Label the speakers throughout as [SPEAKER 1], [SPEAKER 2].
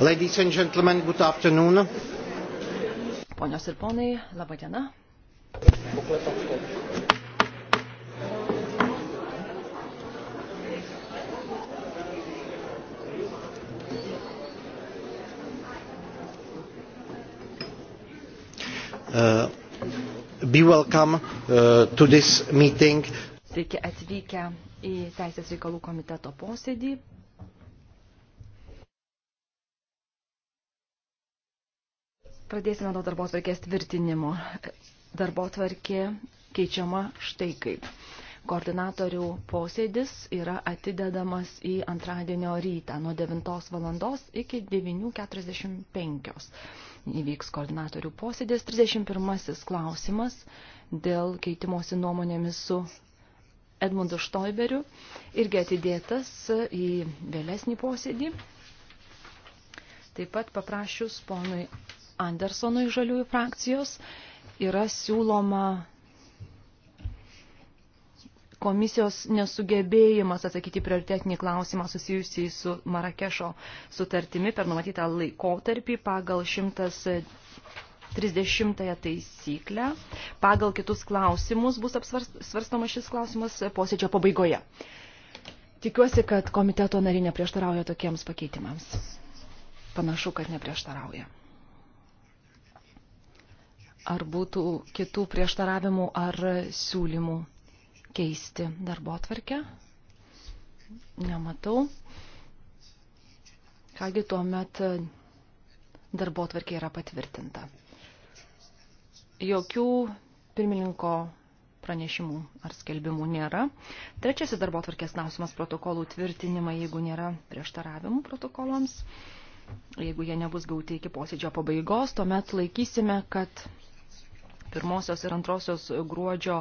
[SPEAKER 1] Ladies and gentlemen, good afternoon.
[SPEAKER 2] Ponios ir ponai, laba diena.
[SPEAKER 1] Uh, be welcome uh, to this meeting.
[SPEAKER 2] Sveiki atvykę į Teisės reikalų komiteto posėdį. Pradėsime nuo darbo tvarkės tvirtinimo. Darbo tvarkė keičiama štai kaip. Koordinatorių posėdis yra atidedamas į antradienio rytą nuo 9 valandos iki 9.45. Įvyks koordinatorių posėdis. 31 klausimas dėl keitimosi nuomonėmis su Edmundu Štoiberiu irgi atidėtas į vėlesnį posėdį. Taip pat paprašius ponui Andersonui žaliųjų frakcijos yra siūloma komisijos nesugebėjimas atsakyti prioritetinį klausimą susijusį su Marakešo sutartimi per numatytą laikotarpį pagal 130 taisyklę. Pagal kitus klausimus bus apsvarstoma šis klausimas posėdžio pabaigoje. Tikiuosi, kad komiteto nariai neprieštarauja tokiems pakeitimams. Panašu, kad neprieštarauja ar būtų kitų prieštaravimų ar siūlymų keisti darbo atvarkę. Nematau. Kągi tuo met darbo atvarkė yra patvirtinta. Jokių pirmininko pranešimų ar skelbimų nėra. Trečiasis darbo atvarkės klausimas protokolų tvirtinimai, jeigu nėra prieštaravimų protokolams. Jeigu jie nebus gauti iki posėdžio pabaigos, tuomet laikysime, kad pirmosios ir antrosios gruodžio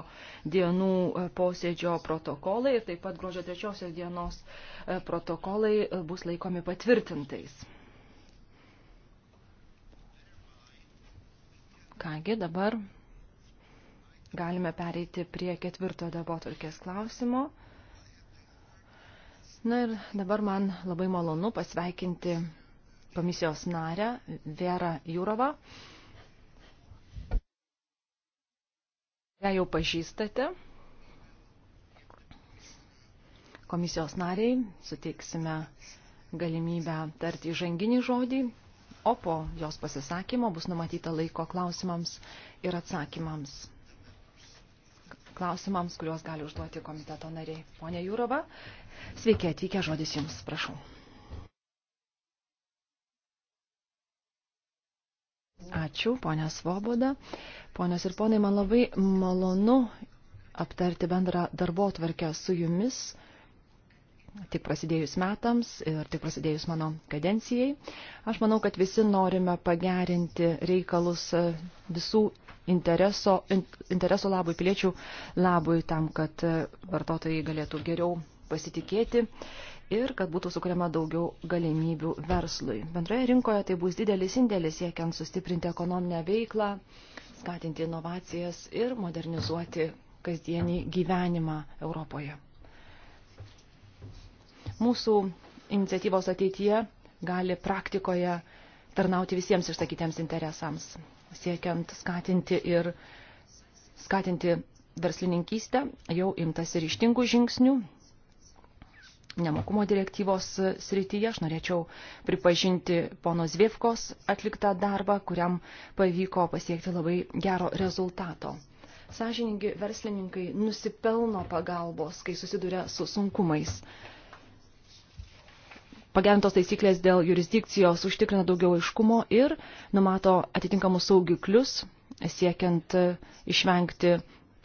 [SPEAKER 2] dienų e, posėdžio protokolai ir taip pat gruodžio trečiosios dienos e, protokolai e, bus laikomi patvirtintais. Kągi, dabar galime pereiti prie ketvirto darbotvarkės klausimo. Na ir dabar man labai malonu pasveikinti komisijos narę Verą Jūrovą. ją jau pažįstate. Komisijos nariai suteiksime galimybę tarti įžanginį žodį, o po jos pasisakymo bus numatyta laiko klausimams ir atsakymams. Klausimams, kuriuos gali užduoti komiteto nariai. Pone Jūrova, sveiki atvykę, žodis Jums, prašau. Ačiū, ponė Svoboda. Ponios ir ponai, man labai malonu aptarti bendrą darbo tvarkę su jumis tik prasidėjus metams ir tik prasidėjus mano kadencijai. Aš manau, kad visi norime pagerinti reikalus e, visų intereso, intereso labui, piliečių labui, tam, kad e, vartotojai galėtų geriau pasitikėti ir kad būtų sukuriama daugiau galimybių verslui. Bendroje rinkoje tai bus didelis indėlis siekiant sustiprinti ekonominę veiklą, skatinti inovacijas ir modernizuoti kasdienį gyvenimą Europoje. Mūsų iniciatyvos ateityje gali praktikoje tarnauti visiems išsakytiems interesams, siekiant skatinti ir skatinti verslininkystę, jau imtas ir ištingų žingsnių, nemokumo direktyvos srityje. Aš norėčiau pripažinti pono Zviefkos atliktą darbą, kuriam pavyko pasiekti labai gero rezultato. Sažiningi verslininkai nusipelno pagalbos, kai susiduria su sunkumais. Pagerintos taisyklės dėl jurisdikcijos užtikrina daugiau aiškumo ir numato atitinkamus saugiklius, siekiant išvengti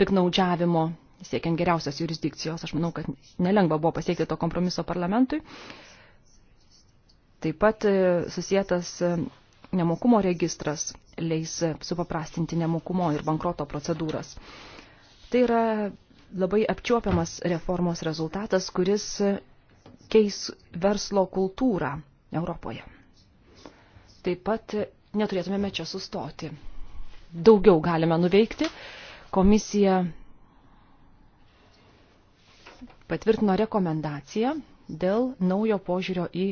[SPEAKER 2] piknaudžiavimo siekiant geriausios jurisdikcijos. Aš manau, kad nelengva buvo pasiekti to kompromiso parlamentui. Taip pat e, susijęs e, nemokumo registras leis supaprastinti nemokumo ir bankroto procedūras. Tai yra labai apčiuopiamas reformos rezultatas, kuris keis verslo kultūrą Europoje. Taip pat neturėtumėme čia sustoti. Daugiau galime nuveikti. Komisija patvirtino rekomendaciją dėl naujo požiūrio į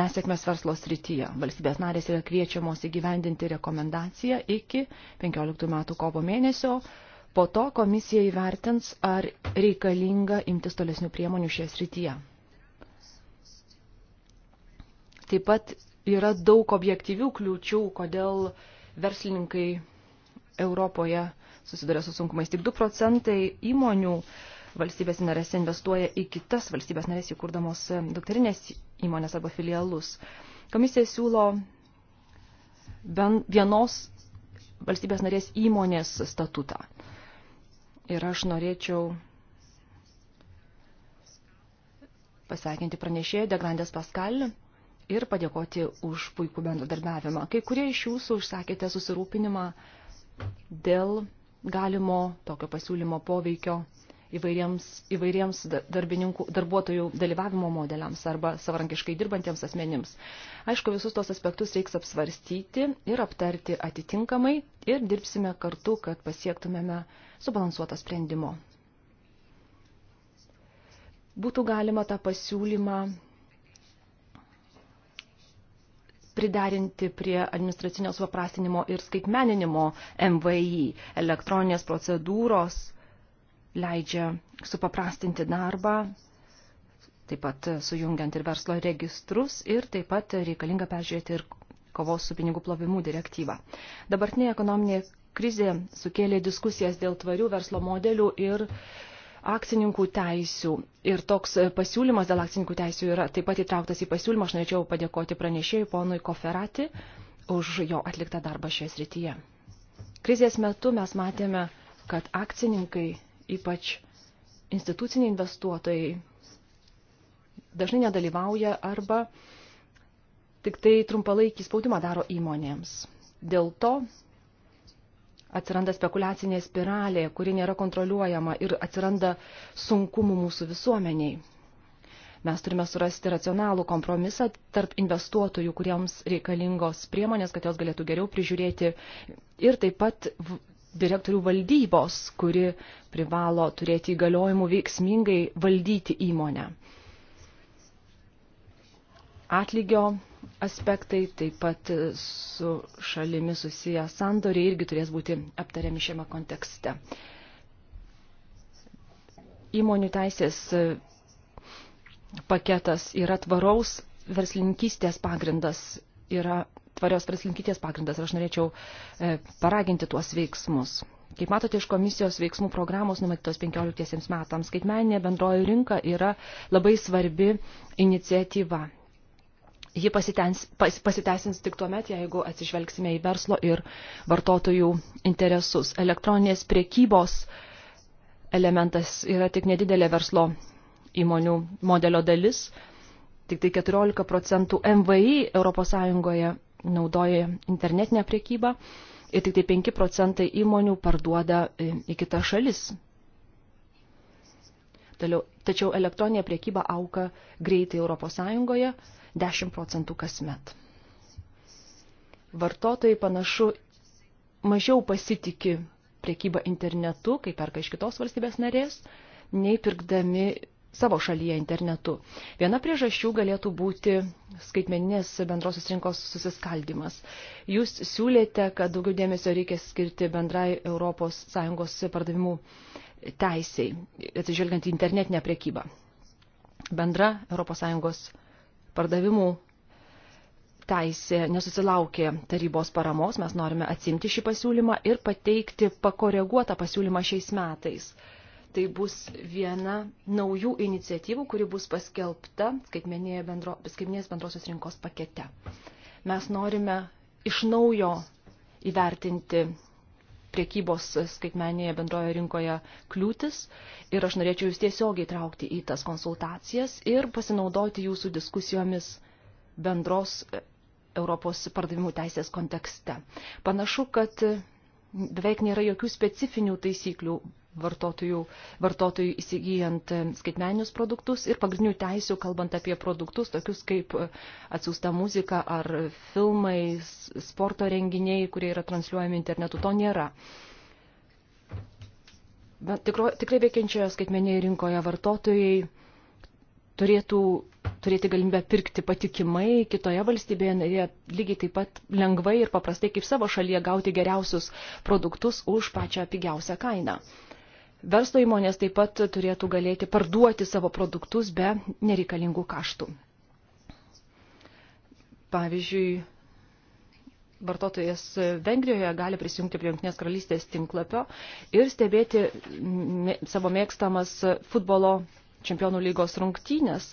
[SPEAKER 2] nesėkmės verslo srityje. Valstybės narės yra kviečiamos įgyvendinti rekomendaciją iki 15 metų kovo mėnesio. Po to komisija įvertins, ar reikalinga imtis tolesnių priemonių šioje srityje. Taip pat yra daug objektyvių kliūčių, kodėl verslininkai Europoje susiduria su sunkumais. Tik 2 procentai įmonių uh, valstybės narės investuoja į kitas valstybės narės įkurdamos e, dukterinės įmonės arba filialus. Komisija siūlo vienos valstybės narės įmonės statutą. Ir aš norėčiau pasakinti pranešėją Degrandės Paskalį ir padėkoti už puikų bendradarbiavimą. Kai kurie iš jūsų užsakėte susirūpinimą dėl galimo tokio pasiūlymo poveikio įvairiems, įvairiems darbuotojų dalyvavimo modeliams arba savarankiškai dirbantiems asmenims. Aišku, visus tos aspektus reiks apsvarstyti ir aptarti atitinkamai ir dirbsime kartu, kad pasiektumėme subalansuotą sprendimo. Būtų galima tą pasiūlymą pridarinti prie administracinio supaprastinimo ir skaitmeninimo MVI, elektroninės procedūros leidžia supaprastinti darbą, taip pat sujungiant ir verslo registrus ir taip pat reikalinga peržiūrėti ir kovos su pinigų plovimu direktyvą. Dabartinė ekonominė krizė sukėlė diskusijas dėl tvarių verslo modelių ir akcininkų teisių. Ir toks pasiūlymas dėl akcininkų teisių yra taip pat įtrauktas į pasiūlymą. Aš norėčiau padėkoti pranešėjui ponui Koferati už jo atliktą darbą šioje srityje. Krizės metu mes matėme, kad akcininkai ypač instituciniai investuotojai, dažnai nedalyvauja arba tik tai trumpalaikį spaudimą daro įmonėms. Dėl to atsiranda spekulacinė spiralė, kuri nėra kontroliuojama ir atsiranda sunkumų mūsų visuomeniai. Mes turime surasti racionalų kompromisą tarp investuotojų, kuriems reikalingos priemonės, kad jos galėtų geriau prižiūrėti ir taip pat direktorių valdybos, kuri privalo turėti įgaliojimų veiksmingai valdyti įmonę. Atlygio aspektai, taip pat su šalimi susiję sandoriai irgi turės būti aptariami šiame kontekste. Įmonių teisės paketas yra tvaraus verslininkystės pagrindas, yra tvarios verslinkyties pagrindas ir aš norėčiau e, paraginti tuos veiksmus. Kaip matote, iš komisijos veiksmų programos numatytos 15 metams, skaitmeninė bendroji rinka yra labai svarbi iniciatyva. Ji pasitens, pas, pasiteisins tik tuo met, jeigu atsižvelgsime į verslo ir vartotojų interesus. Elektroninės priekybos elementas yra tik nedidelė verslo įmonių modelio dalis. Tik tai 14 procentų MVI ES naudoja internetinę priekybą ir tik tai 5 procentai įmonių parduoda e, į kitą šalis. Toliau, tačiau elektroninė priekyba auga greitai ES 10 procentų kasmet. Vartotojai panašu mažiau pasitiki priekybą internetu, kai perka iš kitos valstybės narės, nei pirkdami savo šalyje internetu. Viena priežasčių galėtų būti skaitmeninės bendrosios rinkos susiskaldimas. Jūs siūlėte, kad daugiau dėmesio reikia skirti bendrai ES pardavimų teisiai, atsižvelgiant į internetinę priekybą. Bendra ES pardavimų teisė nesusilaukė tarybos paramos, mes norime atsimti šį pasiūlymą ir pateikti pakoreguotą pasiūlymą šiais metais Tai bus viena naujų iniciatyvų, kuri bus paskelbta skaitmeninės bendro, bendrosios rinkos pakete. Mes norime iš naujo įvertinti priekybos skaitmenėje bendroje rinkoje kliūtis ir aš norėčiau jūs tiesiogiai traukti į tas konsultacijas ir pasinaudoti jūsų diskusijomis bendros Europos pardavimų teisės kontekste. Panašu, kad beveik nėra jokių specifinių taisyklių vartotojų, vartotojų įsigijant skaitmeninius produktus ir pagrindinių teisių, kalbant apie produktus, tokius kaip e, atsiųsta muzika ar filmai, sporto renginiai, kurie yra transliuojami internetu, to nėra. Bet tikro, tikrai veikiančioje skaitmenėje rinkoje vartotojai turėtų turėti galimybę pirkti patikimai kitoje valstybėje narėje lygiai taip pat lengvai ir paprastai kaip savo šalyje gauti geriausius produktus už pačią pigiausią kainą. Verslo įmonės taip pat turėtų galėti parduoti savo produktus be nereikalingų kaštų. Pavyzdžiui, vartotojas Vengrijoje gali prisijungti prie Junktinės karalystės tinklapio ir stebėti savo mėgstamas futbolo čempionų lygos rungtynės.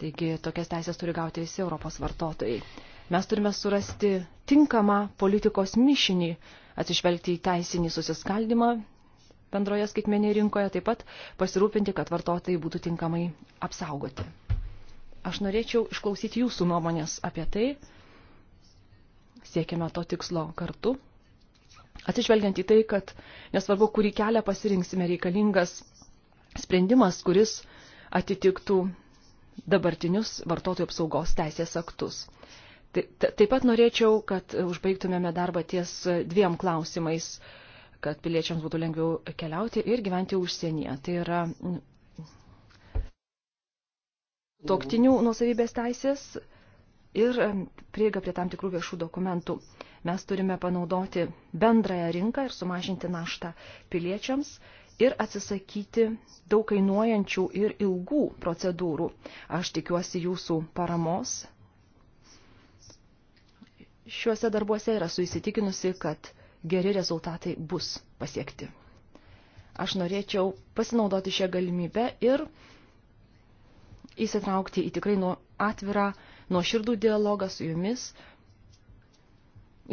[SPEAKER 2] Taigi tokias teisės turi gauti visi Europos vartotojai. Mes turime surasti tinkamą politikos mišinį, atsižvelgti į teisinį susiskaldimą bendroje skaitmenėje rinkoje, taip pat pasirūpinti, kad vartotojai būtų tinkamai apsaugoti. Aš norėčiau išklausyti jūsų nuomonės apie tai. Siekiame to tikslo kartu. Atsižvelgiant į tai, kad nesvarbu, kurį kelią pasirinksime, reikalingas sprendimas, kuris atitiktų dabartinius vartotojų apsaugos teisės aktus. Tai, taip pat norėčiau, kad užbaigtumėme darbą ties dviem klausimais, kad piliečiams būtų lengviau keliauti ir gyventi užsienyje. Tai yra mm, toktinių nusavybės teisės ir prieiga prie tam tikrų viešų dokumentų. Mes turime panaudoti bendrąją rinką ir sumažinti naštą piliečiams ir atsisakyti daug kainuojančių ir ilgų procedūrų. Aš tikiuosi jūsų paramos. Šiuose darbuose yra suįsitikinusi, kad geri rezultatai bus pasiekti. Aš norėčiau pasinaudoti šią galimybę ir įsitraukti į tikrai nuo atvirą, nuo širdų dialogą su jumis,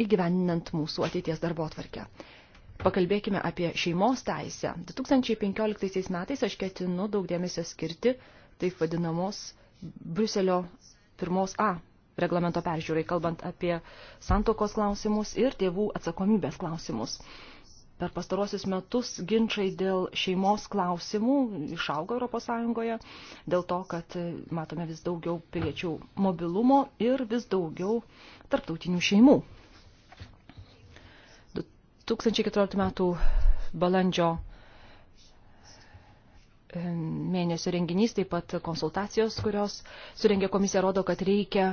[SPEAKER 2] įgyveninant mūsų ateities darbo atvarkę. Pakalbėkime apie šeimos teisę. 2015 metais aš ketinu daug dėmesio skirti taip vadinamos Bruselio 1A reglamento peržiūrai, kalbant apie santokos klausimus ir tėvų atsakomybės klausimus. Per pastarosius metus ginčiai dėl šeimos klausimų išaugo ES, dėl to, kad matome vis daugiau piliečių mobilumo ir vis daugiau tarptautinių šeimų. 2014 metų balandžio e, mėnesio renginys, taip pat konsultacijos, kurios surengė komisija, rodo, kad reikia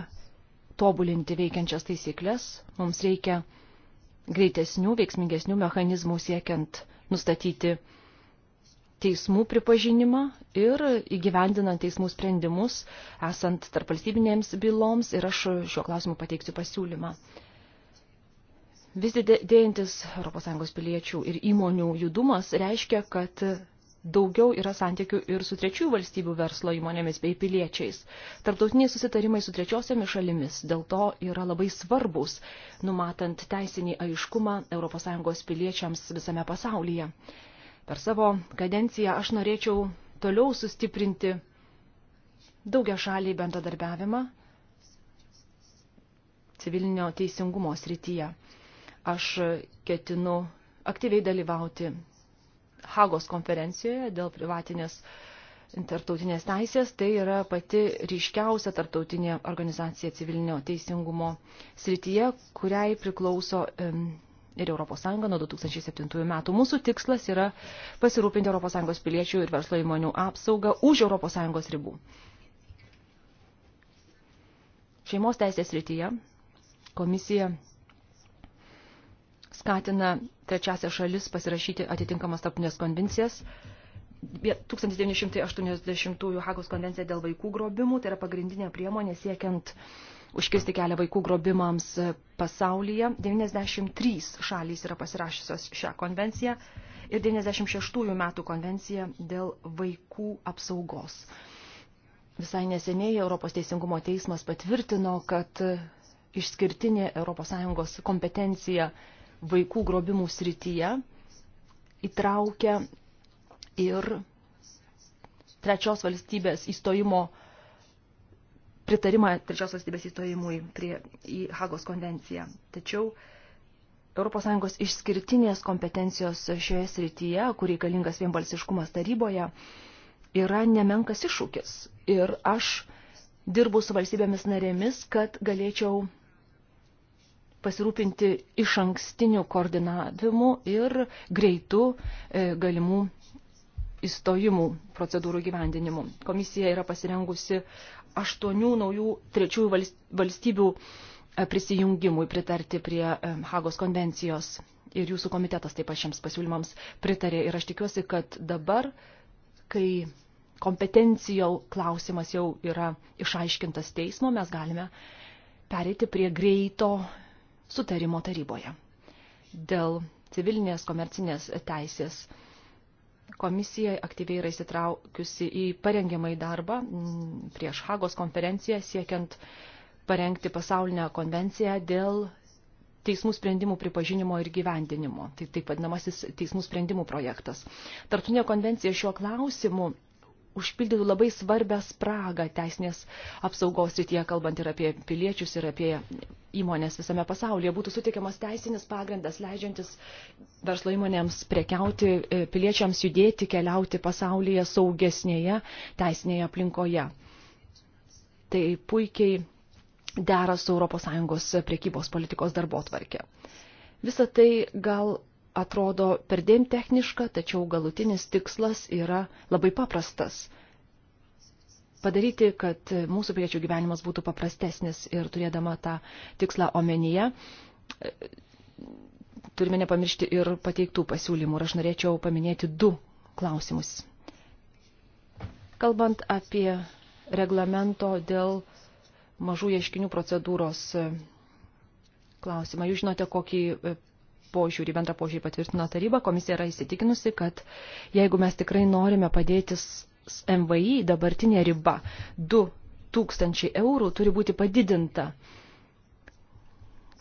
[SPEAKER 2] tobulinti veikiančias taisyklės, mums reikia greitesnių, veiksmingesnių mechanizmų siekiant nustatyti teismų pripažinimą ir įgyvendinant teismų sprendimus esant tarp valstybinėms byloms ir aš šiuo klausimu pateiksiu pasiūlymą. Vis didėjantis ES piliečių ir įmonių judumas reiškia, kad daugiau yra santykių ir su trečiųjų valstybių verslo įmonėmis bei piliečiais. Tarptautiniai susitarimai su trečiosiamis šalimis dėl to yra labai svarbus, numatant teisinį aiškumą ES piliečiams visame pasaulyje. Per savo kadenciją aš norėčiau toliau sustiprinti daugia šaliai bendradarbiavimą civilinio teisingumo srityje. Aš ketinu aktyviai dalyvauti Hagos konferencijoje dėl privatinės tarptautinės teisės. Tai yra pati ryškiausia tarptautinė organizacija civilinio teisingumo srityje, kuriai priklauso ir ES nuo 2007 metų. Mūsų tikslas yra pasirūpinti ES piliečių ir verslo įmonių apsaugą už ES ribų. Šeimos teisės srityje komisija skatina trečiasią šalis pasirašyti atitinkamas tarptautinės konvencijas. 1980 Hagos konvencija dėl vaikų grobimų, tai yra pagrindinė priemonė siekiant užkirsti kelią vaikų grobimams e, pasaulyje. 93 šalys yra pasirašysios šią konvenciją ir 96 metų konvencija dėl vaikų apsaugos. Visai neseniai Europos Teisingumo teismas patvirtino, kad išskirtinė ES kompetencija vaikų grobimų srityje įtraukia ir trečios valstybės įstojimo pritarimą trečios valstybės įstojimui prie, į Hagos konvenciją. Tačiau ES išskirtinės kompetencijos šioje srityje, kur reikalingas vienbalsiškumas taryboje, yra nemenkas iššūkis. Ir aš dirbu su valstybėmis narėmis, kad galėčiau pasirūpinti iš ankstinių koordinavimų ir greitų e, galimų įstojimų procedūrų gyvendinimu. Komisija yra pasirengusi aštuonių naujų trečiųjų valstybių e, prisijungimui pritarti prie e, Hagos konvencijos. Ir jūsų komitetas taip pat šiems pasiūlymams pritarė. Ir aš tikiuosi, kad dabar, kai kompetencijų klausimas jau yra išaiškintas teismo, mes galime pereiti prie greito sutarimo taryboje. Dėl civilinės komercinės teisės komisija aktyviai yra įsitraukiusi į parengiamąjį darbą mm, prieš Hagos konferenciją siekiant parengti pasaulinę konvenciją dėl teismų sprendimų pripažinimo ir gyvendinimo. Tai taip vadinamasis teismų sprendimų projektas. Tartunė konvencija šiuo klausimu užpildytų labai svarbę spragą teisinės apsaugos rytyje, kalbant ir apie piliečius, ir apie įmonės visame pasaulyje. Būtų sutikiamas teisinis pagrindas, leidžiantis verslo įmonėms prekiauti, e, piliečiams judėti, keliauti pasaulyje saugesnėje teisinėje aplinkoje. Tai puikiai dera su ES priekybos politikos darbo tvarkė. Visą tai gal atrodo perdėm techniška, tačiau galutinis tikslas yra labai paprastas padaryti, kad mūsų piliečių gyvenimas būtų paprastesnis ir turėdama tą tikslą omenyje, turime nepamiršti ir pateiktų pasiūlymų. Ir aš norėčiau paminėti du klausimus. Kalbant apie reglamento dėl mažų ieškinių procedūros e, klausimą, jūs žinote, kokį e, požiūrį, bendrą požiūrį patvirtino taryba, komisija yra įsitikinusi, kad jeigu mes tikrai norime padėti MVI, dabartinė riba 2000 eurų turi būti padidinta,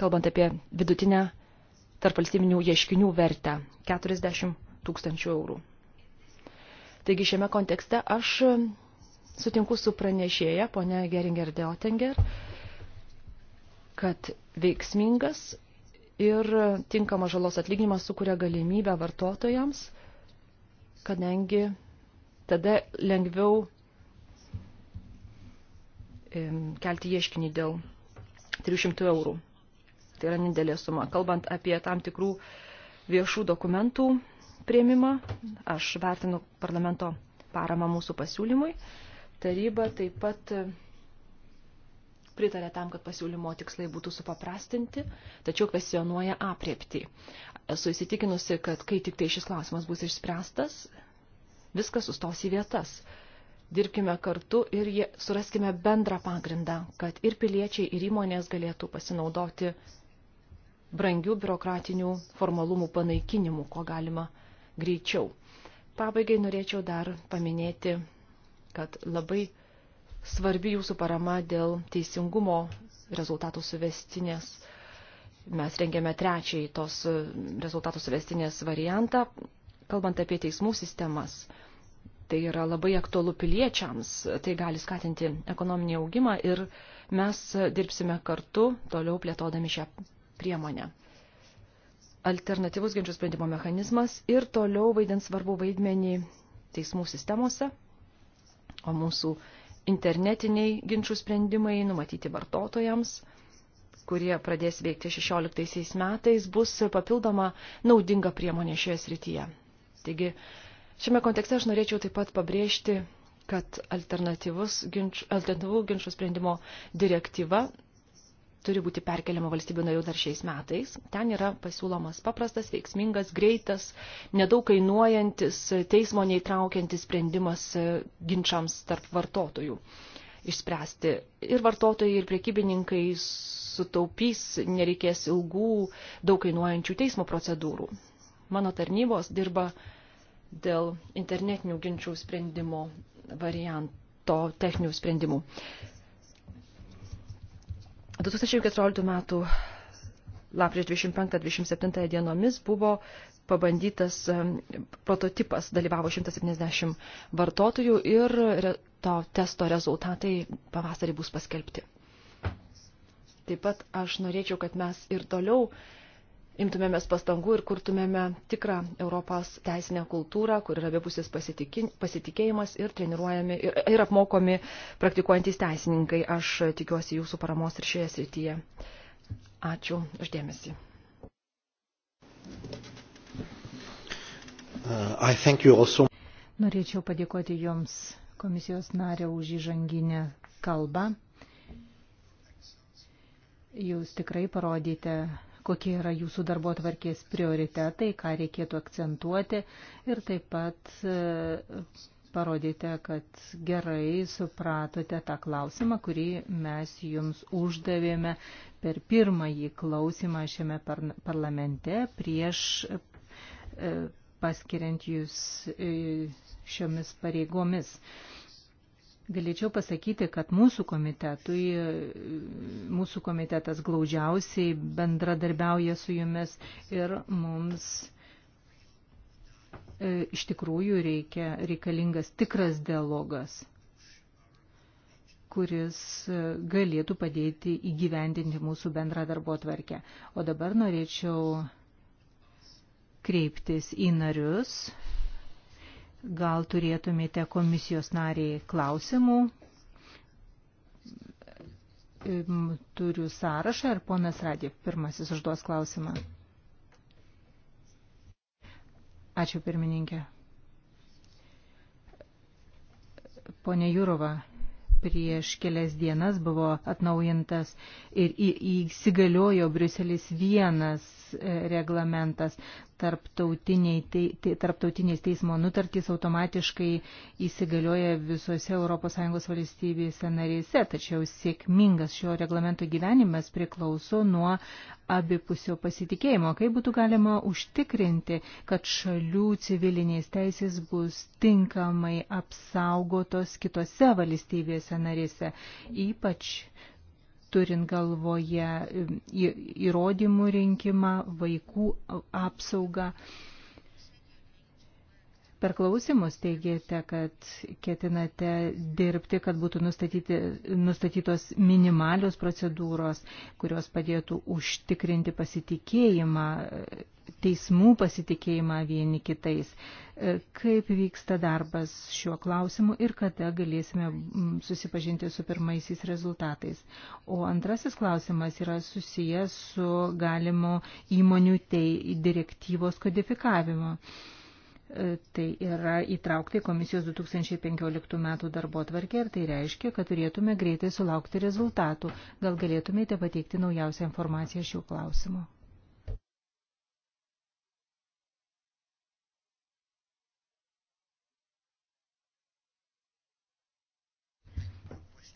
[SPEAKER 2] kalbant apie vidutinę tarp valstybinių ieškinių vertę 40 tūkstančių eurų. Taigi šiame kontekste aš sutinku su pranešėja, ponia Geringer Deotinger, kad veiksmingas ir tinkamas žalos atlyginimas sukuria galimybę vartotojams, kadangi tada lengviau kelti ieškinį dėl 300 eurų. Tai yra nedėlė suma. Kalbant apie tam tikrų viešų dokumentų prieimimą, aš vertinu parlamento paramą mūsų pasiūlymui. Taryba taip pat pritarė tam, kad pasiūlymo tikslai būtų supaprastinti, tačiau kvesionuoja apriepti. Esu įsitikinusi, kad kai tik tai šis klausimas bus išspręstas, viskas sustos į vietas. Dirbkime kartu ir suraskime bendrą pagrindą, kad ir piliečiai, ir įmonės galėtų pasinaudoti brangių biurokratinių formalumų panaikinimu, ko galima greičiau. Pabaigai norėčiau dar paminėti, kad labai svarbi jūsų parama dėl teisingumo rezultatų suvestinės. Mes rengėme trečiąjį tos e, rezultatų suvestinės variantą, kalbant apie teismų sistemas. Tai yra labai aktualu piliečiams, tai gali skatinti ekonominį augimą ir mes dirbsime kartu toliau plėtodami šią priemonę. Alternatyvus ginčių sprendimo mechanizmas ir toliau vaidins svarbu vaidmenį teismų sistemose, o mūsų internetiniai ginčių sprendimai numatyti vartotojams, kurie pradės veikti 16 metais, bus papildoma naudinga priemonė šioje srityje. Taigi, šiame kontekste aš norėčiau taip pat pabrėžti, kad alternatyvų ginčių sprendimo direktyva turi būti perkeliama valstybių narių dar šiais metais. Ten yra pasiūlomas paprastas, veiksmingas, greitas, nedaug kainuojantis, teismo neįtraukiantis sprendimas e, ginčiams tarp vartotojų išspręsti. Ir vartotojai, ir prekybininkai sutaupys, nereikės ilgų, daug kainuojančių teismo procedūrų. Mano tarnybos dirba dėl internetinių ginčių sprendimo varianto techninių sprendimų. 2014 metų lapkričio 25-27 dienomis buvo pabandytas prototipas, dalyvavo 170 vartotojų ir to testo rezultatai pavasarį bus paskelbti. Taip pat aš norėčiau, kad mes ir toliau uh, imtumėmės pastangų ir kurtumėme tikrą Europos teisinę kultūrą, kur yra abipusis pasitikėjimas ir treniruojami ir, ir apmokomi praktikuojantys teisininkai. Aš tikiuosi jūsų paramos ir šioje srityje. Ačiū uždėmesi.
[SPEAKER 1] Uh,
[SPEAKER 3] Norėčiau padėkoti Jums, komisijos narė, už įžanginę kalbą. Jūs tikrai parodėte kokie yra jūsų darbo tvarkės prioritetai, ką reikėtų akcentuoti ir taip pat e, parodėte, kad gerai supratote tą klausimą, kurį mes jums uždavėme per pirmąjį klausimą šiame parlamente prieš e, paskiriant jūs e, šiomis pareigomis. Galėčiau pasakyti, kad mūsų komitetui, mūsų komitetas glaudžiausiai bendradarbiauja su jumis ir mums e, iš tikrųjų reikia, reikalingas tikras dialogas, kuris e, galėtų padėti įgyvendinti mūsų bendrą darbo tvarkę. O dabar norėčiau kreiptis į narius Gal turėtumėte komisijos nariai klausimų? Turiu sąrašą ir ponas Radė pirmasis užduos klausimą. Ačiū pirmininkė. Pone Jūrova, prieš kelias dienas buvo atnaujintas ir įsigaliojo Briuselis vienas e, reglamentas tarptautiniai, te, te, tarptautinės teismo nutartys automatiškai įsigalioja visose ES valstybėse narėse, tačiau sėkmingas šio reglamento gyvenimas priklauso nuo abipusio pasitikėjimo. Kaip būtų galima užtikrinti, kad šalių civilinės teisės bus tinkamai apsaugotos kitose valstybėse narėse, ypač turint galvoje įrodymų rinkimą, vaikų apsaugą. Per klausimus teigėte, kad ketinate dirbti, kad būtų nustatytos minimalios procedūros, kurios padėtų užtikrinti pasitikėjimą teismų pasitikėjimą vieni kitais. E, kaip vyksta darbas šiuo klausimu ir kada galėsime susipažinti su pirmaisiais rezultatais. O antrasis klausimas yra susijęs su galimo įmonių tei direktyvos kodifikavimu. E, tai yra įtraukti komisijos 2015 metų darbo tvarkė ir tai reiškia, kad turėtume greitai sulaukti rezultatų. Gal galėtumėte pateikti naujausią informaciją šių klausimų?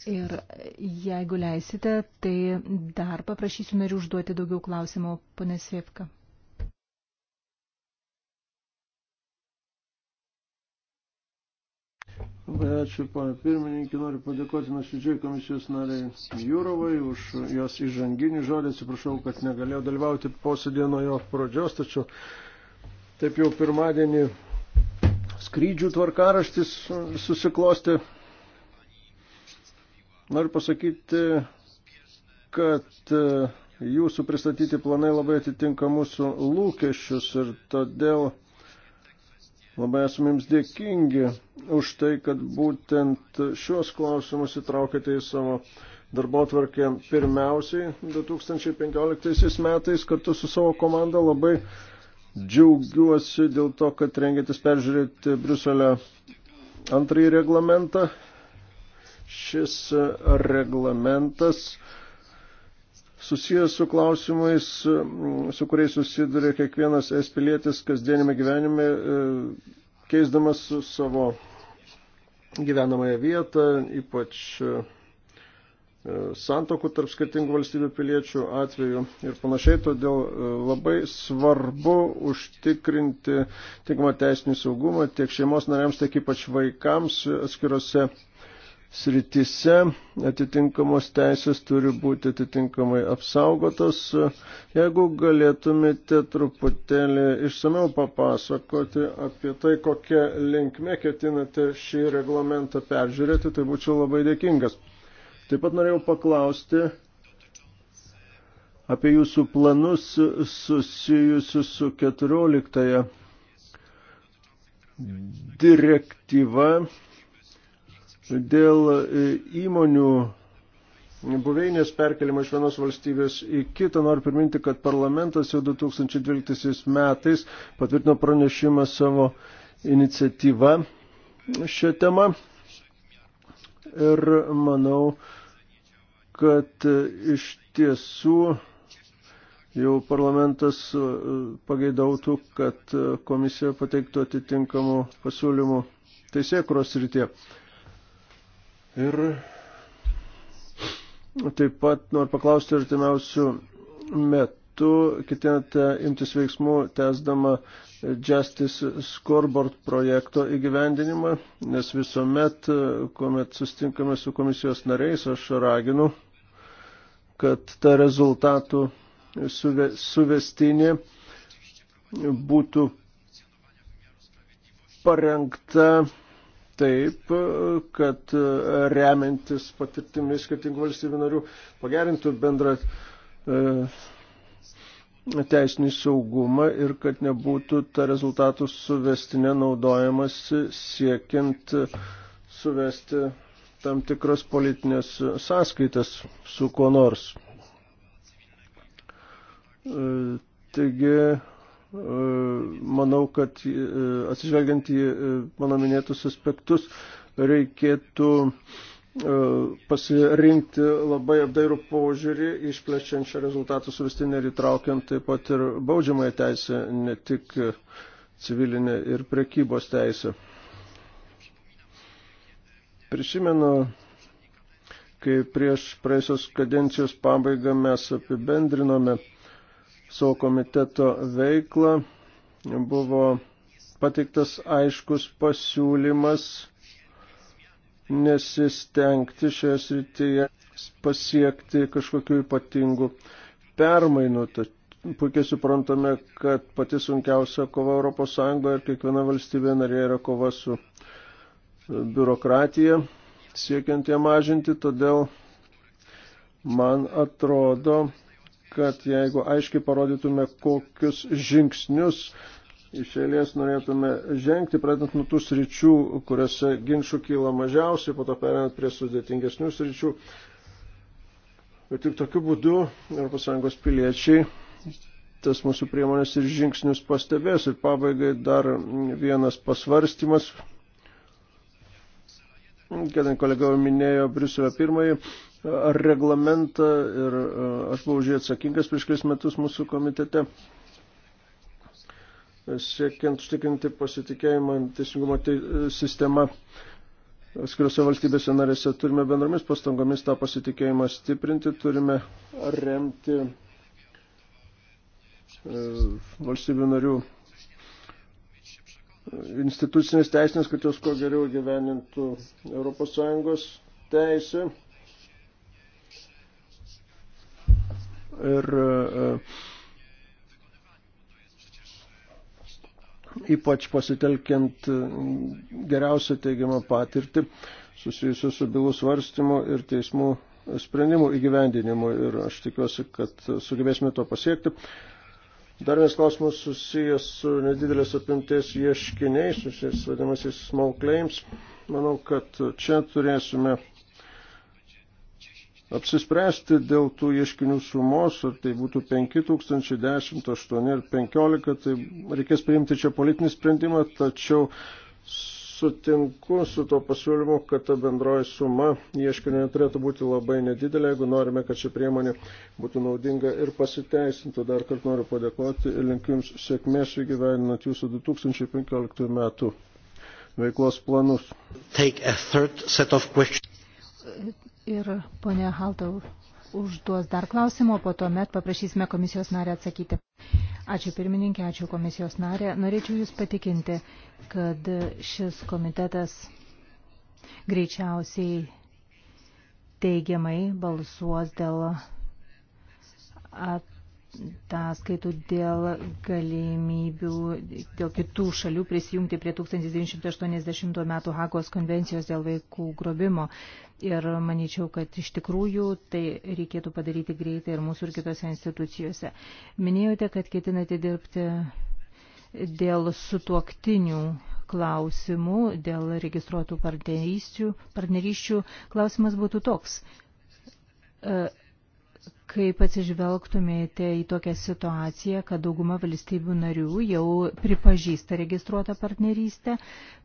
[SPEAKER 3] Ir jeigu leisite, tai dar paprašysiu narių užduoti daugiau klausimų, ponė Svėpka.
[SPEAKER 4] Labai ačiū, ponė pirmininkė, noriu padėkoti nuoširdžiai komisijos nariai Jūrovai už jos įžanginį žodį. Atsiprašau, kad negalėjau dalyvauti posėdėje nuo jo pradžios, tačiau taip jau pirmadienį skrydžių tvarkaraštis susiklosti Noriu pasakyti, kad e, jūsų pristatyti planai labai atitinka mūsų lūkesčius ir todėl labai esame jums dėkingi už tai, kad būtent šios klausimus įtraukite į savo darbo tvarkę pirmiausiai 2015 metais kartu su savo komanda labai džiaugiuosi dėl to, kad rengėtis peržiūrėti Briuselio antrąjį reglamentą Šis reglamentas susijęs su klausimais, mm, su kuriais susiduria kiekvienas es pilietis kasdienime gyvenime, e, keisdamas savo gyvenamąją vietą, ypač e, santokų tarp skirtingų valstybių piliečių atveju ir panašiai, todėl e, labai svarbu užtikrinti tinkamą teisinį saugumą tiek šeimos nariams, tiek ypač vaikams atskirose sritise atitinkamos teisės turi būti atitinkamai apsaugotos. Jeigu galėtumėte truputėlį išsameu papasakoti apie tai, kokią linkmę ketinate šį reglamentą peržiūrėti, tai būčiau labai dėkingas. Taip pat norėjau paklausti apie jūsų planus susijusius su 14 direktyva Dėl e, įmonių buveinės perkelimo iš vienos valstybės į kitą. Noriu priminti, kad parlamentas jau 2012 metais patvirtino pranešimą savo iniciatyvą šią temą. Ir manau, kad e, iš tiesų jau parlamentas e, pageidautų, kad komisija pateiktų atitinkamų pasiūlymų teisėkros rytie. Ir taip pat noriu paklausti artimiausių metų, ketinate imtis veiksmų, tesdama Justice Scoreboard projekto įgyvendinimą, nes visuomet, kuomet sustinkame su komisijos nariais, aš raginu, kad ta rezultatų suve, suvestinė būtų parengta taip, kad e, remiantis patirtimi skirtingų valstybių narių pagerintų bendrą e, teisinį saugumą ir kad nebūtų ta rezultatų suvestinė naudojamas siekiant suvesti tam tikras politinės sąskaitas su kuo nors. E, taigi manau, kad e, atsižvelgiant į e, mano minėtus aspektus, reikėtų e, pasirinkti labai apdairų požiūrį, išplečiant šią rezultatų suvestinę ir įtraukiant taip pat ir baudžiamąją teisę, ne tik civilinę ir prekybos teisę. Prisimenu, kai prieš praėjusios kadencijos pabaigą mes apibendrinome savo komiteto veiklą buvo pateiktas aiškus pasiūlymas nesistengti šioje srityje pasiekti kažkokių ypatingų permainų. Tad puikiai suprantame, kad pati sunkiausia kova ES ir kiekviena valstybė narė yra kova su biurokratija, siekiant ją mažinti, todėl man atrodo, kad jeigu aiškiai parodytume, kokius žingsnius iš eilės norėtume žengti, pradant nuo tų sričių, kuriuose ginčių kyla mažiausiai, po to perinant prie sudėtingesnių sričių. Ir tik tokiu būdu ES piliečiai tas mūsų priemonės ir žingsnius pastebės. Ir pabaigai dar vienas pasvarstymas, kadangi kolega minėjo Briuselio pirmąjį reglamentą ir e, aš buvau už jį atsakingas prieš kelis metus mūsų komitete. Siekiant užtikrinti pasitikėjimą teisingumo te e, sistema atskiriuose valstybėse narėse turime bendromis pastangomis tą pasitikėjimą stiprinti, turime remti e, valstybių narių institucinės teisinės, kad jos kuo geriau gyvenintų ES teisę. ir e, ypač pasitelkiant geriausią teigiamą patirtį susijusiu su bylų svarstymu ir teismų sprendimų įgyvendinimu ir aš tikiuosi, kad sugebėsime to pasiekti. Dar vienas klausimas susijęs su nedidelės apimties ieškiniais, susijęs vadinamasis small claims. Manau, kad čia turėsime apsispręsti dėl tų ieškinių sumos, ar tai būtų 5000, 10, 8 ar 15, tai reikės priimti čia politinį sprendimą, tačiau sutinku su to pasiūlymu, kad ta bendroji suma ieškinio neturėtų būti labai nedidelė, jeigu norime, kad ši priemonė būtų naudinga ir pasiteisintų. Dar kartą noriu padėkoti ir linkiu Jums sėkmės įgyveninant Jūsų 2015 metų veiklos planus
[SPEAKER 3] ir ponė Haltau užduos dar klausimą, po to met paprašysime komisijos narę atsakyti. Ačiū pirmininkė, ačiū komisijos narė. Norėčiau Jūs patikinti, kad šis komitetas greičiausiai teigiamai balsuos dėl at ataskaitų dėl galimybių, dėl kitų šalių prisijungti prie 1980 metų Hagos konvencijos dėl vaikų grobimo. Ir manyčiau, kad iš tikrųjų tai reikėtų padaryti greitai ir mūsų ir kitose institucijose. Minėjote, kad ketinate dirbti dėl sutuoktinių klausimų, dėl registruotų partnerysčių. Klausimas būtų toks e, kaip atsižvelgtumėte į tokią situaciją, kad dauguma valstybių narių jau pripažįsta registruotą partnerystę,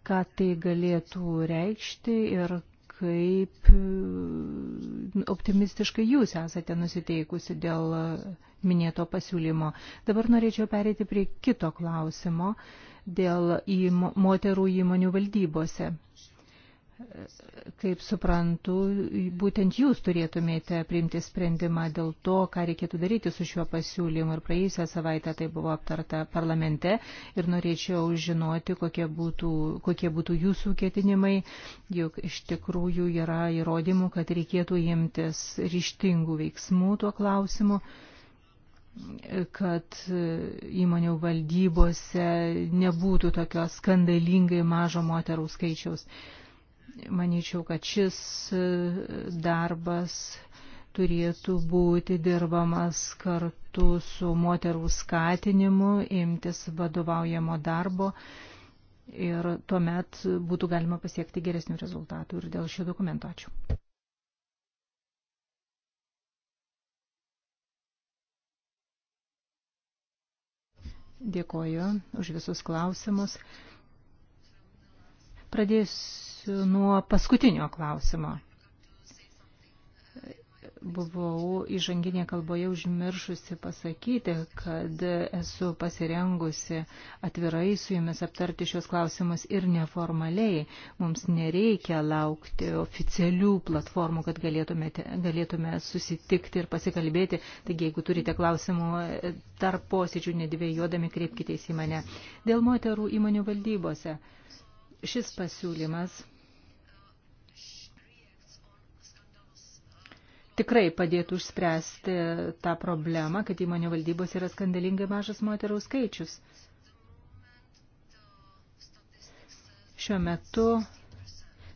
[SPEAKER 3] ką tai galėtų reikšti ir kaip mm, optimistiškai jūs esate nusiteikusi dėl minėto pasiūlymo. Dabar norėčiau perėti prie kito klausimo dėl į moterų įmonių valdybose kaip suprantu, būtent jūs turėtumėte priimti sprendimą dėl to, ką reikėtų daryti su šiuo pasiūlymu. Ir praėjusią savaitę tai buvo aptarta parlamente ir norėčiau žinoti, kokie būtų, kokie būtų jūsų ketinimai, juk iš tikrųjų yra įrodymų, kad reikėtų imtis ryštingų veiksmų tuo klausimu kad įmonių valdybose nebūtų tokio skandalingai mažo moterų skaičiaus. Uh, manyčiau, kad šis darbas turėtų būti dirbamas kartu su moterų skatinimu, imtis vadovaujamo darbo ir tuomet būtų galima pasiekti geresnių rezultatų ir dėl šio dokumento. Ačiū. Dėkoju už visus klausimus. Pradėsiu nuo paskutinio klausimo. Buvau įžanginė kalboje užmiršusi pasakyti, kad esu pasirengusi atvirai su jumis aptarti šios klausimus ir neformaliai. Mums nereikia laukti oficialių platformų, kad galėtume, galėtume susitikti ir pasikalbėti. Taigi, jeigu turite klausimų tarp posėdžių, nedvėjodami kreipkite į mane. Dėl moterų įmonių valdybose šis pasiūlymas tikrai padėtų išspręsti tą problemą, kad įmonių valdybos yra skandalingai mažas moterų skaičius. Šiuo metu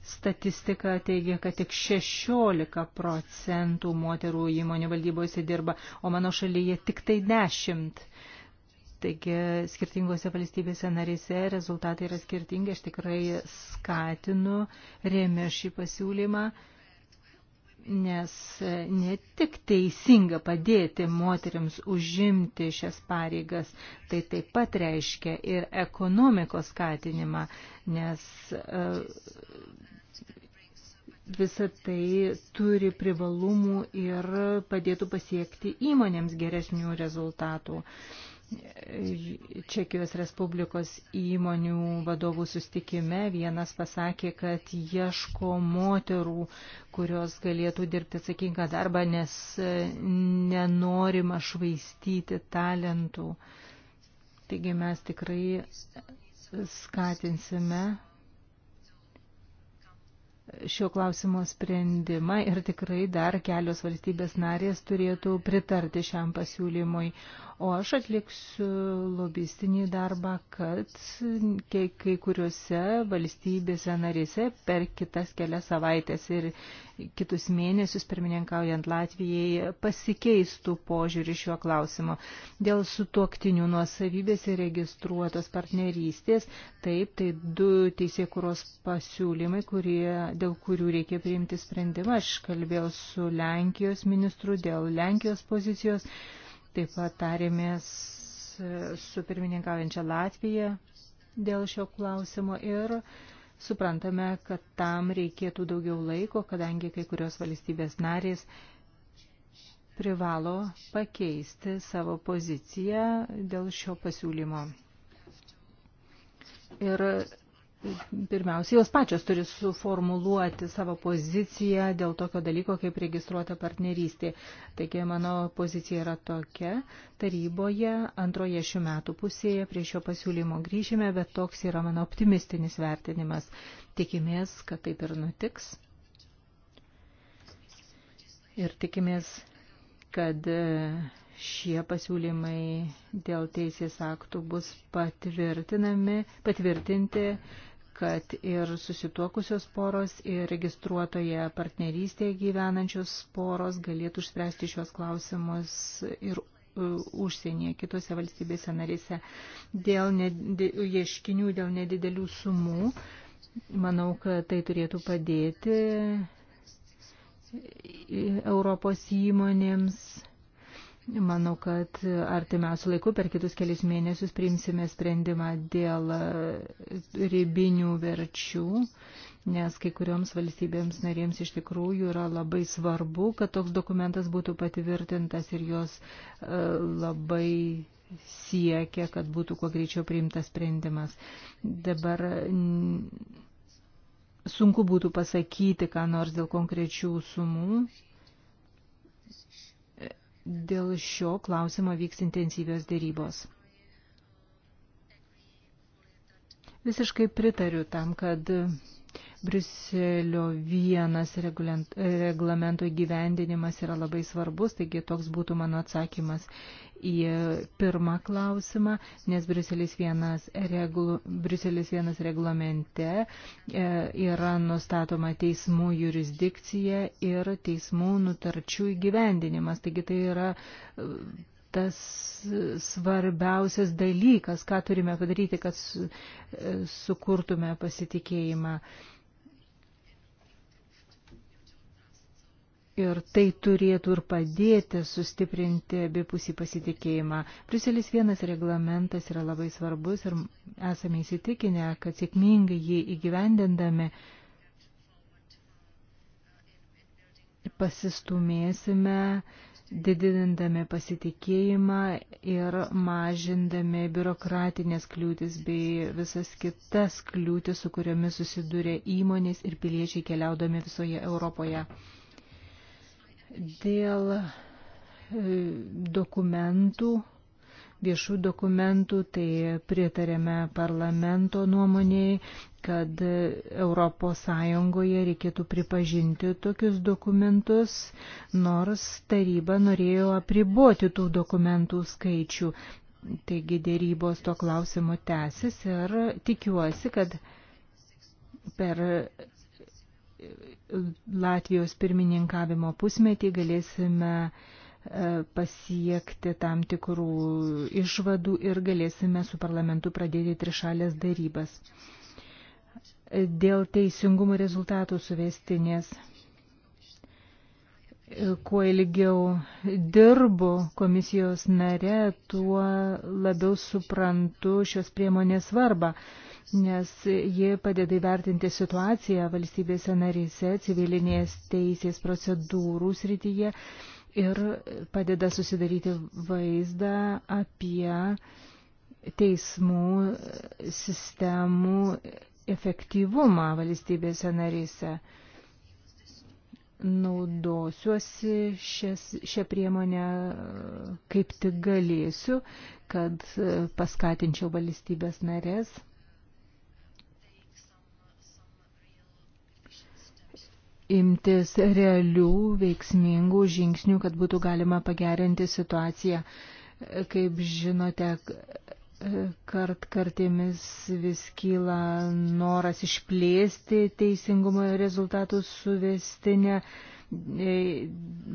[SPEAKER 3] statistika teigia, kad tik 16 procentų moterų įmonių valdybose dirba, o mano šalyje tik tai 10. Taigi skirtingose valstybėse narėse rezultatai yra skirtingi. Aš tikrai skatinu, rėmė šį pasiūlymą, nes ne tik teisinga padėti moteriams užimti šias pareigas, tai taip pat reiškia ir ekonomikos skatinimą, nes e, visa tai turi privalumų ir padėtų pasiekti įmonėms geresnių rezultatų. Uh, Čekijos Respublikos įmonių vadovų sustikime vienas pasakė, kad ieško moterų, kurios galėtų dirbti atsakingą darbą, nes nenorima švaistyti talentų. Taigi mes tikrai skatinsime šio klausimo sprendimą ir tikrai dar kelios valstybės narės turėtų pritarti šiam pasiūlymui. O aš atliksiu lobistinį darbą, kad kai, kai kuriuose valstybėse narėse per kitas kelias savaitės ir kitus mėnesius, pirmininkaujant Latvijai, pasikeistų požiūrį šiuo klausimu. Dėl sutuoktinių nuosavybės ir registruotos partnerystės, taip, tai du teisėkuros pasiūlymai, kurie dėl kurių reikia priimti sprendimą. Aš kalbėjau su Lenkijos ministru dėl Lenkijos pozicijos, taip pat tarėmės e, su pirmininkaujančia Latvija dėl šio klausimo ir suprantame, kad tam reikėtų daugiau laiko, kadangi kai kurios valstybės narės privalo pakeisti savo poziciją dėl šio pasiūlymo. Ir pirmiausia, jos pačios turi suformuluoti savo poziciją dėl tokio dalyko, kaip registruota partnerystė. Taigi mano pozicija yra tokia. Taryboje antroje šių metų pusėje prie šio pasiūlymo grįžime, bet toks yra mano optimistinis vertinimas. Tikimės, kad taip ir nutiks. Ir tikimės, kad e, šie pasiūlymai dėl teisės aktų bus patvirtinami, patvirtinti kad ir susituokusios poros, ir registruotoje partnerystėje gyvenančios poros galėtų išspręsti šios klausimus ir e, užsienyje, kitose valstybėse narėse. Dėl ieškinių, dėl nedidelių sumų, manau, kad tai turėtų padėti e, Europos įmonėms Manau, kad artimiausiu laiku per kitus kelius mėnesius priimsime sprendimą dėl e, ribinių verčių, nes kai kurioms valstybėms narėms iš tikrųjų yra labai svarbu, kad toks dokumentas būtų patvirtintas ir jos e, labai siekia, kad būtų kuo greičiau priimtas sprendimas. Dabar sunku būtų pasakyti, ką nors dėl konkrečių sumų dėl šio klausimo vyks intensyvios dėrybos. Visiškai pritariu tam, kad Briuselio vienas reglamento gyvendinimas yra labai svarbus, taigi toks būtų mano atsakymas į pirmą klausimą, nes Briuselis vienas, reglu, Briuselis vienas reglamente e, yra nustatoma teismų jurisdikcija ir teismų nutarčių įgyvendinimas, taigi tai yra tas svarbiausias dalykas, ką turime padaryti, kad e, sukurtume pasitikėjimą. Ir tai turėtų ir padėti sustiprinti abipusį pasitikėjimą. Briuselis vienas reglamentas yra labai svarbus ir esame įsitikinę, kad sėkmingai jį įgyvendindami pasistumėsime didindami pasitikėjimą ir mažindami biurokratinės kliūtis bei visas kitas kliūtis, su kuriomis susiduria įmonės ir piliečiai keliaudami visoje Europoje. Dėl e, dokumentų viešų dokumentų, tai pritarėme parlamento nuomonėjai, kad ES reikėtų pripažinti tokius dokumentus, nors taryba norėjo apriboti tų dokumentų skaičių. Taigi dėrybos to klausimu tęsis ir tikiuosi, kad per Latvijos pirmininkavimo pusmetį galėsime uh, E, pasiekti tam tikrų išvadų ir galėsime su parlamentu pradėti trišalės darybas. Dėl teisingumo rezultatų suvestinės, e, kuo ilgiau dirbu komisijos nare, tuo labiau suprantu šios priemonės svarbą nes ji padeda įvertinti situaciją valstybėse narėse civilinės teisės procedūrų srityje ir padeda susidaryti vaizdą apie teismų sistemų efektyvumą valstybėse narėse. Naudosiuosi šias, šią priemonę kaip tik galėsiu, kad paskatinčiau valstybės narės imtis realių veiksmingų žingsnių, kad būtų galima pagerinti situaciją. Kaip žinote, kart kartėmis vis kyla noras išplėsti teisingumo rezultatų suvestinę. Ne E,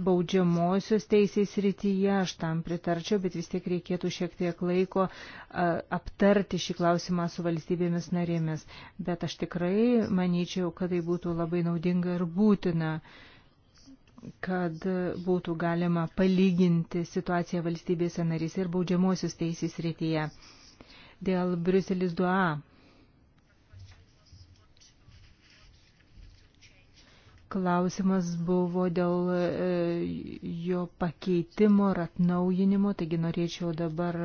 [SPEAKER 3] baudžiamosios teisės rytyje, aš tam pritarčiau, bet vis tiek reikėtų šiek tiek laiko aptarti šį klausimą su valstybėmis narėmis. Bet aš tikrai manyčiau, kad tai būtų labai naudinga ir būtina kad būtų galima palyginti situaciją valstybėse narys ir baudžiamosios teisės rytyje. Dėl Briuselis 2A klausimas buvo dėl e, jo pakeitimo ir atnaujinimo, taigi norėčiau dabar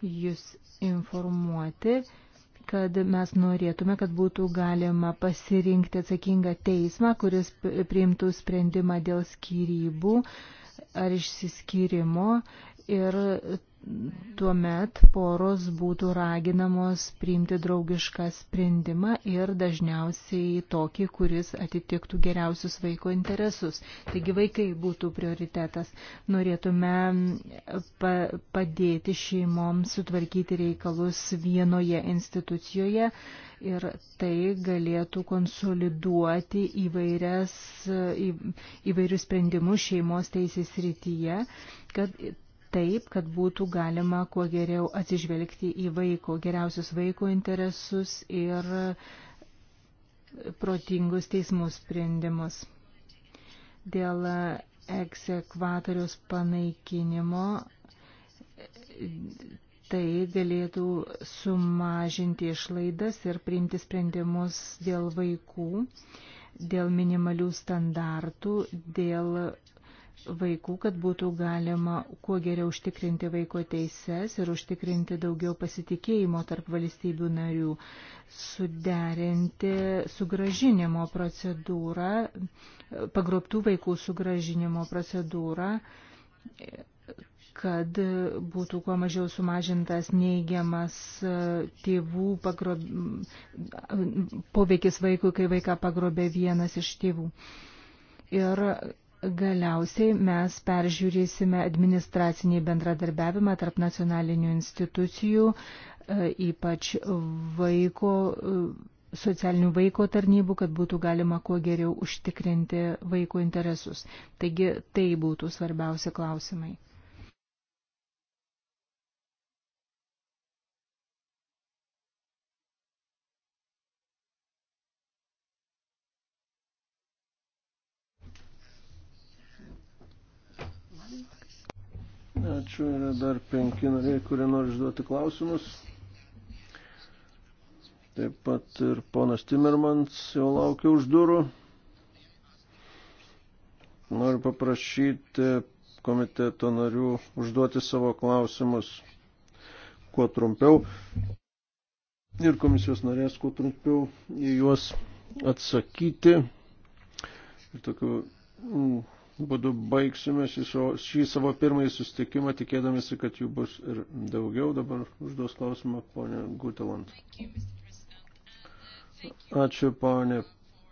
[SPEAKER 3] jūs informuoti, kad mes norėtume, kad būtų galima pasirinkti atsakingą teismą, kuris priimtų sprendimą dėl skyrybų ar išsiskyrimo ir tuomet poros būtų raginamos priimti draugišką sprendimą ir dažniausiai tokį, kuris atitiktų geriausius vaiko interesus. Taigi vaikai būtų prioritetas. Norėtume pa padėti šeimoms sutvarkyti reikalus vienoje institucijoje ir tai galėtų konsoliduoti įvairias, į, įvairius sprendimus šeimos teisės rytyje, kad taip, kad būtų galima kuo geriau atsižvelgti į vaiko, geriausius vaiko interesus ir protingus teismų sprendimus. Dėl eksekvatorius panaikinimo tai galėtų sumažinti išlaidas ir priimti sprendimus dėl vaikų, dėl minimalių standartų, dėl vaikų, kad būtų galima kuo geriau užtikrinti vaiko teises ir užtikrinti daugiau pasitikėjimo tarp valstybių narių, suderinti sugražinimo procedūrą, pagrobtų vaikų sugražinimo procedūrą kad būtų kuo mažiau sumažintas neigiamas tėvų pagrob... poveikis vaikui, kai vaiką pagrobė vienas iš tėvų. Ir Galiausiai mes peržiūrėsime administracinį bendradarbiavimą tarp nacionalinių institucijų, e, ypač vaiko, e, socialinių vaiko tarnybų, kad būtų galima kuo geriau užtikrinti vaiko interesus. Taigi tai būtų svarbiausi klausimai.
[SPEAKER 4] Ačiū. Yra dar penki nariai, kurie nori užduoti klausimus. Taip pat ir ponas Timermans jau laukia už durų. Noriu paprašyti komiteto narių užduoti savo klausimus kuo trumpiau ir komisijos narės kuo trumpiau į juos atsakyti. Ir tokiu mm, būdu baigsime šį savo, šį savo pirmąjį sustikimą, tikėdamėsi, kad jų bus ir daugiau. Dabar užduos klausimą ponė Gutelant. Ačiū ponė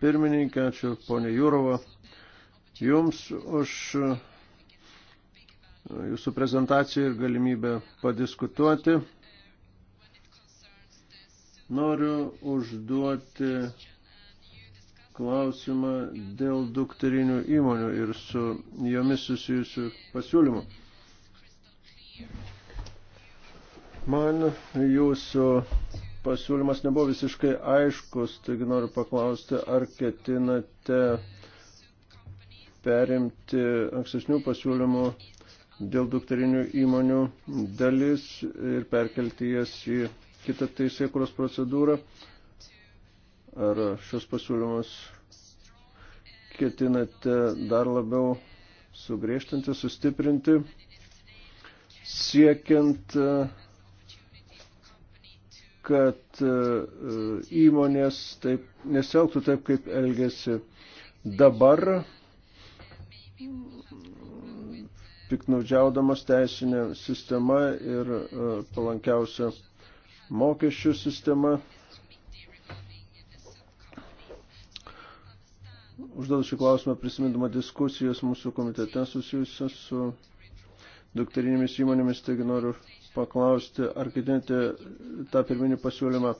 [SPEAKER 4] pirmininkė, ačiū ponė Jūrova. Jums už jūsų prezentaciją ir galimybę padiskutuoti. Noriu užduoti klausimą dėl dukterinių įmonių ir su jomis susijusių pasiūlymų. Man jūsų pasiūlymas nebuvo visiškai aiškus, taigi noriu paklausti, ar ketinate perimti ankstesnių pasiūlymų dėl dukterinių įmonių dalis ir perkelti jas į kitą teisėkuros procedūrą. Ar šios pasiūlymus ketinate dar labiau sugriežtinti, sustiprinti, siekiant, kad e, įmonės taip, nesielgtų taip, kaip elgesi dabar, piknaudžiaudamas teisinę sistemą ir e, palankiausią mokesčių sistemą. užduodu šį klausimą prisimindama diskusijas mūsų komitete susijusios su dukterinėmis įmonėmis, taigi noriu paklausti, ar ketinate tą pirminį pasiūlymą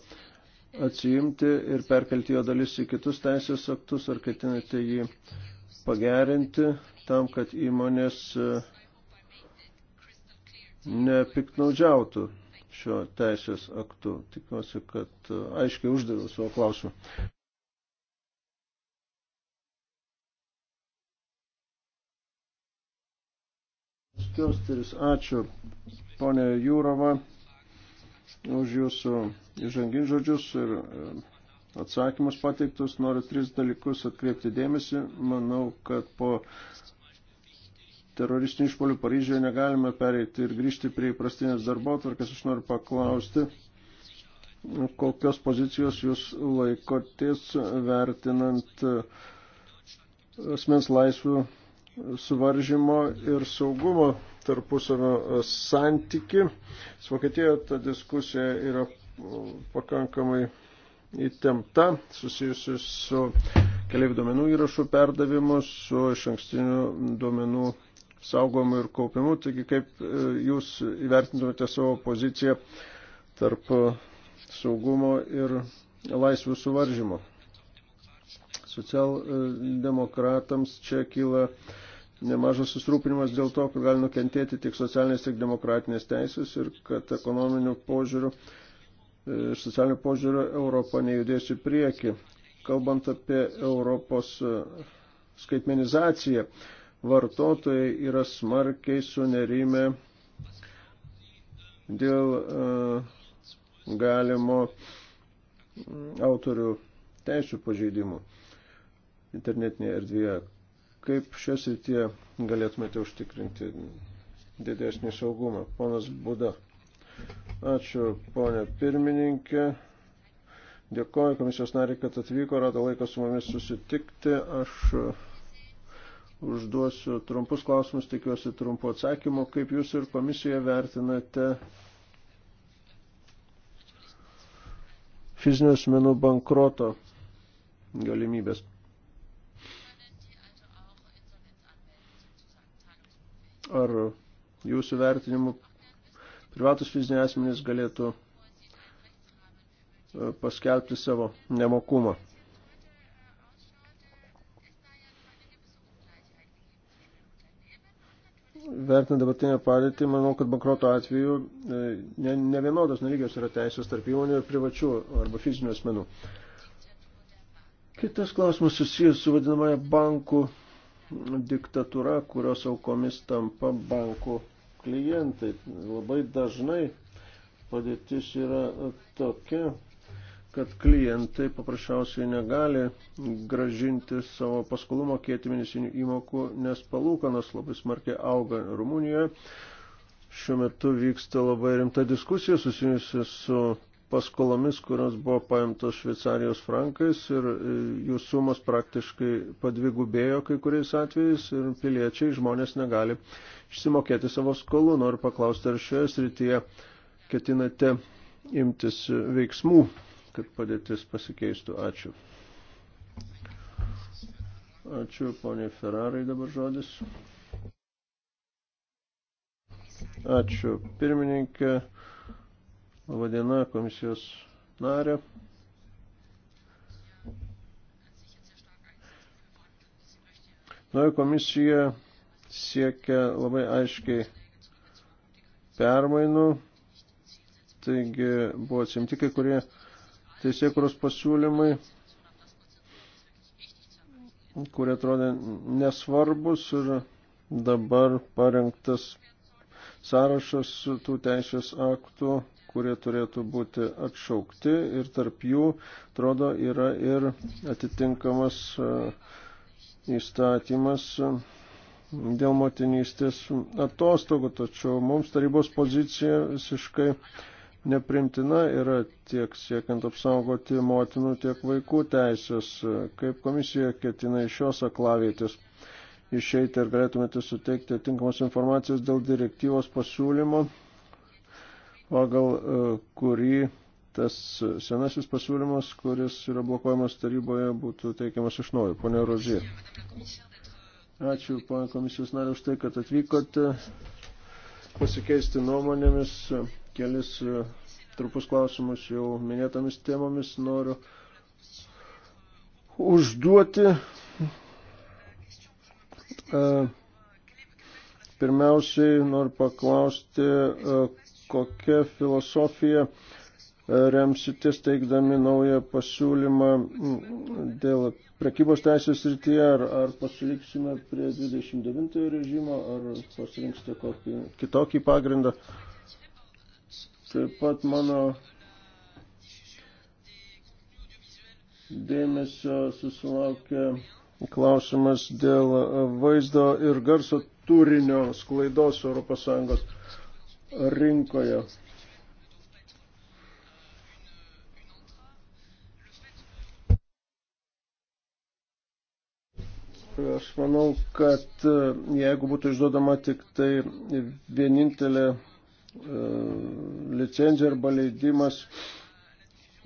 [SPEAKER 4] atsiimti ir perkelti jo dalis į kitus teisės aktus, ar ketinate jį pagerinti tam, kad įmonės e, nepiknaudžiautų šio teisės aktu. Tikiuosi, kad e, aiškiai uždaviau savo klausimą. Kilsteris. Ačiū, ponė Jūrova, už jūsų įžangin žodžius ir e, atsakymus pateiktus. Noriu tris dalykus atkreipti dėmesį. Manau, kad po teroristinių išpolių Paryžioje negalime pereiti ir grįžti prie įprastinės darbo tvarkės. Aš noriu paklausti, kokios pozicijos jūs laikotės vertinant e, asmens laisvių suvaržymo ir saugumo tarpusavio e, santyki. Vokietijoje ta diskusija yra e, pakankamai įtempta, susijusi su keliaivių duomenų įrašų perdavimu, su iš ankstiniu duomenų saugomu ir kaupimu. Taigi, kaip e, jūs įvertintumėte savo poziciją tarp saugumo ir laisvių suvaržymo? Socialdemokratams čia kyla uh, nemažas susirūpinimas dėl to, kad gali nukentėti tiek socialinės, tiek demokratinės teisės ir kad ekonominių požiūrių e, ir socialinių požiūrių Europa nejudės į priekį. Kalbant apie Europos e, skaitmenizaciją, vartotojai yra smarkiai sunerime dėl e, galimo autorių teisų pažeidimų internetinėje erdvėje kaip šios rytie galėtumėte užtikrinti didesnį saugumą. Ponas Buda. Ačiū, ponė pirmininkė. Dėkoju komisijos nariai, kad atvyko, rado laiką su mumis susitikti. Aš uh, užduosiu trumpus klausimus, tikiuosi trumpų atsakymų. Kaip jūs ir komisija vertinate fizinio asmenų bankroto galimybės? Ar jūsų vertinimu privatus fiziniai asmenys galėtų e, paskelbti savo nemokumą? vertinant dabartinę padėtį, manau, kad bankroto atveju e, ne, ne vienodos nelygios yra teisės tarp įmonių ir privačių arba fizinių asmenų. Kitas klausimas susijęs su vadinamąją bankų diktatūra, kurios aukomis tampa bankų klientai. Labai dažnai padėtis yra tokia, kad klientai paprasčiausiai negali gražinti savo paskolų mokėti mėnesinių įmokų, nes palūkanos labai smarkiai auga Rumunijoje. Šiuo metu vyksta labai rimta diskusija susijusi su paskolomis, kurios buvo paimtos Šveicarijos frankais ir e, jų sumos praktiškai padvigubėjo kai kuriais atvejais ir piliečiai žmonės negali išsimokėti savo skolų. Noriu paklausti, ar šioje srityje ketinate imtis veiksmų, kad padėtis pasikeistų. Ačiū. Ačiū, poniai Ferrarai dabar žodis. Ačiū, pirmininkė. Labadiena, komisijos narė. Nauja komisija siekia labai aiškiai permainų, taigi buvo atsimti kai kurie teisėkuros pasiūlymai, kurie atrodė nesvarbus ir dabar parengtas sąrašas tų teisės aktų kurie turėtų būti atšaukti ir tarp jų, atrodo, yra ir atitinkamas e, įstatymas e, dėl motinystės atostogų, tačiau mums tarybos pozicija visiškai neprimtina yra tiek siekiant apsaugoti motinų, tiek vaikų teisės, kaip komisija ketina iš šios aklavėtis išeiti ir galėtumėte suteikti tinkamos informacijos dėl direktyvos pasiūlymo pagal e, kurį tas senasis pasiūlymas, kuris yra blokuojamas taryboje, būtų teikiamas iš naujo. Pone Rozė. Ačiū, pane komisijos nariu, už tai, kad atvykote pasikeisti nuomonėmis. Kelis e, trupus klausimus jau minėtomis temomis noriu užduoti. E, pirmiausiai noriu paklausti, kokia filosofija remsitės teikdami naują pasiūlymą dėl prekybos teisės rytyje, ar, ar pasiliksime prie 29 režimo, ar pasirinksite kokį kitokį pagrindą. Taip pat mano dėmesio susilaukė klausimas dėl vaizdo ir garso turinio sklaidos Europos Sąjungos rinkoje. Aš manau, kad e, jeigu būtų išduodama tik tai vienintelė e, licenzija arba leidimas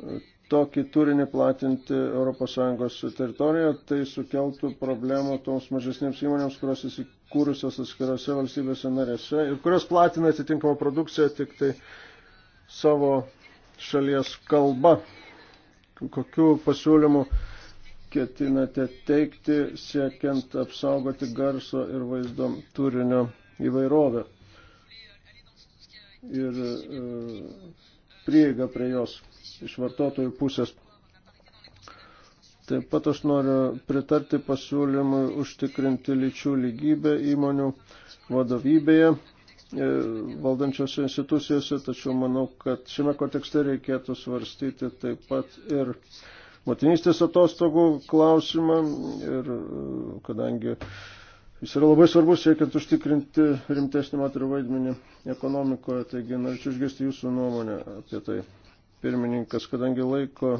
[SPEAKER 4] e, tokį turinį platinti ES teritorijoje, tai sukeltų problemų toms mažesnėms įmonėms, kurios įsikūrusios atskirose valstybėse narėse ir kurios platina atitinkamą produkciją tik tai savo šalies kalba. Kokiu pasiūlymu ketinate teikti, siekiant apsaugoti garso ir vaizdo turinio įvairovę ir e, prieigą prie jos iš vartotojų pusės. Taip pat aš noriu pritarti pasiūlymui užtikrinti lyčių lygybę įmonių vadovybėje, e, valdančiose institucijose, tačiau manau, kad šiame kontekste reikėtų svarstyti taip pat ir motinystės atostogų klausimą, ir, e, kadangi jis yra labai svarbus, siekiant užtikrinti rimtesnį moterų vaidmenį ekonomikoje, taigi norėčiau išgirsti jūsų nuomonę apie tai. Pirmininkas, kadangi laiko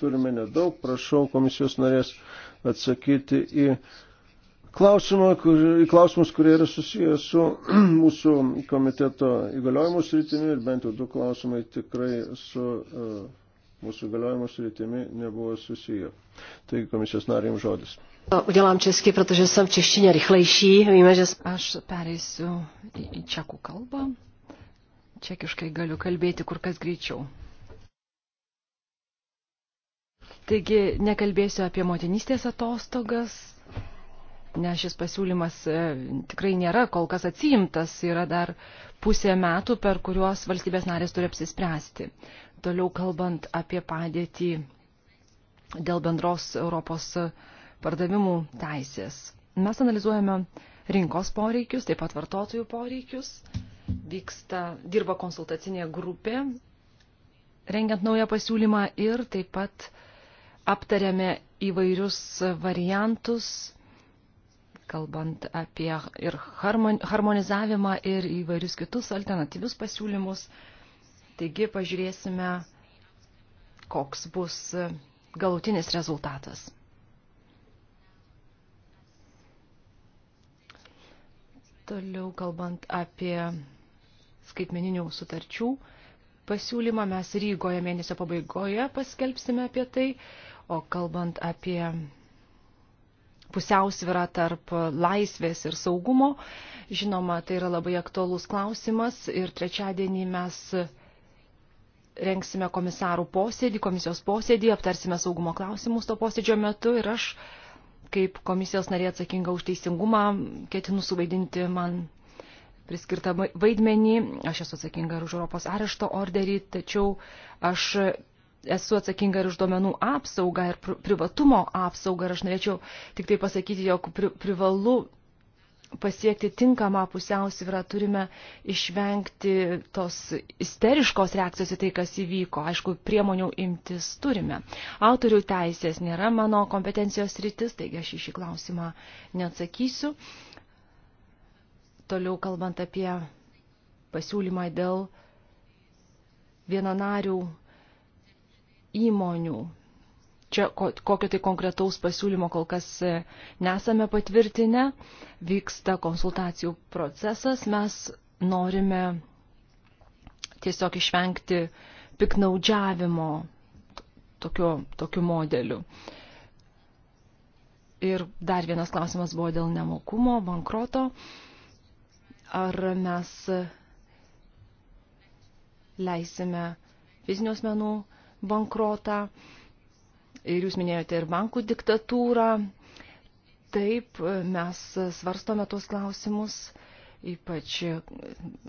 [SPEAKER 4] turime nedaug. Prašau komisijos narės atsakyti į, klausimą, kur, į klausimus, kurie yra susijęs su mūsų komiteto įgaliojimų sritimi ir bent jau du klausimai tikrai su uh, mūsų įgaliojimų sritimi nebuvo susiję. Taigi komisijos narėm žodis.
[SPEAKER 2] Udělám česky, protože jsem v češtině rychlejší. Víme, že... Aš pereisiu į čekų kalbą. Čekiškai galiu kalbėti kur kas greičiau. Taigi nekalbėsiu apie motinystės atostogas, nes šis pasiūlymas e, tikrai nėra kol kas atsiimtas, yra dar pusė metų, per kuriuos valstybės narės turi apsispręsti. Toliau kalbant apie padėtį dėl bendros Europos pardavimų teisės. Mes analizuojame rinkos poreikius, taip pat vartotojų poreikius. Vyksta, dirba konsultacinė grupė, rengiant naują pasiūlymą ir taip pat uh, aptarėme įvairius variantus, kalbant apie ir harmonizavimą, ir įvairius kitus alternatyvius pasiūlymus. Taigi pažiūrėsime, koks bus galutinis rezultatas. Toliau kalbant apie skaitmeninių sutarčių pasiūlymą, mes Rygoje mėnesio pabaigoje paskelbsime apie tai, O kalbant apie pusiausvyrą tarp laisvės ir saugumo, žinoma, tai yra labai aktuolus klausimas ir trečiadienį mes rengsime komisarų posėdį, komisijos posėdį, aptarsime saugumo klausimus to posėdžio metu ir aš, kaip komisijos narė atsakinga už teisingumą, ketinu suvaidinti man priskirtą vaidmenį, aš esu atsakinga ir už Europos arešto orderį, tačiau aš esu atsakinga ir už duomenų apsaugą ir privatumo apsaugą ir aš norėčiau tik tai pasakyti, jog pri, privalu pasiekti tinkamą pusiausvyrą, turime išvengti tos isteriškos reakcijos į tai, kas įvyko. Aišku, priemonių imtis turime. Autorių teisės nėra mano kompetencijos rytis, taigi aš į šį klausimą neatsakysiu. Toliau kalbant apie pasiūlymą dėl vienanarių įmonių. Čia kokio tai konkretaus pasiūlymo kol kas e, nesame patvirtinę, vyksta konsultacijų procesas, mes norime tiesiog išvengti piknaudžiavimo tokiu, tokiu modeliu. Ir dar vienas klausimas buvo dėl nemokumo, bankroto. Ar mes leisime fizinių asmenų bankrotą. Ir jūs minėjote ir bankų diktatūrą. Taip, mes svarstome tuos klausimus, ypač,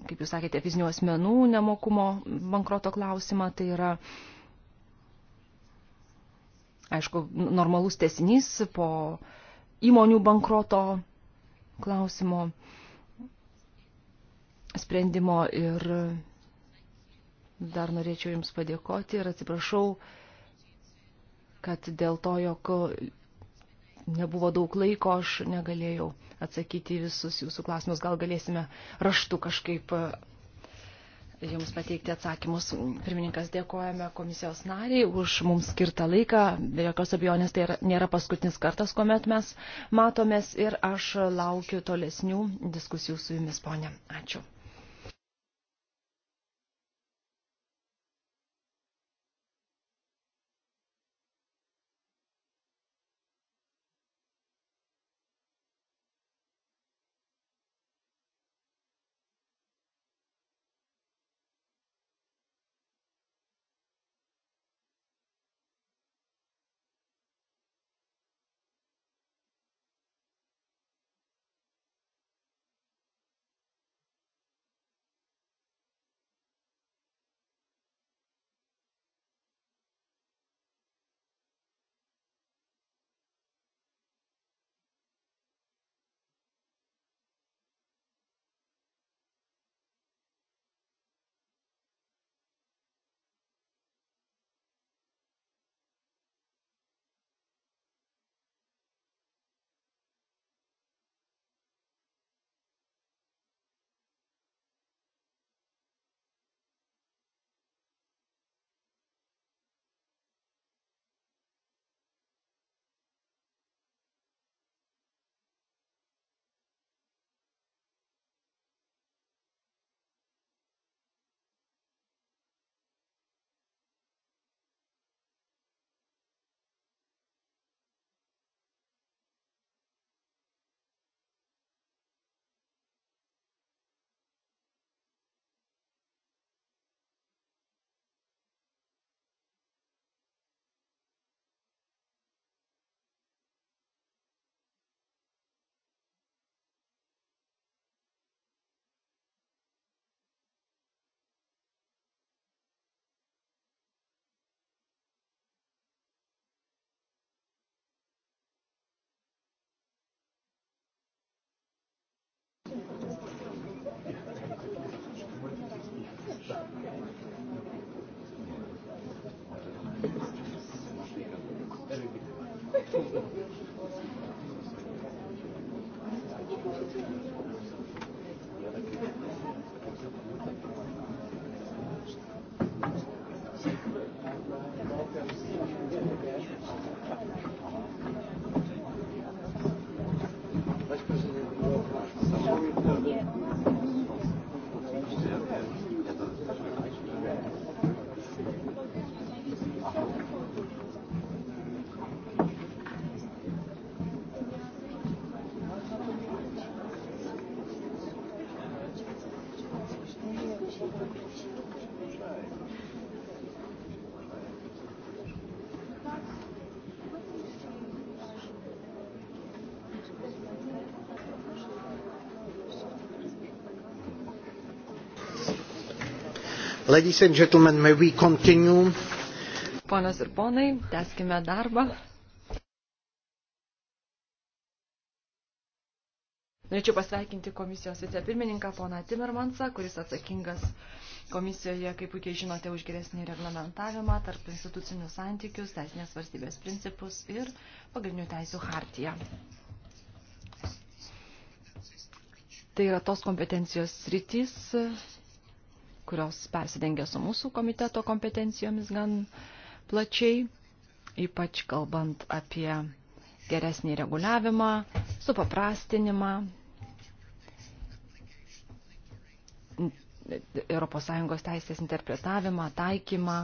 [SPEAKER 2] kaip jūs sakėte, fizinių asmenų nemokumo bankroto klausimą. Tai yra, aišku, normalus tesinys po įmonių bankroto klausimo sprendimo ir Dar norėčiau Jums padėkoti ir atsiprašau, kad dėl to, jog nebuvo daug laiko, aš negalėjau atsakyti visus Jūsų klausimus. Gal galėsime raštu kažkaip e, Jums pateikti atsakymus. Pirmininkas, dėkojame komisijos nariai už mums skirtą laiką. Be jokios abejonės tai nėra paskutinis kartas, kuomet mes matomės ir aš laukiu tolesnių diskusijų su Jumis, ponė. Ačiū.
[SPEAKER 1] Ladies and gentlemen, may we continue?
[SPEAKER 2] Ponas ir ponai, teskime darbą. Norėčiau pasveikinti komisijos vicepirmininką poną Timmermansą, kuris atsakingas komisijoje, kaip puikiai žinote, už geresnį reglamentavimą, tarp institucinius santykius, teisinės valstybės principus ir pagrindinių teisų hartiją. Tai yra tos kompetencijos sritys, kurios persidengia su mūsų komiteto kompetencijomis gan plačiai, ypač kalbant apie geresnį reguliavimą, supaprastinimą, ES teisės interpretavimą, taikymą,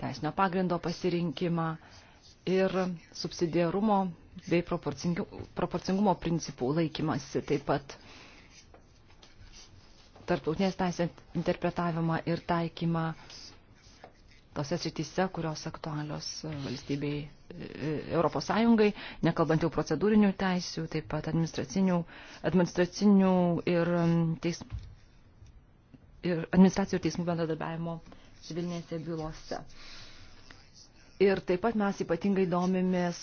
[SPEAKER 2] teisinio pagrindo pasirinkimą ir subsidiarumo bei proporcingumo principų laikymasi taip pat tarptautinės teisės interpretavimą ir taikymą tose srityse, kurios aktualios e, valstybei e, Europos Sąjungai, nekalbant jau procedūrinių teisių, taip pat administracinių, administracinių ir, teis, ir administracijų ir teismų bendradarbiavimo civilinėse bylose. Ir taip pat mes ypatingai domimės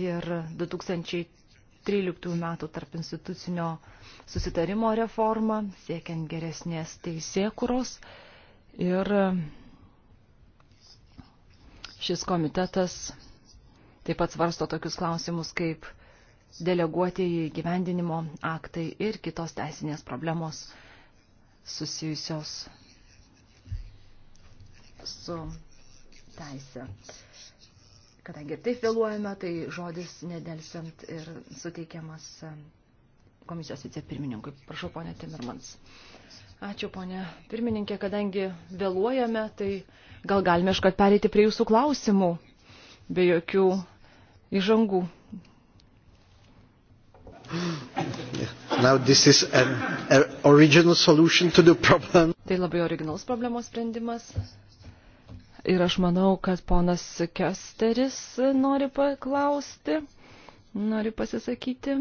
[SPEAKER 2] ir 2000 2013 metų tarp institucinio susitarimo reformą, siekiant geresnės teisėkuros. Ir šis komitetas taip pat svarsto tokius klausimus kaip deleguotieji gyvendinimo aktai ir kitos teisinės problemos susijusios su teisė. Kadangi ir taip vėluojame, tai žodis nedelsiant ir suteikiamas e, komisijos vicepirmininkui. Prašau, ponė Timirmans. Ačiū, ponė pirmininkė, kadangi vėluojame, tai gal galime iškart pereiti prie jūsų klausimų, be jokių įžangų.
[SPEAKER 1] Now this is an, an original solution to the problem.
[SPEAKER 2] Tai labai originalus problemos sprendimas. Ir aš manau, kad ponas Kesteris nori paklausti, nori pasisakyti.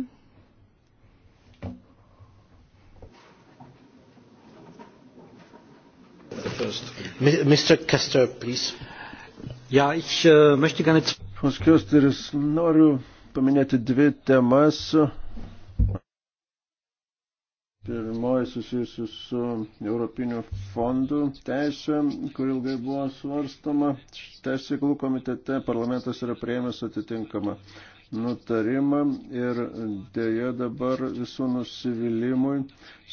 [SPEAKER 1] Mr. Kester, please. Ja, ich äh, möchte gerne. Ponas
[SPEAKER 4] Kesteris, noriu paminėti dvi temas. Pirmoji susijusi su Europiniu fondu teisė, kur ilgai buvo svarstama. Teisė įklų komitete parlamentas yra prieimęs atitinkamą nutarimą ir dėja dabar visų nusivylimui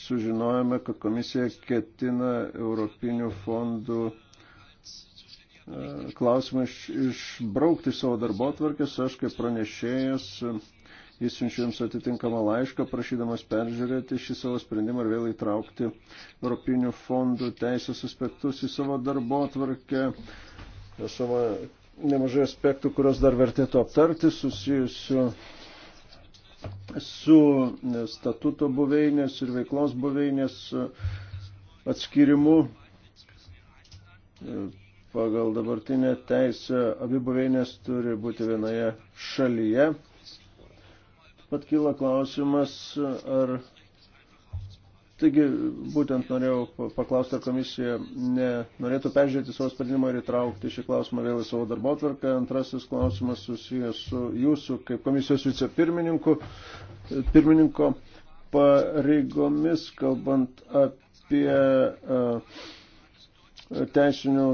[SPEAKER 4] sužinojame, kad komisija ketina Europinių fondų e, klausimą išbraukti savo darbo tvarkės. Aš kaip pranešėjas jis siunčia jums atitinkamą laišką, prašydamas peržiūrėti šį savo sprendimą ir vėl įtraukti Europinių fondų teisės aspektus į savo darbo tvarkę. Esama nemažai aspektų, kurios dar vertėtų aptarti, susijusiu su statuto buveinės ir veiklos buveinės atskirimu pagal dabartinę teisę abi buveinės turi būti vienoje šalyje Mat kyla klausimas, ar. Taigi, būtent norėjau paklausti, ar komisija ne, norėtų peržiūrėti savo sprendimą ir įtraukti šį klausimą vėl į savo darbo tvarką. Antrasis klausimas susijęs su jūsų kaip komisijos vicepirmininku, pirmininko pareigomis, kalbant apie uh, teisinių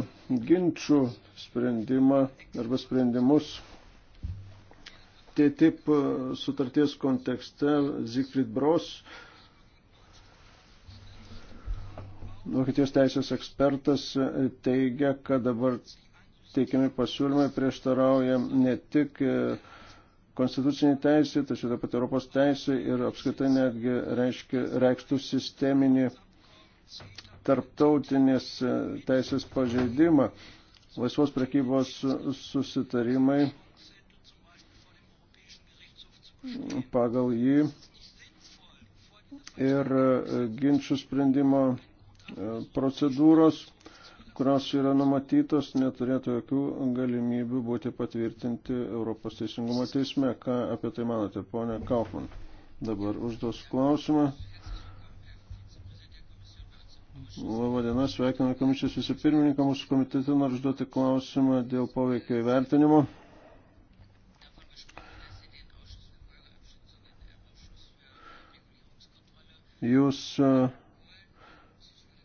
[SPEAKER 4] ginčių sprendimą arba sprendimus TTIP e, sutarties kontekste Zygfried Bros, Vokietijos teisės ekspertas, e, teigia, kad dabar teikiami pasiūlymai prieštarauja ne tik e, konstituciniai teisė, tačiau taip pat Europos teisė ir apskritai netgi reiškia, reikštų sisteminį tarptautinės teisės pažeidimą. Laisvos prekybos susitarimai pagal jį ir e, ginčių sprendimo e, procedūros, kurios yra numatytos, neturėtų jokių galimybių būti patvirtinti Europos Teisingumo teisme. Ką apie tai manote, ponė Kaufman? Dabar užduos klausimą. Labadiena, sveikinu komisijos visipirmininką, mūsų komitetą noriu užduoti klausimą dėl poveikio įvertinimo. Jūs e,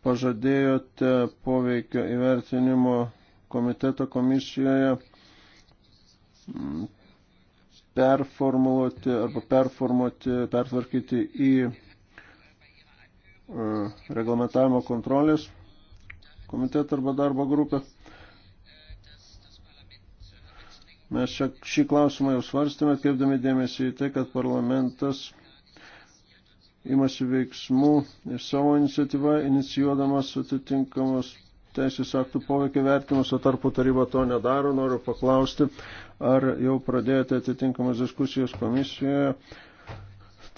[SPEAKER 4] pažadėjote poveikio įvertinimo komiteto komisijoje performuluoti arba performuoti, pertvarkyti į e, reglamentavimo kontrolės komitetą arba darbo grupę. Mes šį klausimą jau svarstėme, atkreipdami dėmesį į tai, kad parlamentas imasi veiksmų ir savo iniciatyvą inicijuodamas atitinkamos teisės aktų poveikio vertimus, o tarpu taryba to nedaro. Noriu paklausti, ar jau pradėjote atitinkamas diskusijos komisijoje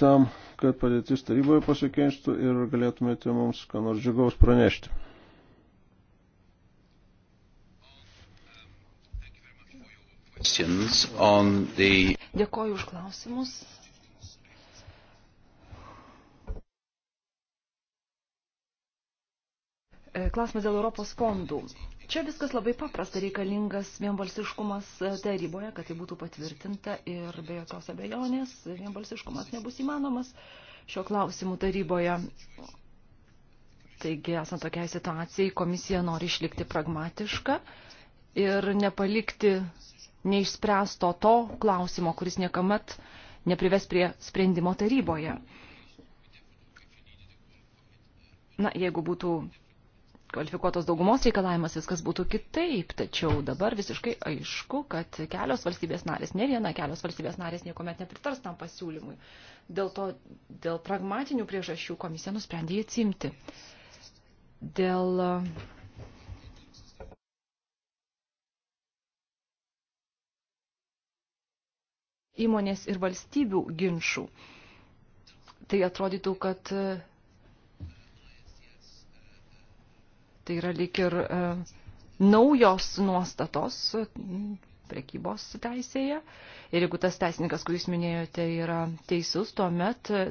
[SPEAKER 4] tam, kad padėtis taryboje pasikeistų ir galėtumėte mums ką nors džiugaus pranešti.
[SPEAKER 1] The...
[SPEAKER 2] Dėkoju už klausimus. E, klausimas dėl Europos fondų. Čia viskas labai paprasta, reikalingas vienbalsiškumas e, taryboje, kad tai būtų patvirtinta ir be jokios abejonės vienbalsiškumas nebus įmanomas šio klausimų taryboje. Taigi, esant tokiai situacijai, komisija nori išlikti pragmatišką ir nepalikti neišspręsto to klausimo, kuris niekamet neprives prie sprendimo taryboje. Na, jeigu būtų kvalifikuotos daugumos reikalavimas viskas būtų kitaip, tačiau dabar visiškai aišku, kad kelios valstybės narės, ne viena kelios valstybės narės niekuomet nepritars tam pasiūlymui. Dėl to, dėl pragmatinių priežasčių komisija nusprendė jį atsimti. Dėl e, įmonės ir valstybių ginčių. Tai atrodytų, kad Tai yra lik ir e, naujos nuostatos prekybos teisėje. Ir jeigu tas teisininkas, kurį jūs minėjote, yra teisus, tuomet e,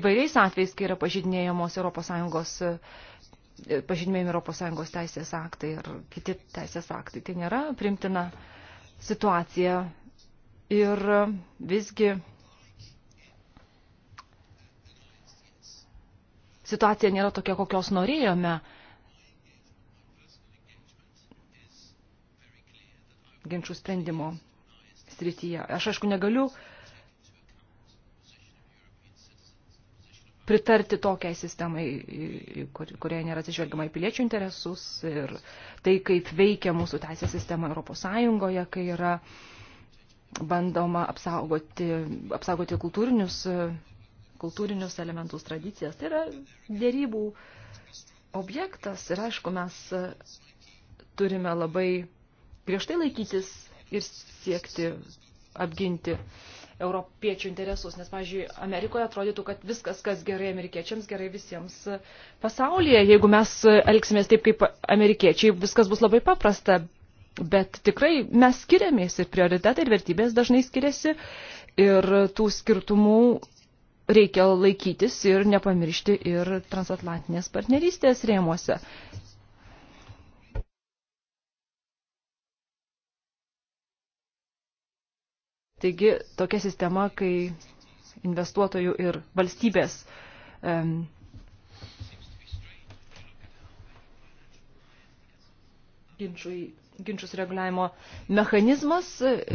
[SPEAKER 2] įvairiais atvejais, kai yra pažydinėjamos ES e, pažydinėjami ES teisės aktai ir kiti teisės aktai. Tai nėra primtina situacija. Ir e, visgi situacija nėra tokia, kokios norėjome ginčių sprendimo srityje. Aš aišku negaliu pritarti tokiai sistemai, kurioje nėra atsižvelgiama į piliečių interesus ir tai, kaip veikia mūsų teisės sistema Europos Sąjungoje, kai yra bandoma apsaugoti, apsaugoti kultūrinius, kultūrinius elementus, tradicijas. Tai yra dėrybų objektas ir aišku, mes turime labai griežtai laikytis ir siekti apginti europiečių interesus. Nes, pavyzdžiui, Amerikoje atrodytų, kad viskas, kas gerai amerikiečiams, gerai visiems pasaulyje. Jeigu mes elgsimės taip kaip amerikiečiai, viskas bus labai paprasta. Bet tikrai mes skiriamės ir prioritetai ir vertybės dažnai skiriasi ir tų skirtumų reikia laikytis ir nepamiršti ir transatlantinės partnerystės rėmuose. Taigi tokia sistema, kai investuotojų ir valstybės um, ginčiui, ginčius reguliavimo mechanizmas,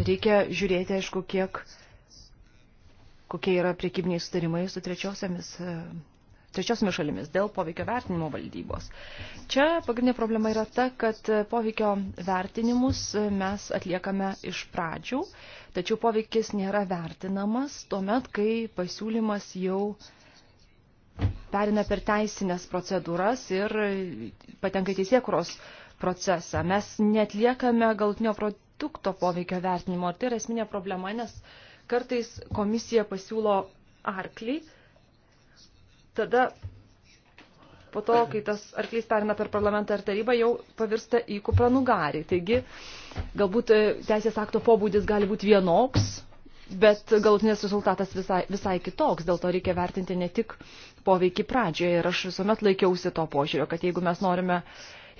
[SPEAKER 2] reikia žiūrėti, aišku, kiek, kokie yra priekybiniai sutarimai su trečiosiamis trečiosiomis šalimis dėl poveikio vertinimo valdybos. Čia pagrindinė problema yra ta, kad poveikio vertinimus mes atliekame iš pradžių, tačiau poveikis nėra vertinamas tuomet, kai pasiūlymas jau perina per teisinės procedūras ir patenka į teisėkuros procesą. Mes netliekame galtinio produkto poveikio vertinimo. Tai yra esminė problema, nes kartais komisija pasiūlo arklį, tada po to, kai tas arklys perina per parlamentą ar tarybą, jau pavirsta į kupranugarį. Taigi, galbūt e, teisės akto pobūdis gali būti vienoks, bet galutinės rezultatas visai, visai kitoks. Dėl to reikia vertinti ne tik poveikį pradžioje. Ir aš visuomet laikiausi to požiūrio, kad jeigu mes norime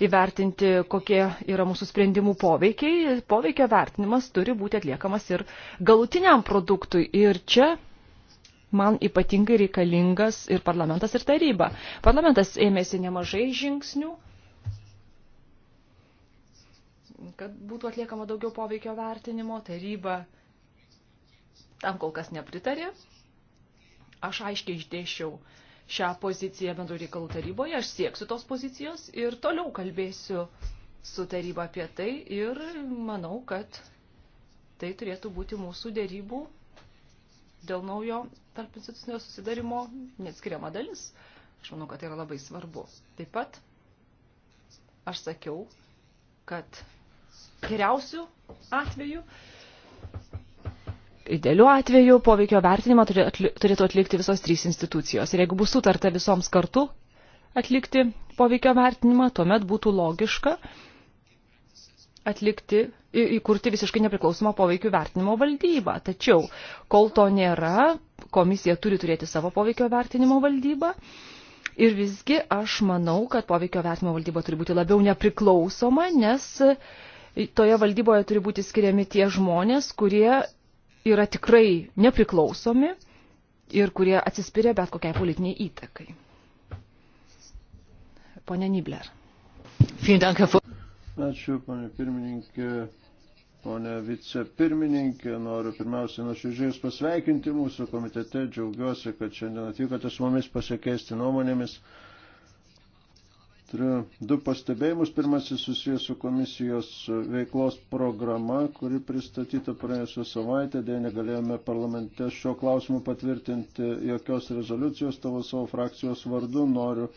[SPEAKER 2] įvertinti, kokie yra mūsų sprendimų poveikiai, poveikio vertinimas turi būti atliekamas ir galutiniam produktui. Ir čia man ypatingai reikalingas ir parlamentas, ir taryba. Parlamentas ėmėsi nemažai žingsnių, kad būtų atliekama daugiau poveikio vertinimo, taryba tam kol kas nepritarė. Aš aiškiai išdėšiau šią poziciją bendro reikalų taryboje, aš sieksiu tos pozicijos ir toliau kalbėsiu su taryba apie tai ir manau, kad tai turėtų būti mūsų dėrybų dėl naujo tarp institucinio susidarimo neatskiriama dalis. Aš manau, kad tai yra labai svarbu. Taip pat aš sakiau, kad geriausių atvejų, idealių atvejų poveikio vertinimą turėtų atlikti visos trys institucijos. Ir jeigu bus sutarta visoms kartu atlikti poveikio vertinimą, tuomet būtų logiška, atlikti, įkurti visiškai nepriklausomą poveikių vertinimo valdybą. Tačiau, kol to nėra, komisija turi turėti savo poveikio vertinimo valdybą. Ir visgi aš manau, kad poveikio vertinimo valdyba turi būti labiau nepriklausoma, nes toje valdyboje turi būti skiriami tie žmonės, kurie yra tikrai nepriklausomi ir kurie atsispiria bet kokiai politiniai įtakai. Pone Nibler.
[SPEAKER 4] Ačiū, ponė pirmininkė. Pone vicepirmininkė, noriu pirmiausia nuoširdžiai pasveikinti mūsų komitete. Džiaugiuosi, kad šiandien atvykote su mumis pasikeisti nuomonėmis. Turiu du pastebėjimus. Pirmasis susijęs su komisijos veiklos programa, kuri pristatyta praėjusią savaitę. Dėja negalėjome parlamente šio klausimu patvirtinti jokios rezoliucijos. Tavo savo frakcijos vardu noriu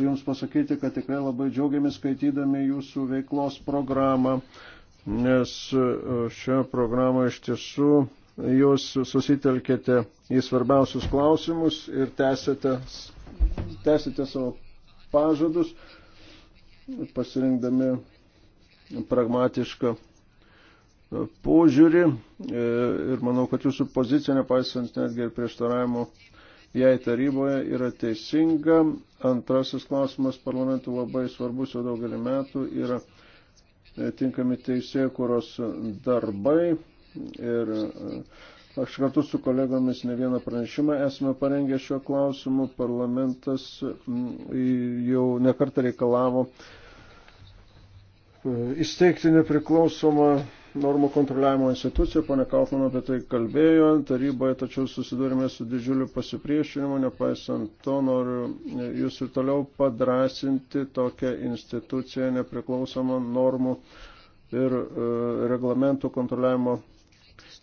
[SPEAKER 4] Jums pasakyti, kad tikrai labai džiaugiamės skaitydami Jūsų veiklos programą, nes e, šią programą iš tiesų Jūs susitelkėte į svarbiausius klausimus ir tęsite, tęsite savo pažadus, pasirinkdami pragmatišką e, požiūrį e, ir manau, kad jūsų pozicija, nepaisant netgi ir prieštaravimo jei taryboje yra teisinga. Antrasis klausimas parlamentų labai svarbus jau daugelį metų yra e, tinkami teisėkuros darbai. Ir e, aš kartu su kolegomis ne vieną pranešimą esame parengę šiuo klausimu. Parlamentas jau nekartą reikalavo e, įsteigti nepriklausomą normų kontroliavimo institucija, ponė Kaufman apie tai kalbėjo, taryboje tačiau susidūrėme su didžiuliu pasipriešinimu, nepaisant to noriu jūs ir toliau padrasinti tokią instituciją nepriklausomą normų ir e, reglamentų kontroliavimo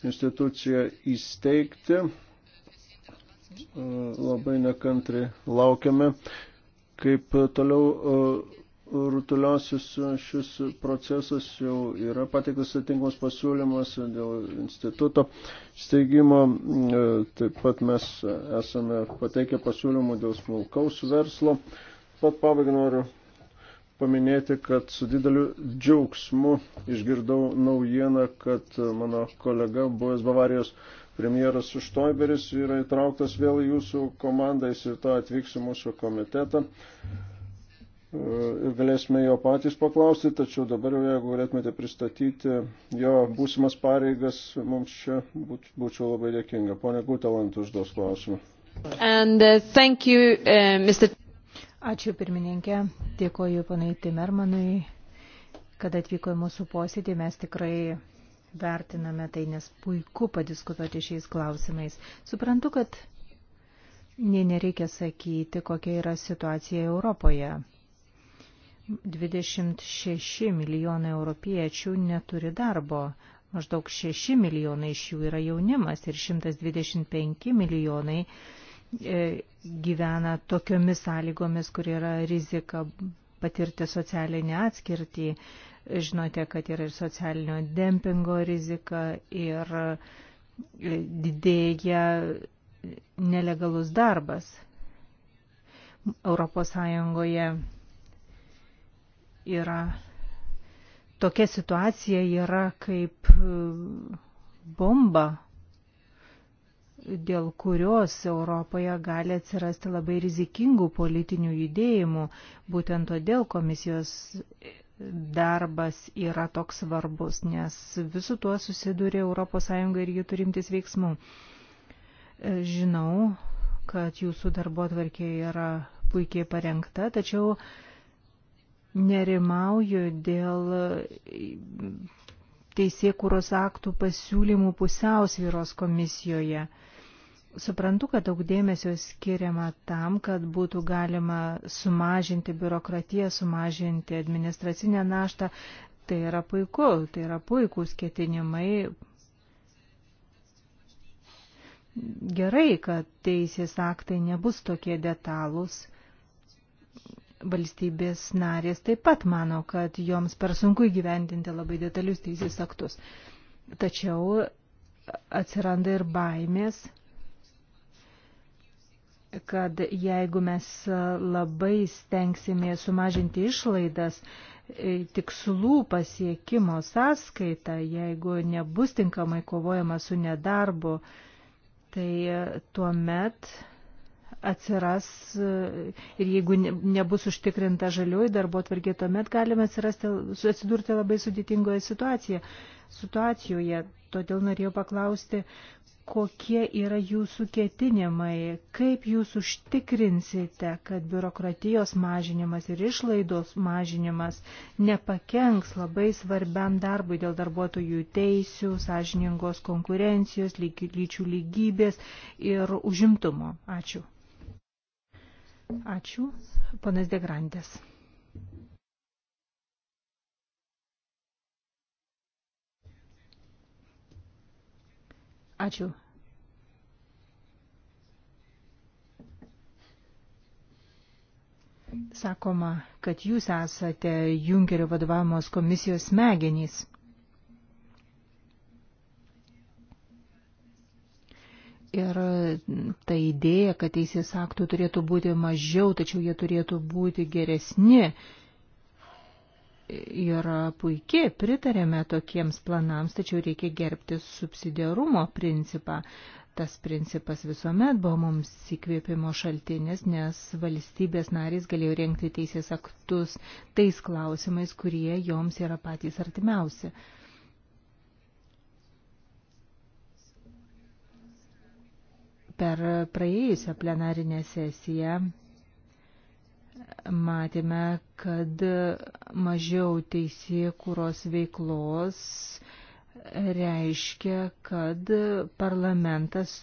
[SPEAKER 4] instituciją įsteigti. E, labai nekantri laukiame, kaip toliau e, rutuliosius šis procesas jau yra pateiktas atitinkamas pasiūlymas dėl instituto steigimo. E, taip pat mes esame pateikę pasiūlymų dėl smulkaus verslo. Pat pabaigai noriu paminėti, kad su dideliu džiaugsmu išgirdau naujieną, kad mano kolega buvęs Bavarijos premjeras Štoiberis yra įtrauktas vėl į jūsų komandą, jis ir to atvyks į mūsų komitetą. E, ir galėsime jo patys paklausti, tačiau dabar jau jeigu galėtumėte pristatyti jo būsimas pareigas, mums čia būč, būčiau labai dėkinga. Pone Gutalant užduos klausimą. And, uh,
[SPEAKER 3] you, uh, Mr... Ačiū pirmininkė, dėkoju panai Timermanui, kad atvyko į mūsų posėdį, mes tikrai vertiname tai, nes puiku padiskutuoti šiais klausimais. Suprantu, kad Nė nereikia sakyti, kokia yra situacija Europoje. 26 milijonai europiečių neturi darbo. Maždaug 6 milijonai iš jų yra jaunimas ir 125 milijonai e, gyvena tokiomis sąlygomis, kur yra rizika patirti socialinį atskirtį. Žinote, kad yra ir socialinio dempingo rizika ir e, didėja nelegalus darbas. Europos Sąjungoje yra tokia situacija yra kaip e, bomba, dėl kurios Europoje gali atsirasti labai rizikingų politinių judėjimų. Būtent todėl komisijos darbas yra toks svarbus, nes visu tuo susidūrė ES ir jų turimtis veiksmų. E, žinau, kad jūsų darbo tvarkė yra puikiai parengta, tačiau uh, nerimauju dėl teisėkūros aktų pasiūlymų pusiausvyros komisijoje. Suprantu, kad daug dėmesio skiriama tam, kad būtų galima sumažinti biurokratiją, sumažinti administracinę naštą. Tai yra puiku, tai yra puikūs ketinimai. Gerai, kad teisės aktai nebus tokie detalūs valstybės narės taip pat mano, kad joms per sunku įgyvendinti labai detalius teisės aktus. Tačiau atsiranda ir baimės, kad jeigu mes labai stengsime sumažinti išlaidas e, tikslų pasiekimo sąskaitą, jeigu nebus tinkamai kovojama su nedarbu, tai e, tuo met atsiras ir jeigu nebus užtikrinta žalioji darbo tvarkė, tuomet galime atsirasti, atsidurti labai sudėtingoje situacijoje. situacijoje. Todėl norėjau paklausti, kokie yra jūsų ketinimai, kaip jūs užtikrinsite, kad biurokratijos mažinimas ir išlaidos mažinimas nepakenks labai svarbiam darbui dėl darbuotojų teisių, sąžiningos konkurencijos, lyčių lygybės ir užimtumo. Ačiū. Ačiū, panas Degrandės. Ačiū. Sakoma, kad jūs esate Junkerio vadovamos komisijos smegenys. Ir e, ta idėja, kad teisės aktų turėtų būti mažiau, tačiau jie turėtų būti geresni, yra puikiai, pritarėme tokiems planams, tačiau reikia gerbti subsidiarumo principą. Tas principas visuomet buvo mums įkvėpimo šaltinis, nes valstybės narys galėjo renkti teisės aktus tais klausimais, kurie joms yra patys artimiausi. Per praėjusią plenarinę sesiją matėme, kad mažiau teisėkūros veiklos reiškia, kad parlamentas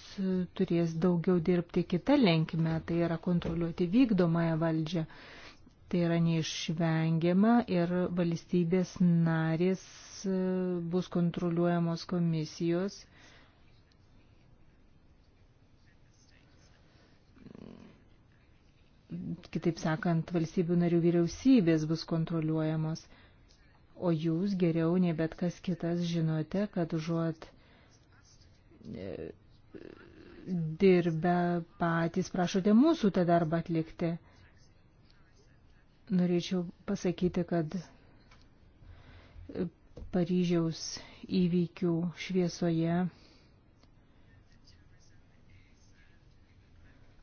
[SPEAKER 3] turės daugiau dirbti kitą linkmę, tai yra kontroliuoti vykdomąją valdžią. Tai yra neišvengiama ir valstybės narės bus kontroliuojamos komisijos kitaip sakant, valstybių narių vyriausybės bus kontroliuojamos. O jūs geriau nei bet kas kitas žinote, kad žuot e, dirbę patys prašote mūsų tą darbą atlikti. Norėčiau pasakyti, kad e, Paryžiaus įvykių šviesoje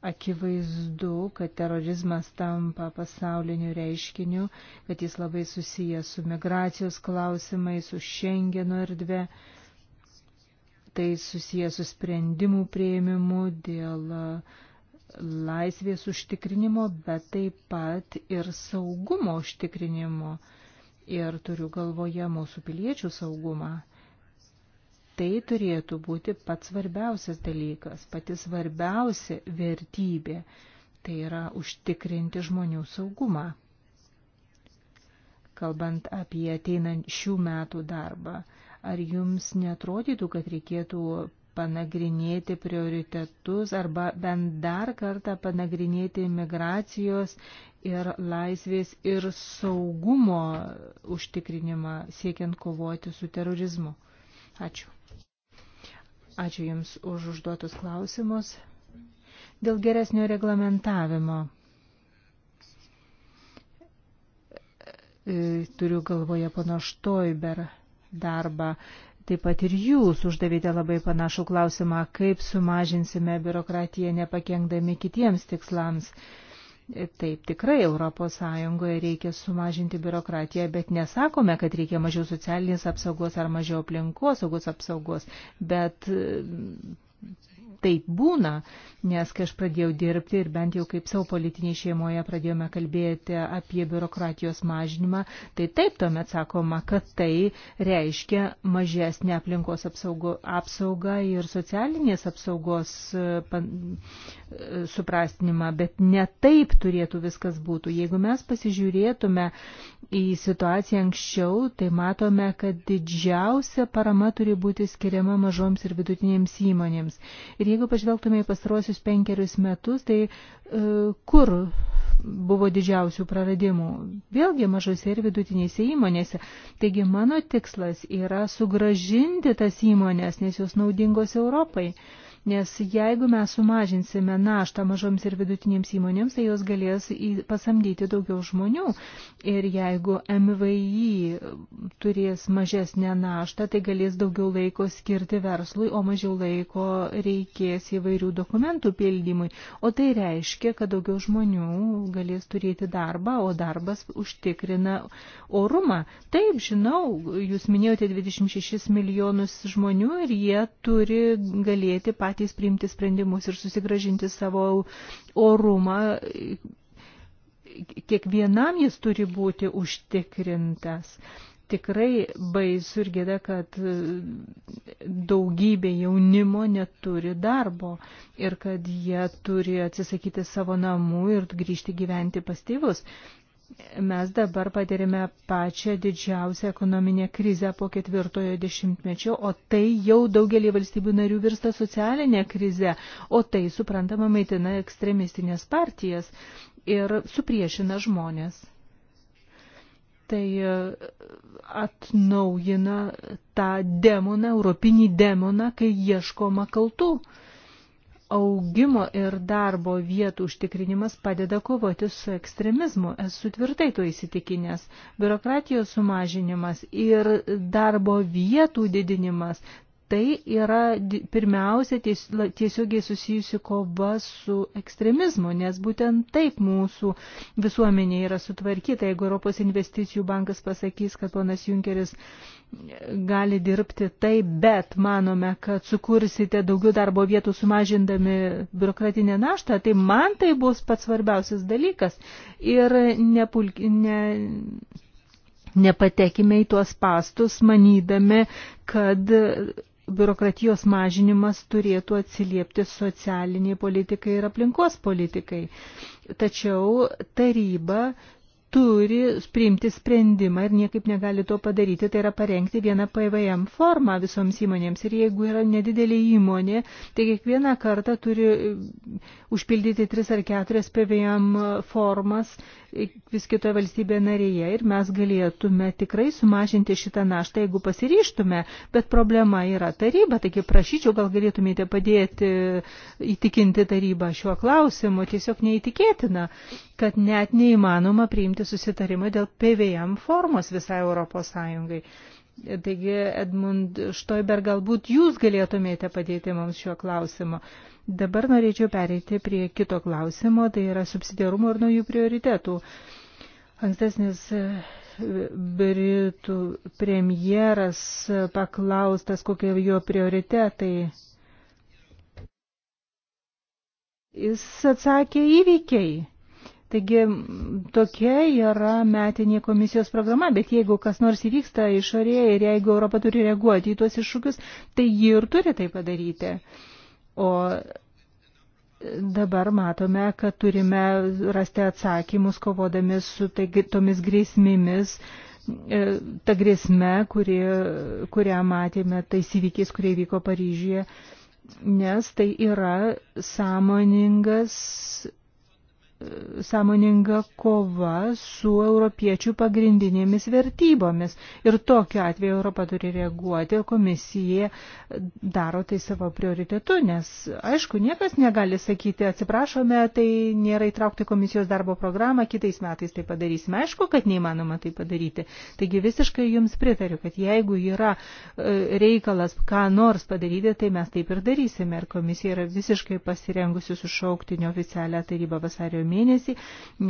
[SPEAKER 3] Akivaizdu, kad terorizmas tampa pasauliniu reiškiniu, kad jis labai susijęs su migracijos klausimais, su Schengeno erdve. Tai susijęs su sprendimų prieimimu dėl e, laisvės užtikrinimo, bet taip pat ir saugumo užtikrinimo. Ir turiu galvoje mūsų piliečių saugumą tai turėtų būti pats svarbiausias dalykas, pati svarbiausia vertybė, tai yra užtikrinti žmonių saugumą. Kalbant apie ateinant šių metų darbą, ar jums netrodytų, kad reikėtų panagrinėti prioritetus arba bent dar kartą panagrinėti migracijos ir laisvės ir saugumo užtikrinimą siekiant kovoti su terorizmu? Ačiū. Ačiū Jums už užduotus klausimus. Dėl geresnio reglamentavimo. E, turiu galvoje pono Štoiber darbą. Taip pat ir jūs uždavėte labai panašų klausimą, kaip sumažinsime biurokratiją nepakengdami kitiems tikslams. Taip, tikrai ES reikia sumažinti biurokratiją, bet nesakome, kad reikia mažiau socialinės apsaugos ar mažiau aplinkos saugos apsaugos, bet taip būna, nes kai aš pradėjau dirbti ir bent jau kaip savo politinėje šeimoje pradėjome kalbėti apie biurokratijos mažinimą, tai taip tuomet sakoma, kad tai reiškia mažesnį aplinkos apsaugo, apsaugą ir socialinės apsaugos e, pan, e, suprastinimą, bet ne taip turėtų viskas būtų. Jeigu mes pasižiūrėtume į situaciją anksčiau, tai matome, kad didžiausia parama turi būti skiriama mažoms ir vidutinėms įmonėms. Ir Ir jeigu pažvelgtume į pastarosius penkerius metus, tai e, kur buvo didžiausių praradimų? Vėlgi mažose ir vidutinėse įmonėse. Taigi mano tikslas yra sugražinti tas įmonės, nes jos naudingos Europai. E, Nes jeigu mes sumažinsime naštą mažoms ir vidutinėms įmonėms, tai jos galės pasamdyti daugiau žmonių. Ir jeigu MVI turės mažesnę naštą, tai galės daugiau laiko skirti verslui, o mažiau laiko reikės įvairių dokumentų pildymui. O tai reiškia, kad daugiau žmonių galės turėti darbą, o darbas užtikrina orumą. Taip, žinau, jūs minėjote 26 milijonus žmonių ir jie turi galėti patys patys priimti sprendimus ir susigražinti savo orumą. Kiekvienam jis turi būti užtikrintas. Tikrai baisu ir gėda, kad daugybė jaunimo neturi darbo ir kad jie turi atsisakyti savo namų ir grįžti gyventi pas tėvus mes dabar patirime pačią didžiausią ekonominę krizę po ketvirtojo dešimtmečio, o tai jau daugelį valstybių narių virsta socialinė krize, o tai suprantama maitina ekstremistinės partijas ir supriešina žmonės. Tai e, atnaujina tą demoną, europinį demoną, kai ieškoma kaltų augimo ir darbo vietų užtikrinimas padeda kovoti su ekstremizmu. Esu tvirtai tuo įsitikinęs. Biurokratijos sumažinimas ir darbo vietų didinimas tai yra pirmiausia tiesiogiai susijusi kova su ekstremizmu, nes būtent taip mūsų visuomenė yra sutvarkyta. Jeigu Europos investicijų bankas pasakys, kad ponas Junkeris gali dirbti taip, bet manome, kad sukursite daugiau darbo vietų sumažindami biurokratinę naštą, tai man tai bus pats svarbiausias dalykas. Ir nepulk, ne, nepatekime į tuos pastus, manydami, kad biurokratijos mažinimas turėtų atsiliepti socialiniai politikai ir aplinkos politikai. Tačiau taryba turi priimti sprendimą ir niekaip negali to padaryti, tai yra parengti vieną PVM formą visoms įmonėms. Ir jeigu yra nedidelė įmonė, tai kiekvieną kartą turi e, užpildyti tris ar keturias PVM formas e, vis kitoje valstybėje narėje ir mes galėtume tikrai sumažinti šitą naštą, jeigu pasiryštume, bet problema yra taryba, taigi prašyčiau, gal galėtumėte padėti e, įtikinti tarybą šiuo klausimu, tiesiog neįtikėtina, kad net neįmanoma priimti susitarimai dėl PVM formos visai Europos Sąjungai. Taigi, Edmund Štoiber, galbūt jūs galėtumėte padėti mums šiuo klausimu. Dabar norėčiau pereiti prie kito klausimo, tai yra subsidiarumo ir naujų prioritetų. Ankstesnis e, Britų premjeras paklaustas, kokie jo prioritetai. Jis atsakė įvykiai Taigi tokia yra metinė komisijos programa, bet jeigu kas nors įvyksta išorėje ir jeigu Europa turi reaguoti į tuos iššūkius, tai ji ir turi tai padaryti. O e, dabar matome, kad turime rasti atsakymus, kovodami su taigi, tomis grėsmėmis, e, ta grėsme, kuri, kurią matėme, tais įvykiais, kurie vyko Paryžyje, nes tai yra sąmoningas sąmoninga kova su europiečių pagrindinėmis vertybomis. Ir tokiu atveju Europa turi reaguoti ir komisija daro tai savo prioritetu, nes aišku, niekas negali sakyti, atsiprašome, tai nėra įtraukti komisijos darbo programą, kitais metais tai padarysime. Aišku, kad neįmanoma tai padaryti. Taigi visiškai jums pritariu, kad jeigu yra e, reikalas ką nors padaryti, tai mes taip ir darysime. Ir komisija yra visiškai pasirengusi sušaukti neoficialią tarybą vasario mėnesį,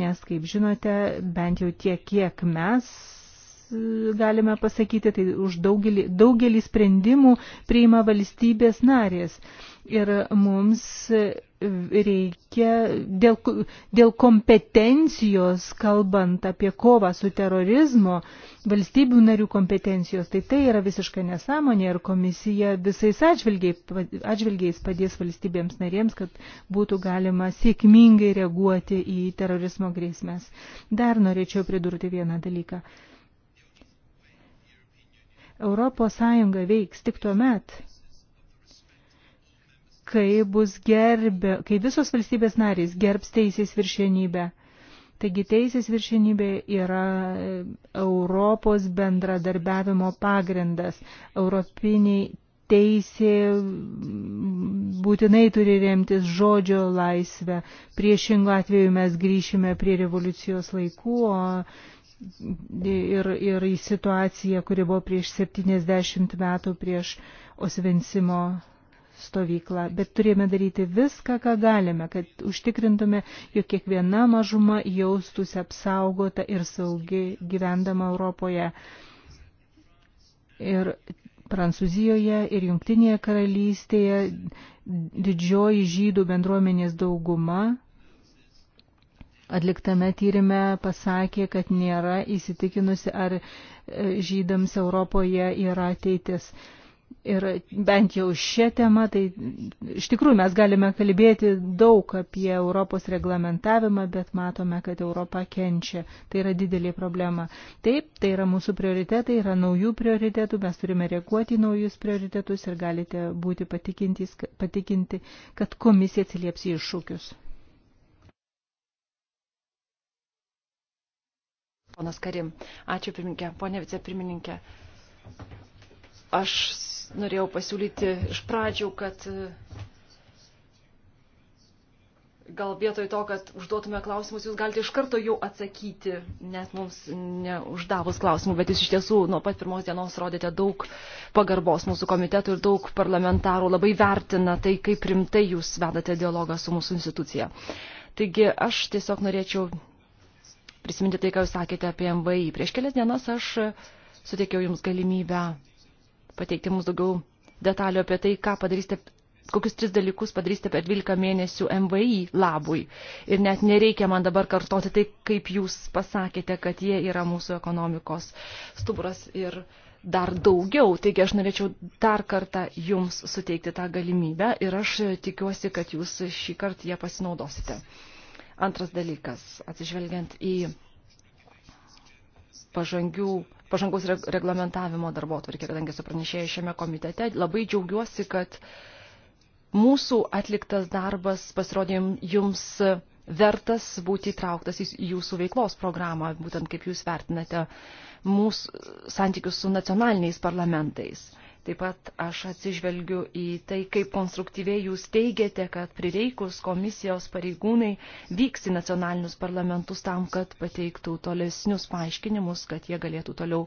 [SPEAKER 3] nes, kaip žinote, bent jau tiek, kiek mes galime pasakyti, tai už daugelį, daugelį sprendimų priima valstybės narės. Ir mums reikia dėl, dėl kompetencijos, kalbant apie kovą su terorizmo, valstybių narių kompetencijos, tai tai yra visiškai nesąmonė ir komisija visais atžvilgiais padės valstybėms narėms, kad būtų galima sėkmingai reaguoti į terorizmo grėsmės. Dar norėčiau pridurti vieną dalyką. Europos Sąjunga veiks tik tuo met, kai bus gerbė, kai visos valstybės narys gerbs teisės viršienybę. Taigi teisės viršienybė yra Europos bendradarbiavimo pagrindas. Europiniai teisė būtinai turi remtis žodžio laisvę. Priešingo atveju mes grįšime prie revoliucijos laikų, o ir, ir į situaciją, kuri buvo prieš 70 metų prieš Osvensimo stovyklą. Bet turėjome daryti viską, ką galime, kad užtikrintume, jog kiekviena mažuma jaustųsi apsaugota ir saugi gyvendama Europoje. Ir Prancūzijoje ir Junktinėje karalystėje didžioji žydų bendruomenės dauguma atliktame tyrime pasakė, kad nėra įsitikinusi, ar e, žydams Europoje yra ateitis. Ir bent jau šią temą, tai iš tikrųjų mes galime kalbėti daug apie Europos reglamentavimą, bet matome, kad Europa kenčia. Tai yra didelė problema. Taip, tai yra mūsų prioritetai, yra naujų prioritetų, mes turime reaguoti į naujus prioritetus ir galite būti patikinti, kad komisija atsilieps į iššūkius.
[SPEAKER 2] Ponas Karim, ačiū pirmininkė, ponė vicepirmininkė. Aš norėjau pasiūlyti iš pradžių, kad e, gal vietoj to, kad užduotume klausimus, jūs galite iš karto jau atsakyti, nes mums neuždavus klausimų, bet jūs iš tiesų nuo pat pirmos dienos rodėte daug pagarbos mūsų komitetų ir daug parlamentarų labai vertina tai, kaip rimtai jūs vedate dialogą su mūsų institucija. Taigi aš tiesiog norėčiau prisiminti tai, ką jūs sakėte apie MVI. Prieš kelias dienas aš suteikiau jums galimybę pateikti mums daugiau detalių apie tai, ką padarysite, kokius tris dalykus padarysite per 12 mėnesių MVI labui. Ir net nereikia man dabar kartoti tai, kaip jūs pasakėte, kad jie yra mūsų ekonomikos stuburas ir dar daugiau. Taigi aš norėčiau dar kartą jums suteikti tą galimybę ir aš tikiuosi, kad jūs šį kartą ją pasinaudosite. Antras dalykas, atsižvelgiant į pažangių, pažangus reglamentavimo darbo atvarkį, kadangi esu pranešėjęs šiame komitete, labai džiaugiuosi, kad mūsų atliktas darbas pasirodė jums vertas būti įtrauktas į jūsų veiklos programą, būtent kaip jūs vertinate mūsų santykius su nacionaliniais parlamentais. Taip pat aš atsižvelgiu į tai, kaip konstruktyviai jūs teigiate, kad prireikus komisijos pareigūnai vyks į nacionalinius parlamentus tam, kad pateiktų tolesnius paaiškinimus, kad jie galėtų toliau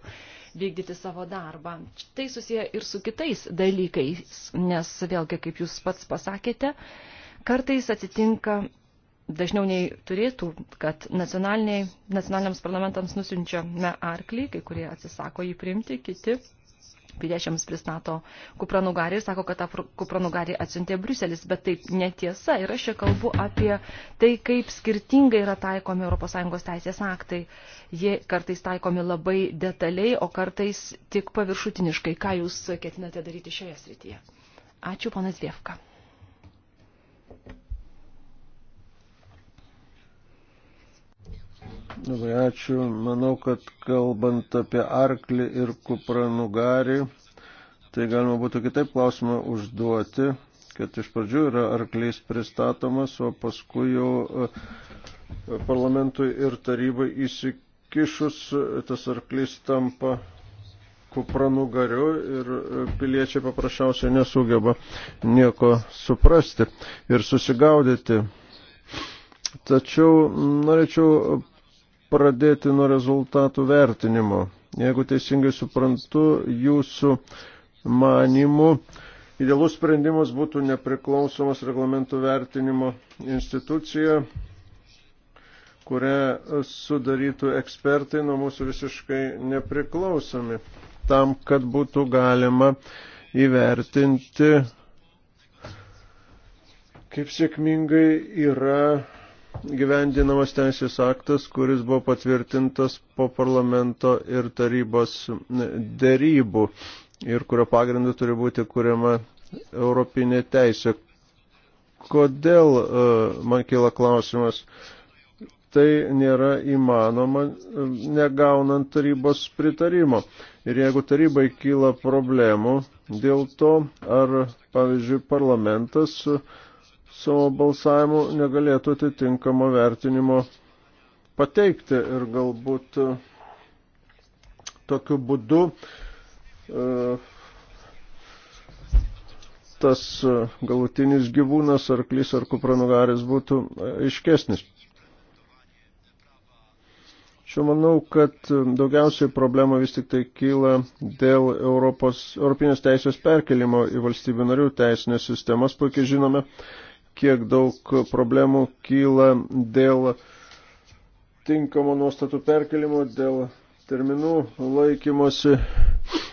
[SPEAKER 2] vykdyti savo darbą. Tai susiję ir su kitais dalykais, nes vėlgi, kaip jūs pats pasakėte, kartais atsitinka dažniau nei turėtų, kad nacionaliniams parlamentams nusinčiame arklį, kai kurie atsisako jį priimti, kiti piliečiams pristato kupranugarį ir sako, kad tą kupranugarį atsiuntė Briuselis, bet taip netiesa. Ir aš čia kalbu apie tai, kaip skirtingai yra taikomi ES teisės aktai. Jie kartais taikomi labai detaliai, o kartais tik paviršutiniškai. Ką jūs ketinate daryti šioje srityje? Ačiū, ponas Vievka.
[SPEAKER 4] Labai ačiū. Manau, kad kalbant apie arklį ir kupranugarį, tai galima būtų kitaip klausimą užduoti, kad iš pradžių yra arklys pristatomas, o paskui jau e, parlamentui ir tarybai įsikišus e, tas arklys tampa kupranugariu ir e, piliečiai paprasčiausiai nesugeba nieko suprasti ir susigaudyti. Tačiau norėčiau pradėti nuo rezultatų vertinimo. Jeigu teisingai suprantu, jūsų manimų idealus sprendimas būtų nepriklausomas reglamentų vertinimo institucija, kurią sudarytų ekspertai nuo mūsų visiškai nepriklausomi, tam, kad būtų galima įvertinti, kaip sėkmingai yra gyvendinamas teisės aktas, kuris buvo patvirtintas po parlamento ir tarybos dėrybų ir kurio pagrindu turi būti kuriama europinė teisė. Kodėl e, man kyla klausimas? Tai nėra įmanoma e, negaunant tarybos pritarimo. Ir jeigu tarybai kyla problemų dėl to, ar, pavyzdžiui, parlamentas uh, savo balsavimu negalėtų atitinkamo vertinimo pateikti ir galbūt e, tokiu būdu e, tas e, galutinis gyvūnas, arklys ar kupranugaris būtų aiškesnis. Čia manau, kad daugiausiai problemų vis tik tai kyla dėl Europos, Europinės teisės perkelimo į valstybių narių teisinės sistemas. Puikiai žinome, kiek daug problemų kyla dėl tinkamo nuostatų perkelimo, dėl terminų laikymosi.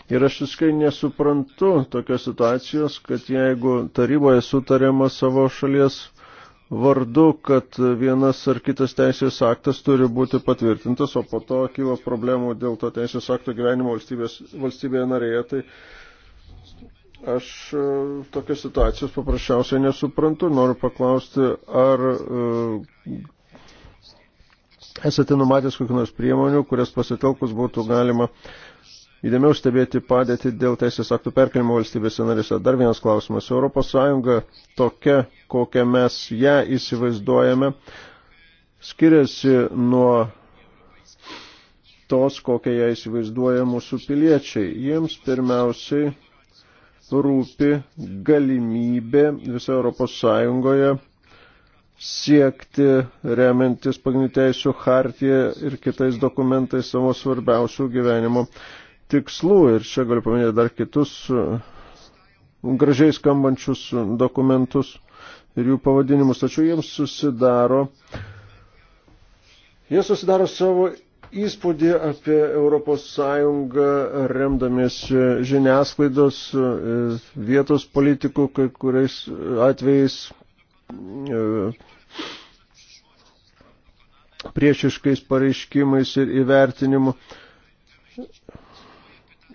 [SPEAKER 4] Ir aš viskai nesuprantu tokios situacijos, kad jeigu taryboje sutarėma savo šalies vardu, kad vienas ar kitas teisės aktas turi būti patvirtintas, o po to kyla problemų dėl to teisės akto gyvenimo valstybės, valstybėje narėje, tai Aš e, tokios situacijos paprasčiausiai nesuprantu. Noriu paklausti, ar e, esate numatęs kokių nors priemonių, kurias pasitelkus būtų galima įdėmiau stebėti padėtį dėl teisės aktų perkelimo valstybėse narėse. Dar vienas klausimas. Europos Sąjunga tokia, kokią mes ją įsivaizduojame, skiriasi nuo tos, kokią ją įsivaizduoja mūsų piliečiai. Jiems pirmiausiai rūpi galimybė visoje Europos Sąjungoje siekti, remiantis pagrindinių teisų hartiją ir kitais dokumentais savo svarbiausių gyvenimo tikslų. Ir čia galiu paminėti dar kitus uh, gražiai skambančius uh, dokumentus ir jų pavadinimus, tačiau jiems susidaro, jie susidaro savo įspūdį apie ES remdamiesi žiniasklaidos e, vietos politikų, kai kuriais atvejais e, priešiškais pareiškimais ir įvertinimu.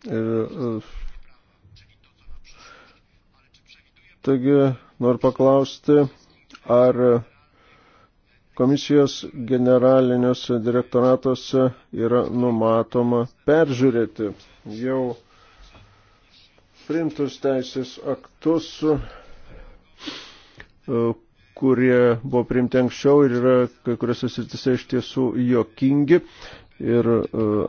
[SPEAKER 4] E, taigi, noriu paklausti, ar komisijos generaliniuose direktoratuose yra numatoma peržiūrėti jau priimtus teisės aktus, e, kurie buvo priimti anksčiau ir yra kai kuriuose sritise iš tiesų jokingi. Ir e,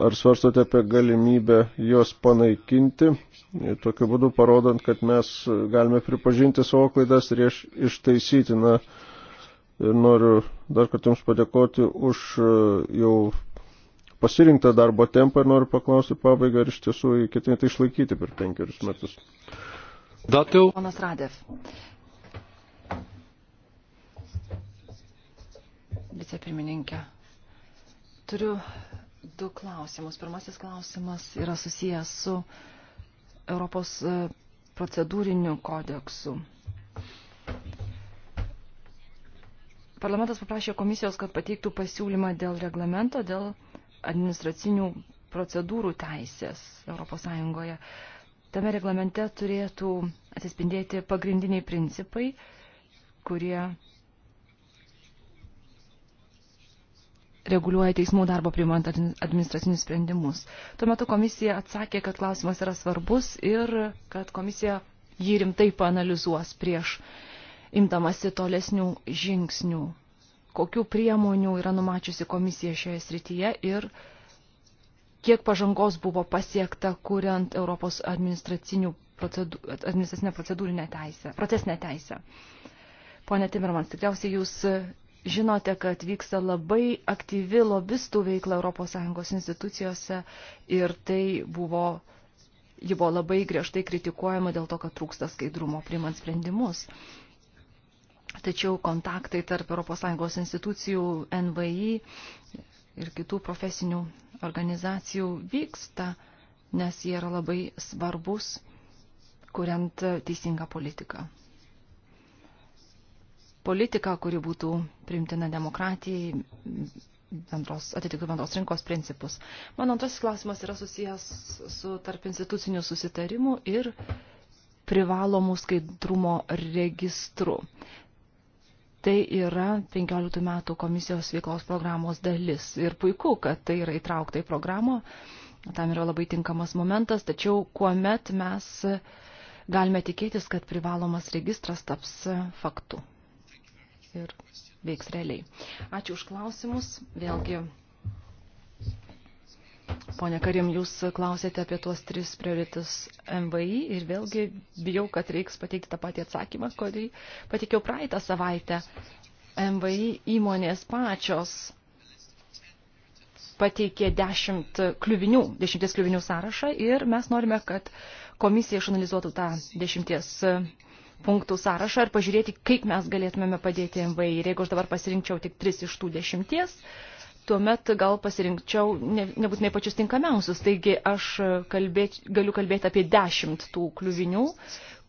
[SPEAKER 4] ar svarstote apie galimybę juos panaikinti, e, tokiu būdu parodant, kad mes galime pripažinti savo klaidas ir jas ištaisyti. Na, ir noriu dar kartą Jums padėkoti už e, jau pasirinktą darbo tempą ir noriu paklausti pabaigą, ar iš tiesų ketinate išlaikyti per penkerius metus.
[SPEAKER 2] Datil. Ponas Radev. Vicepirmininkė, turiu du klausimus. Pirmasis klausimas yra susijęs su Europos e, procedūriniu kodeksu. Parlamentas paprašė komisijos, kad pateiktų pasiūlymą dėl reglamento, dėl administracinių procedūrų teisės ES. Tame reglamente turėtų atsispindėti pagrindiniai principai, kurie reguliuoja teismų darbo priimant administracinius sprendimus. Tuo metu komisija atsakė, kad klausimas yra svarbus ir kad komisija jį rimtai panalizuos prieš uh, imtamasi tolesnių žingsnių, kokių priemonių yra numačiusi komisija šioje srityje ir kiek pažangos buvo pasiekta, kuriant Europos procedu, administracinę procedūrinę teisę, procesinę teisę. Pone Timirmans, tikriausiai jūs žinote, kad vyksta labai aktyvi lobistų veikla ES institucijose ir tai buvo, ji buvo labai griežtai kritikuojama dėl to, kad trūksta skaidrumo primant sprendimus. Tačiau kontaktai tarp ES institucijų, NVI ir kitų profesinių organizacijų vyksta, nes jie yra labai svarbus, kuriant teisingą politiką. Politika, kuri būtų primtina demokratijai, bendros, atitiktų bendros rinkos principus. Mano antrasis klausimas yra susijęs su tarp institucinių susitarimų ir privalomų skaidrumo registru tai yra 15 metų komisijos veiklos programos dalis. Ir puiku, kad tai yra įtraukta į programą, tam yra labai tinkamas momentas, tačiau kuomet mes galime tikėtis, kad privalomas registras taps faktu ir veiks realiai. Ačiū už klausimus. Vėlgi. Okay Pone Karim, jūs klausėte apie tuos tris prioritus MVI ir vėlgi bijau, kad reiks pateikti tą patį atsakymą, kurį pateikiau praeitą savaitę. MVI įmonės pačios pateikė dešimt kliuvinių, dešimties kliuvinių sąrašą ir mes norime, kad komisija išanalizuotų tą dešimties punktų sąrašą ir pažiūrėti, kaip mes galėtumėme padėti MVI. Ir jeigu aš dabar pasirinkčiau tik tris iš tų dešimties, uh, tuomet gal pasirinkčiau ne, nebūtinai pačius tinkamiausius. Taigi aš kalbėt, galiu kalbėti apie dešimt tų kliuvinių,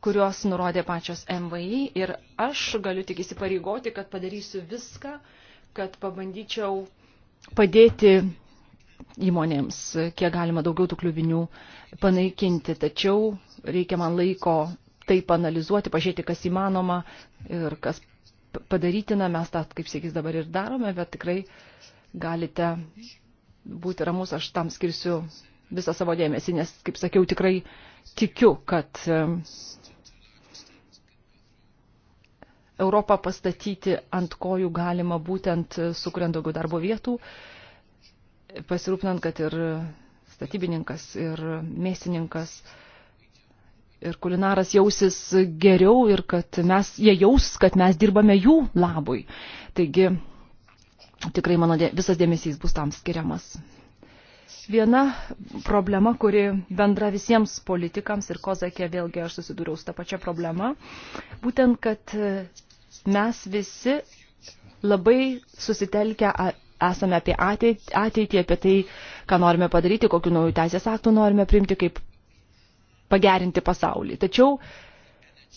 [SPEAKER 2] kuriuos nurodė pačios MVI ir aš galiu tik įsipareigoti, kad padarysiu viską, kad pabandyčiau padėti įmonėms, kiek galima daugiau tų kliuvinių panaikinti. Tačiau reikia man laiko tai panalizuoti, pažiūrėti, kas įmanoma ir kas padarytina. Mes tą, kaip sėkis, dabar ir darome, bet tikrai uh, galite būti ramus, aš tam skirsiu visą savo dėmesį, nes, kaip sakiau, tikrai tikiu, kad Europą pastatyti ant kojų galima būtent e, sukuriant daugiau darbo vietų, pasirūpinant, kad ir statybininkas, ir mėsininkas, ir kulinaras jausis geriau ir kad mes, jie jaus, kad mes dirbame jų labui. Taigi, tikrai mano dė, visas dėmesys bus tam skiriamas. Viena problema, kuri bendra visiems politikams ir Kozakė vėlgi aš susidūriau su ta pačia problema, būtent, kad e, mes visi labai susitelkę esame apie ateitį, apie tai, ką norime padaryti, kokiu naujų teisės aktų norime priimti, kaip pagerinti pasaulį. Tačiau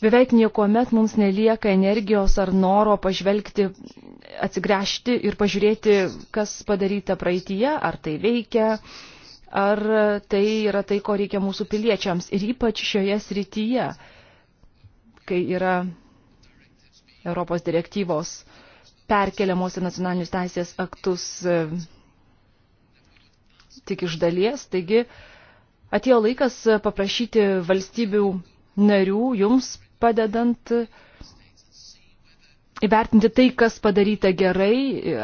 [SPEAKER 2] beveik niekuomet mums nelieka energijos ar noro pažvelgti, atsigręžti ir pažiūrėti, kas padaryta praeitie, ar tai veikia, ar tai yra tai, ko reikia mūsų piliečiams ir ypač šioje srityje, kai yra Europos direktyvos perkeliamos į nacionalinius teisės aktus e, tik iš dalies. Taigi atėjo laikas paprašyti valstybių narių jums padedant įvertinti tai, kas padaryta gerai,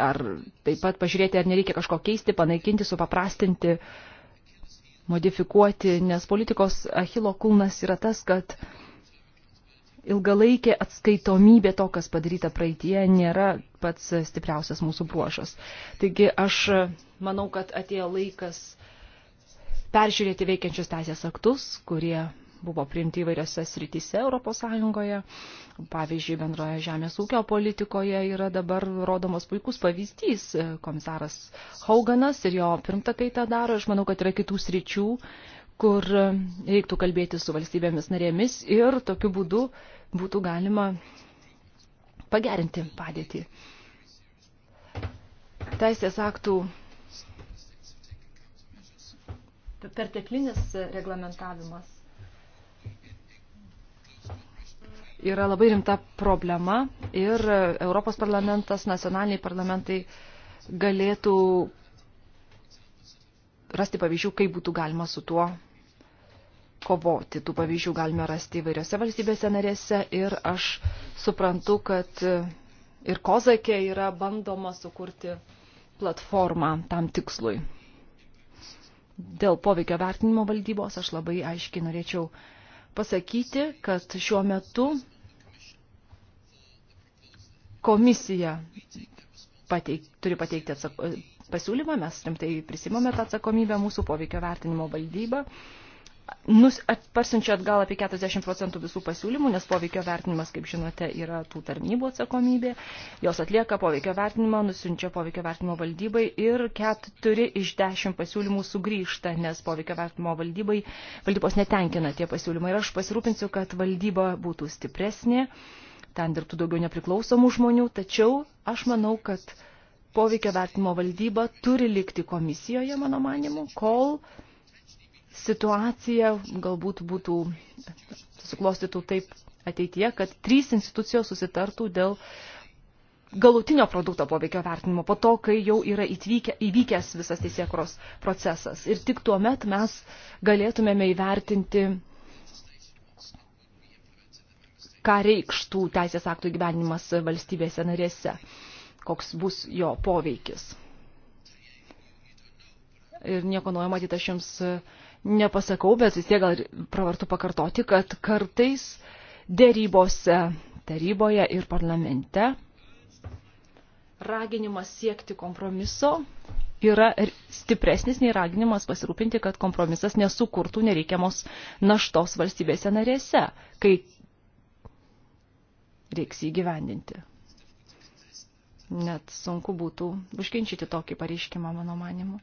[SPEAKER 2] ar taip pat pažiūrėti, ar nereikia kažko keisti, panaikinti, supaprastinti, modifikuoti, nes politikos Achilo kulnas yra tas, kad ilgalaikė atskaitomybė to, kas padaryta praeitie, nėra pats stipriausias mūsų bruožas. Taigi aš manau, kad atėjo laikas peržiūrėti veikiančius teisės aktus, kurie buvo priimti įvairiose srityse ES. Pavyzdžiui, bendroje žemės ūkio politikoje yra dabar rodomas puikus pavyzdys e, komisaras Hauganas ir jo pirmtakai tą daro. Aš manau, kad yra kitų sričių, kur e, reiktų kalbėti su valstybėmis narėmis ir tokiu būdu būtų galima pagerinti padėtį. Teisės aktų perteklinis reglamentavimas yra labai rimta problema ir Europos parlamentas, nacionaliniai parlamentai galėtų rasti pavyzdžių, kaip būtų galima su tuo kovoti. Tų pavyzdžių galime rasti įvairiose valstybėse narėse ir aš suprantu, kad ir Kozakė yra bandoma sukurti platformą tam tikslui. Dėl poveikio vertinimo valdybos aš labai aiškiai norėčiau pasakyti, kad šiuo metu komisija pateik, turi pateikti atsako, pasiūlymą, mes rimtai prisimame tą atsakomybę, mūsų poveikio vertinimo valdyba. Nus, parsinčia atgal apie 40 procentų visų pasiūlymų, nes poveikio vertinimas, kaip žinote, yra tų tarnybų atsakomybė. Jos atlieka poveikio vertinimą, nusinčia poveikio vertinimo valdybai ir 4 iš 10 pasiūlymų sugrįžta, nes poveikio vertinimo valdybai valdybos netenkina tie pasiūlymai. Ir aš pasirūpinsiu, kad valdyba būtų stipresnė. Uh, ten dirbtų daugiau nepriklausomų žmonių, tačiau aš manau, kad poveikio vertimo valdyba turi likti komisijoje, mano manimu, kol situacija galbūt būtų susiklostytų taip ateityje, kad trys institucijos susitartų dėl galutinio produkto poveikio vertinimo po to, kai jau yra įtvykę, įvykęs visas teisėkros procesas. Ir tik tuomet mes galėtumėme įvertinti ką reikštų teisės aktų gyvenimas valstybėse narėse, koks bus jo poveikis. Ir nieko naujo matyti aš jums nepasakau, bet vis tiek gal pravartu pakartoti, kad kartais dėrybose, taryboje ir parlamente raginimas siekti kompromiso yra stipresnis nei raginimas pasirūpinti, kad kompromisas nesukurtų nereikiamos naštos valstybėse narėse, kai reiks įgyvendinti. Net sunku būtų užginčyti tokį pareiškimą, mano manimu.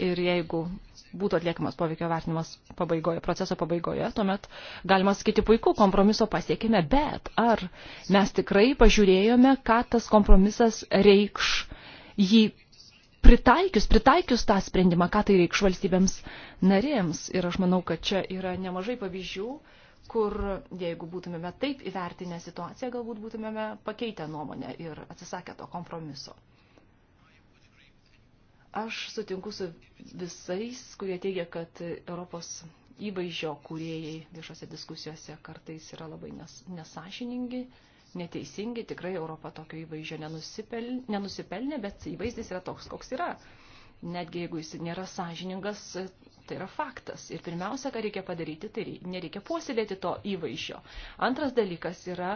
[SPEAKER 2] Ir jeigu būtų atliekamas poveikio vertinimas pabaigoje, proceso pabaigoje, tuomet galima sakyti puiku, kompromiso pasiekime, bet ar mes tikrai pažiūrėjome, ką tas kompromisas reikš jį pritaikius, pritaikius tą sprendimą, ką tai reikš valstybėms narėms. Ir aš manau, kad čia yra nemažai pavyzdžių, kur jeigu būtumėme taip įvertinę situaciją, galbūt būtumėme pakeitę nuomonę ir atsisakę to kompromiso. Aš sutinku su visais, kurie teigia, kad Europos įvaizdžio kūrėjai viešose diskusijose kartais yra labai nes, nesašiningi. Uh, neteisingi, tikrai Europa tokio įvaizdžio nenusipelnė, nenusipelnė, bet įvaizdis yra toks, koks yra. Netgi jeigu jis nėra sąžiningas, tai yra faktas. Ir pirmiausia, ką reikia padaryti, tai nereikia puoselėti to įvaizdžio. Antras dalykas yra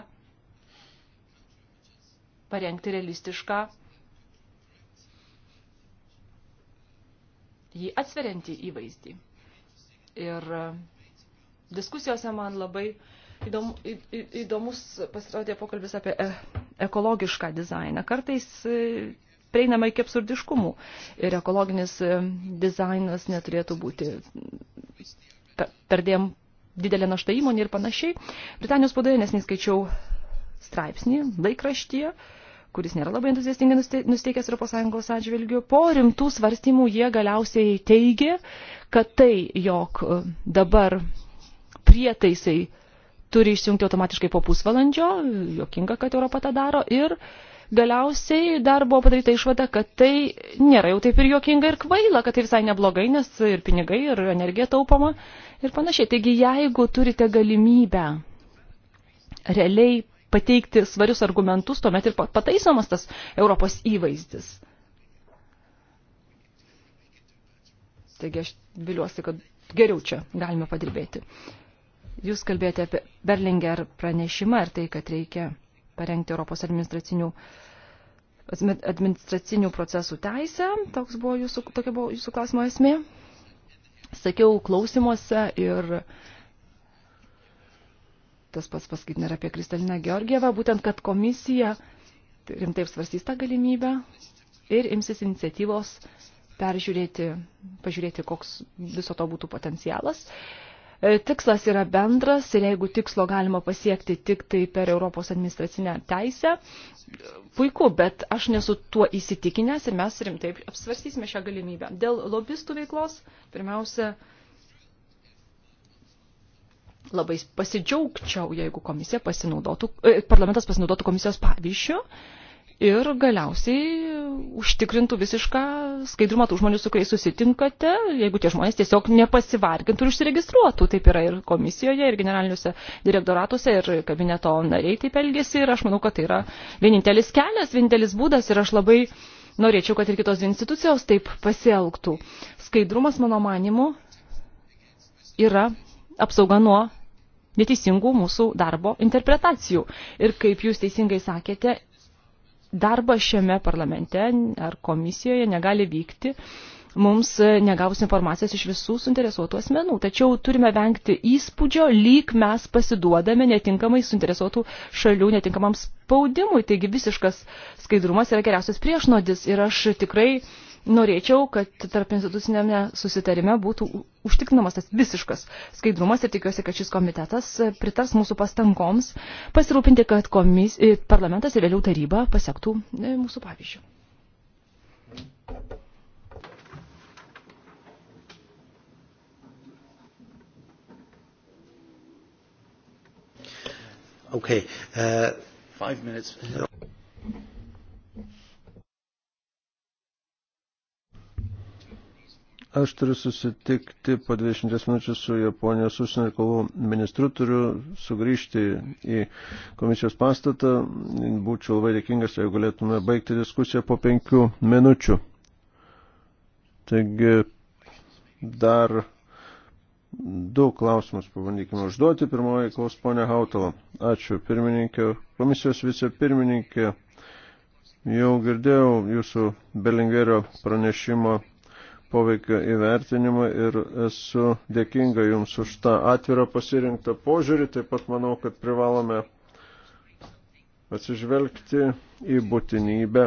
[SPEAKER 2] parengti realistišką, jį atsveriantį įvaizdį. Ir diskusijose man labai uh, Įdomu, į, įdomus pasirodė pokalbis apie e, ekologišką dizainą. Kartais e, prieinama iki absurdiškumų ir ekologinis e, dizainas neturėtų būti perdėm didelė našta įmonė ir panašiai. Britanijos spaudoje nesnį skaičiau straipsnį laikraštyje, kuris nėra labai entuziastingai nusteikęs Europos Sąjungos atžvilgių. Po rimtų svarstymų jie galiausiai teigė, kad tai, jog dabar prietaisai turi išsijungti automatiškai po pusvalandžio, jokinga, kad Europa tą daro, ir galiausiai dar buvo padaryta išvada, kad tai nėra jau taip ir jokinga ir kvaila, kad tai visai neblogai, nes ir pinigai, ir energija taupoma ir panašiai. Taigi, jeigu turite galimybę realiai pateikti svarius argumentus, tuomet ir pataisomas tas Europos įvaizdis. Taigi aš viliuosi, kad geriau čia galime padirbėti. Jūs kalbėjote apie Berlinger pranešimą ir tai, kad reikia parengti Europos administracinių, administracinių procesų teisę. Toks buvo jūsų, tokia buvo jūsų klausimo esmė. Sakiau klausimuose ir tas pats pasakyti nėra apie Kristaliną Georgievą, būtent, kad komisija rimtai apsvarstys tą galimybę ir imsis iniciatyvos peržiūrėti, pažiūrėti, koks viso to būtų potencialas. E, tikslas yra bendras ir jeigu tikslo galima pasiekti tik tai per Europos administracinę teisę, puiku, bet aš nesu tuo įsitikinęs ir mes rimtai apsvarstysime šią galimybę. Dėl lobistų veiklos, pirmiausia, labai pasidžiaugčiau, jeigu komisija pasinaudotų, eh, parlamentas pasinaudotų komisijos pavyzdžių ir galiausiai užtikrintų visišką skaidrumą tų žmonių, su kuriais susitinkate, jeigu tie žmonės tiesiog nepasivargintų ir užsiregistruotų. Taip yra ir komisijoje, ir generaliniuose direktoratuose, ir kabineto nariai taip elgesi ir aš manau, kad tai yra vienintelis kelias, vienintelis būdas ir aš labai norėčiau, kad ir kitos institucijos taip pasielgtų. Skaidrumas, mano manimu, yra apsauga nuo neteisingų mūsų darbo interpretacijų. Ir kaip jūs teisingai sakėte, darbas šiame parlamente ar komisijoje negali vykti mums e, negavus informacijos iš visų suinteresuotų asmenų. Tačiau turime vengti įspūdžio, lyg mes pasiduodame netinkamai suinteresuotų šalių netinkamam spaudimui. Taigi visiškas skaidrumas yra geriausias priešnodis ir aš tikrai uh, norėčiau, kad tarp institucinėme susitarime būtų užtikrinamas tas visiškas skaidrumas ir tikiuosi, kad šis komitetas e, pritars mūsų pastangoms pasirūpinti, kad komis, e, parlamentas ir vėliau taryba pasiektų e, mūsų pavyzdžių.
[SPEAKER 1] Okay. Uh, five minutes.
[SPEAKER 4] Aš turiu susitikti po 20 minučių su Japonijos užsienio reikalų ministru, turiu sugrįžti į komisijos pastatą. Būčiau labai dėkingas, jeigu galėtume baigti diskusiją po 5 minučių. Taigi dar du klausimus pabandykime užduoti. Pirmoji klaus ponė Hautala. Ačiū pirmininkė, komisijos vicepirmininkė. Jau girdėjau jūsų Belingverio pranešimo poveikio įvertinimą ir esu dėkinga Jums už tą atvirą pasirinktą požiūrį. Taip pat manau, kad privalome atsižvelgti į būtinybę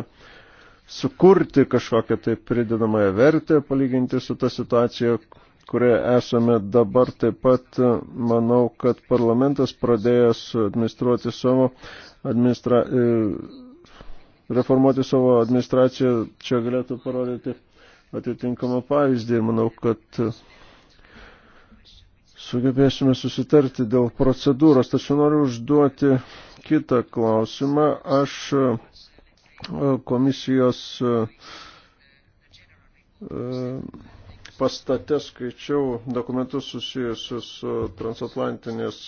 [SPEAKER 4] sukurti kažkokią tai pridedamąją vertę palyginti su ta situacija, kurioje esame dabar. Taip pat manau, kad parlamentas pradėjęs administruoti savo administra... E, reformuoti savo administraciją čia galėtų parodyti atitinkamą pavyzdį ir manau, kad sugebėsime susitarti dėl procedūros. Tačiau noriu užduoti kitą klausimą. Aš e, komisijos e, pastate skaičiau dokumentus susijusius su transatlantinės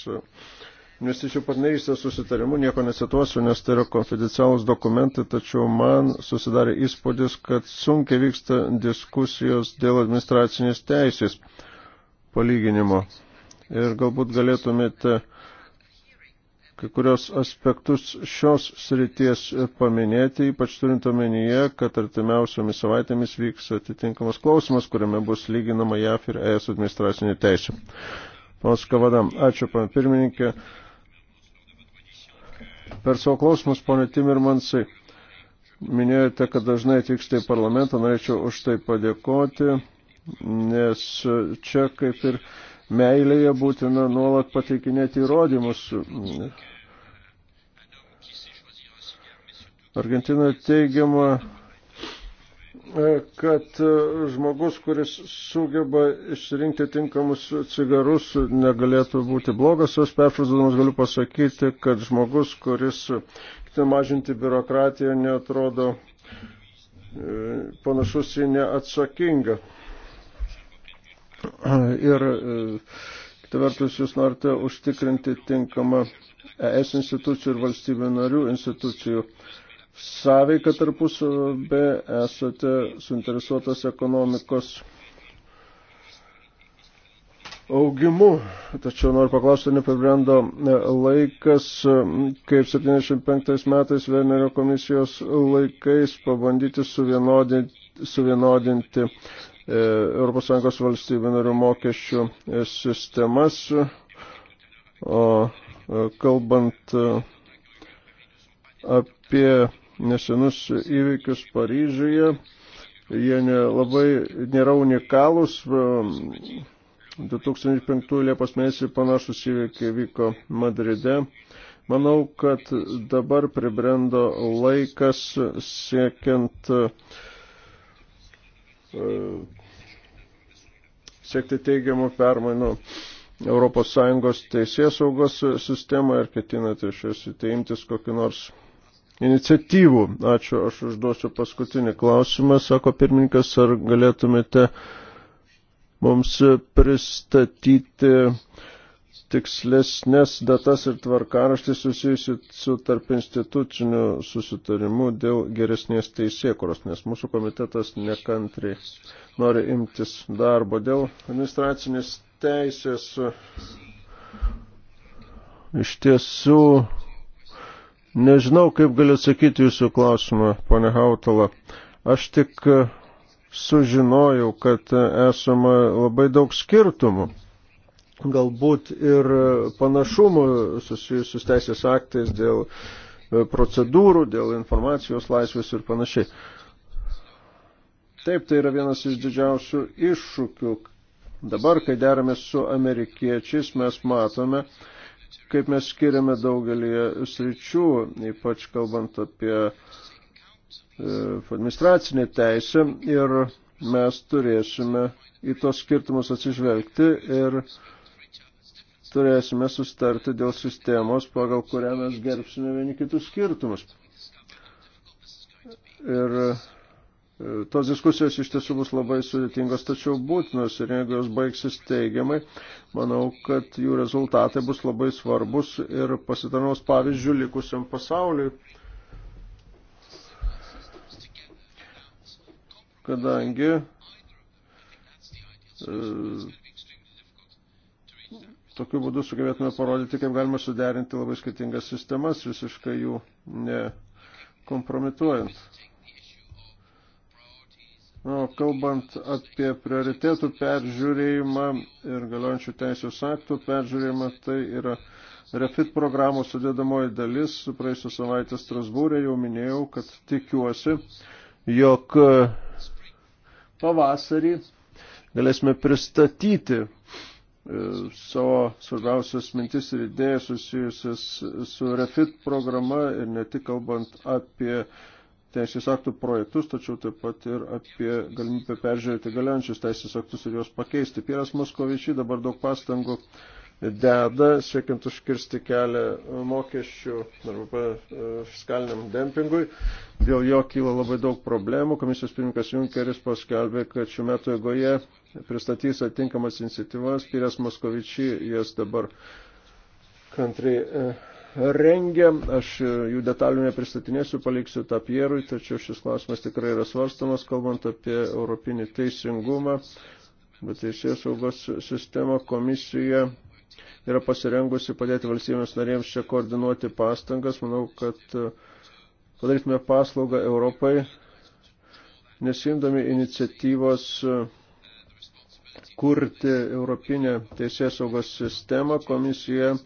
[SPEAKER 4] investicijų partnerystės susitarimu, nieko nesituosiu, nes tai yra konfidencialus dokumentai, tačiau man susidarė įspūdis, kad sunkiai vyksta diskusijos dėl administracinės teisės palyginimo. Ir galbūt galėtumėte kai kurios aspektus šios srities paminėti, ypač turint omenyje, kad artimiausiomis savaitėmis vyks atitinkamas klausimas, kuriame bus lyginama JAF ir ES administracinė teisė. Panas Kavadam, ačiū, pan pirmininkė. Per savo klausimus, ponė Timirmansai, minėjote, kad dažnai atvyksta į parlamentą, norėčiau už tai padėkoti, nes čia kaip ir meilėje būtina nuolat pateikinėti įrodymus. Argentinoje teigiama, E, kad e, žmogus, kuris sugeba išsirinkti tinkamus cigarus, negalėtų būti blogas. Aš perfrazuodamas galiu pasakyti, kad žmogus, kuris mažinti biurokratiją, netrodo e, panašus į neatsakingą. Ir kita vertus, jūs norite užtikrinti tinkamą ES institucijų ir valstybių narių institucijų sąveiką tarpusavio, be esate suinteresuotas ekonomikos augimu. Tačiau noriu paklausti, nepribrendo laikas, kaip 75 metais Venerio komisijos laikais pabandyti suvienodinti, suvienodinti ES valstybių narių mokesčių sistemas. O e, kalbant e, apie nesenus įvykius Paryžiuje. Jie labai nėra unikalūs. 2005 Liepos mėnesį panašus įvykiai vyko Madride. Manau, kad dabar pribrendo laikas siekiant e, siekti teigiamų permainų ES teisės saugos sistemą ir ketinate šios įteimtis kokį nors iniciatyvų. Ačiū, aš užduosiu paskutinį klausimą, sako pirmininkas, ar galėtumėte mums pristatyti tikslesnės datas ir tvarkaraštį susijusi su tarp instituciniu susitarimu dėl geresnės teisėkuros, nes mūsų komitetas nekantriai nori imtis darbo dėl administracinės teisės. Iš tiesų, Nežinau, kaip galiu atsakyti jūsų klausimą, pane Hautala. Aš tik e, sužinojau, kad e, esama labai daug skirtumų galbūt ir e, panašumų susijusius teisės aktais dėl procedūrų, dėl informacijos laisvės ir panašiai. Taip, tai yra vienas iš didžiausių iššūkių. Dabar, kai deramės su amerikiečiais, mes matome, kaip mes skiriame daugelį sričių, ypač kalbant apie e, administracinę teisę ir mes turėsime į tos skirtumus atsižvelgti ir turėsime sustarti dėl sistemos, pagal kurią mes gerbsime vieni kitus skirtumus. Ir Tos diskusijos iš tiesų bus labai sudėtingos, tačiau būtinos ir jeigu jos baigsis teigiamai, manau, kad jų rezultatai bus labai svarbus ir pasitarnaus pavyzdžių likusiam pasauliui. Kadangi e, tokiu būdu sugebėtume parodyti, kaip galima suderinti labai skirtingas sistemas, visiškai jų nekompromituojant. Kalbant apie prioritėtų peržiūrėjimą ir galiojančių teisės aktų peržiūrėjimą, tai yra refit programos sudėdamoji dalis. Praėjusią savaitę Strasbūrė jau minėjau, kad tikiuosi, jog pavasarį galėsime pristatyti e, savo svarbiausias mintis ir idėjas susijusias su refit programa ir ne tik kalbant apie teisės aktų projektus, tačiau taip pat ir apie galimybę peržiūrėti galiojančius teisės aktus ir juos pakeisti. Pieras Moskovičiai dabar daug pastangų deda, siekiant užkirsti kelią mokesčių arba e, fiskaliniam dempingui. Dėl jo kyla labai daug problemų. Komisijos pirmininkas Junkeris paskelbė, kad šiuo metu egoje pristatys atinkamas iniciatyvas. Pieras Moskovičiai jas dabar kantriai e, rengia. Aš jų detalių nepristatinėsiu, paliksiu tą Pierui, tačiau šis klausimas tikrai yra svarstamas, kalbant apie europinį teisingumą. Bet teisės saugos sistema komisija yra pasirengusi padėti valstybėms narėms čia koordinuoti pastangas. Manau, kad uh, padarytume paslaugą Europai, nesimdami iniciatyvos uh, kurti Europinę teisės saugos sistemą. Komisija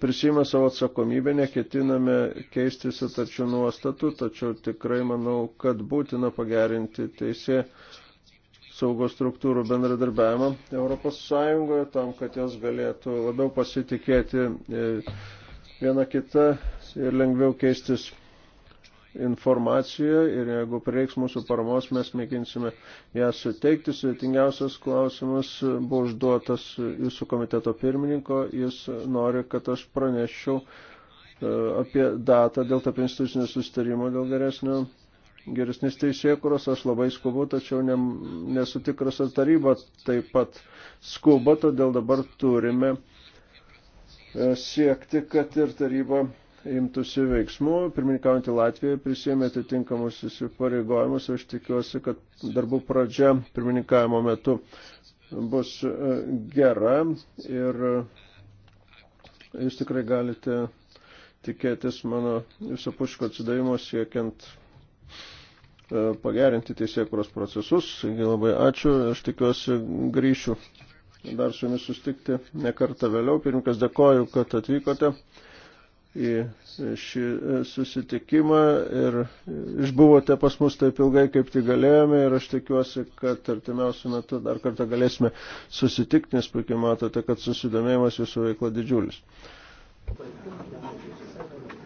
[SPEAKER 4] prisima savo atsakomybę, neketiname keisti sutarčių nuostatų, tačiau tikrai manau, kad būtina pagerinti teisė saugos struktūrų bendradarbiavimą Europos Sąjungoje, tam, kad jos galėtų labiau pasitikėti e, viena kita ir lengviau keistis informaciją ir jeigu prireiks mūsų paramos, mes mėginsime ją suteikti. Sudėtingiausias klausimas buvo užduotas jūsų komiteto pirmininko. Jis nori, kad aš pranešiau e, apie datą dėl tarp institucinio sustarimo dėl geresnio. Geresnis teisėkuros, aš labai skubu, tačiau ne, nesu tikras, ar taryba taip pat skuba, todėl dabar turime e, siekti, kad ir taryba imtųsi veiksmų, pirmininkaujantį Latviją prisėmė atitinkamus įsipareigojimus, aš tikiuosi, kad darbų pradžia pirmininkavimo metu bus e, gera ir e, jūs tikrai galite tikėtis mano visapuško atsidavimo siekiant e, pagerinti teisėkuros procesus. Taigi labai ačiū, aš tikiuosi grįšiu dar su jumis sustikti ne kartą vėliau. Pirmininkas dėkoju, kad atvykote į šį e, susitikimą ir išbuvote pas mus taip ilgai, kaip tik galėjome ir aš tikiuosi, kad artimiausiu metu dar kartą galėsime susitikti, nes puikiai matote, kad susidomėjimas jūsų veikla didžiulis. Thank you.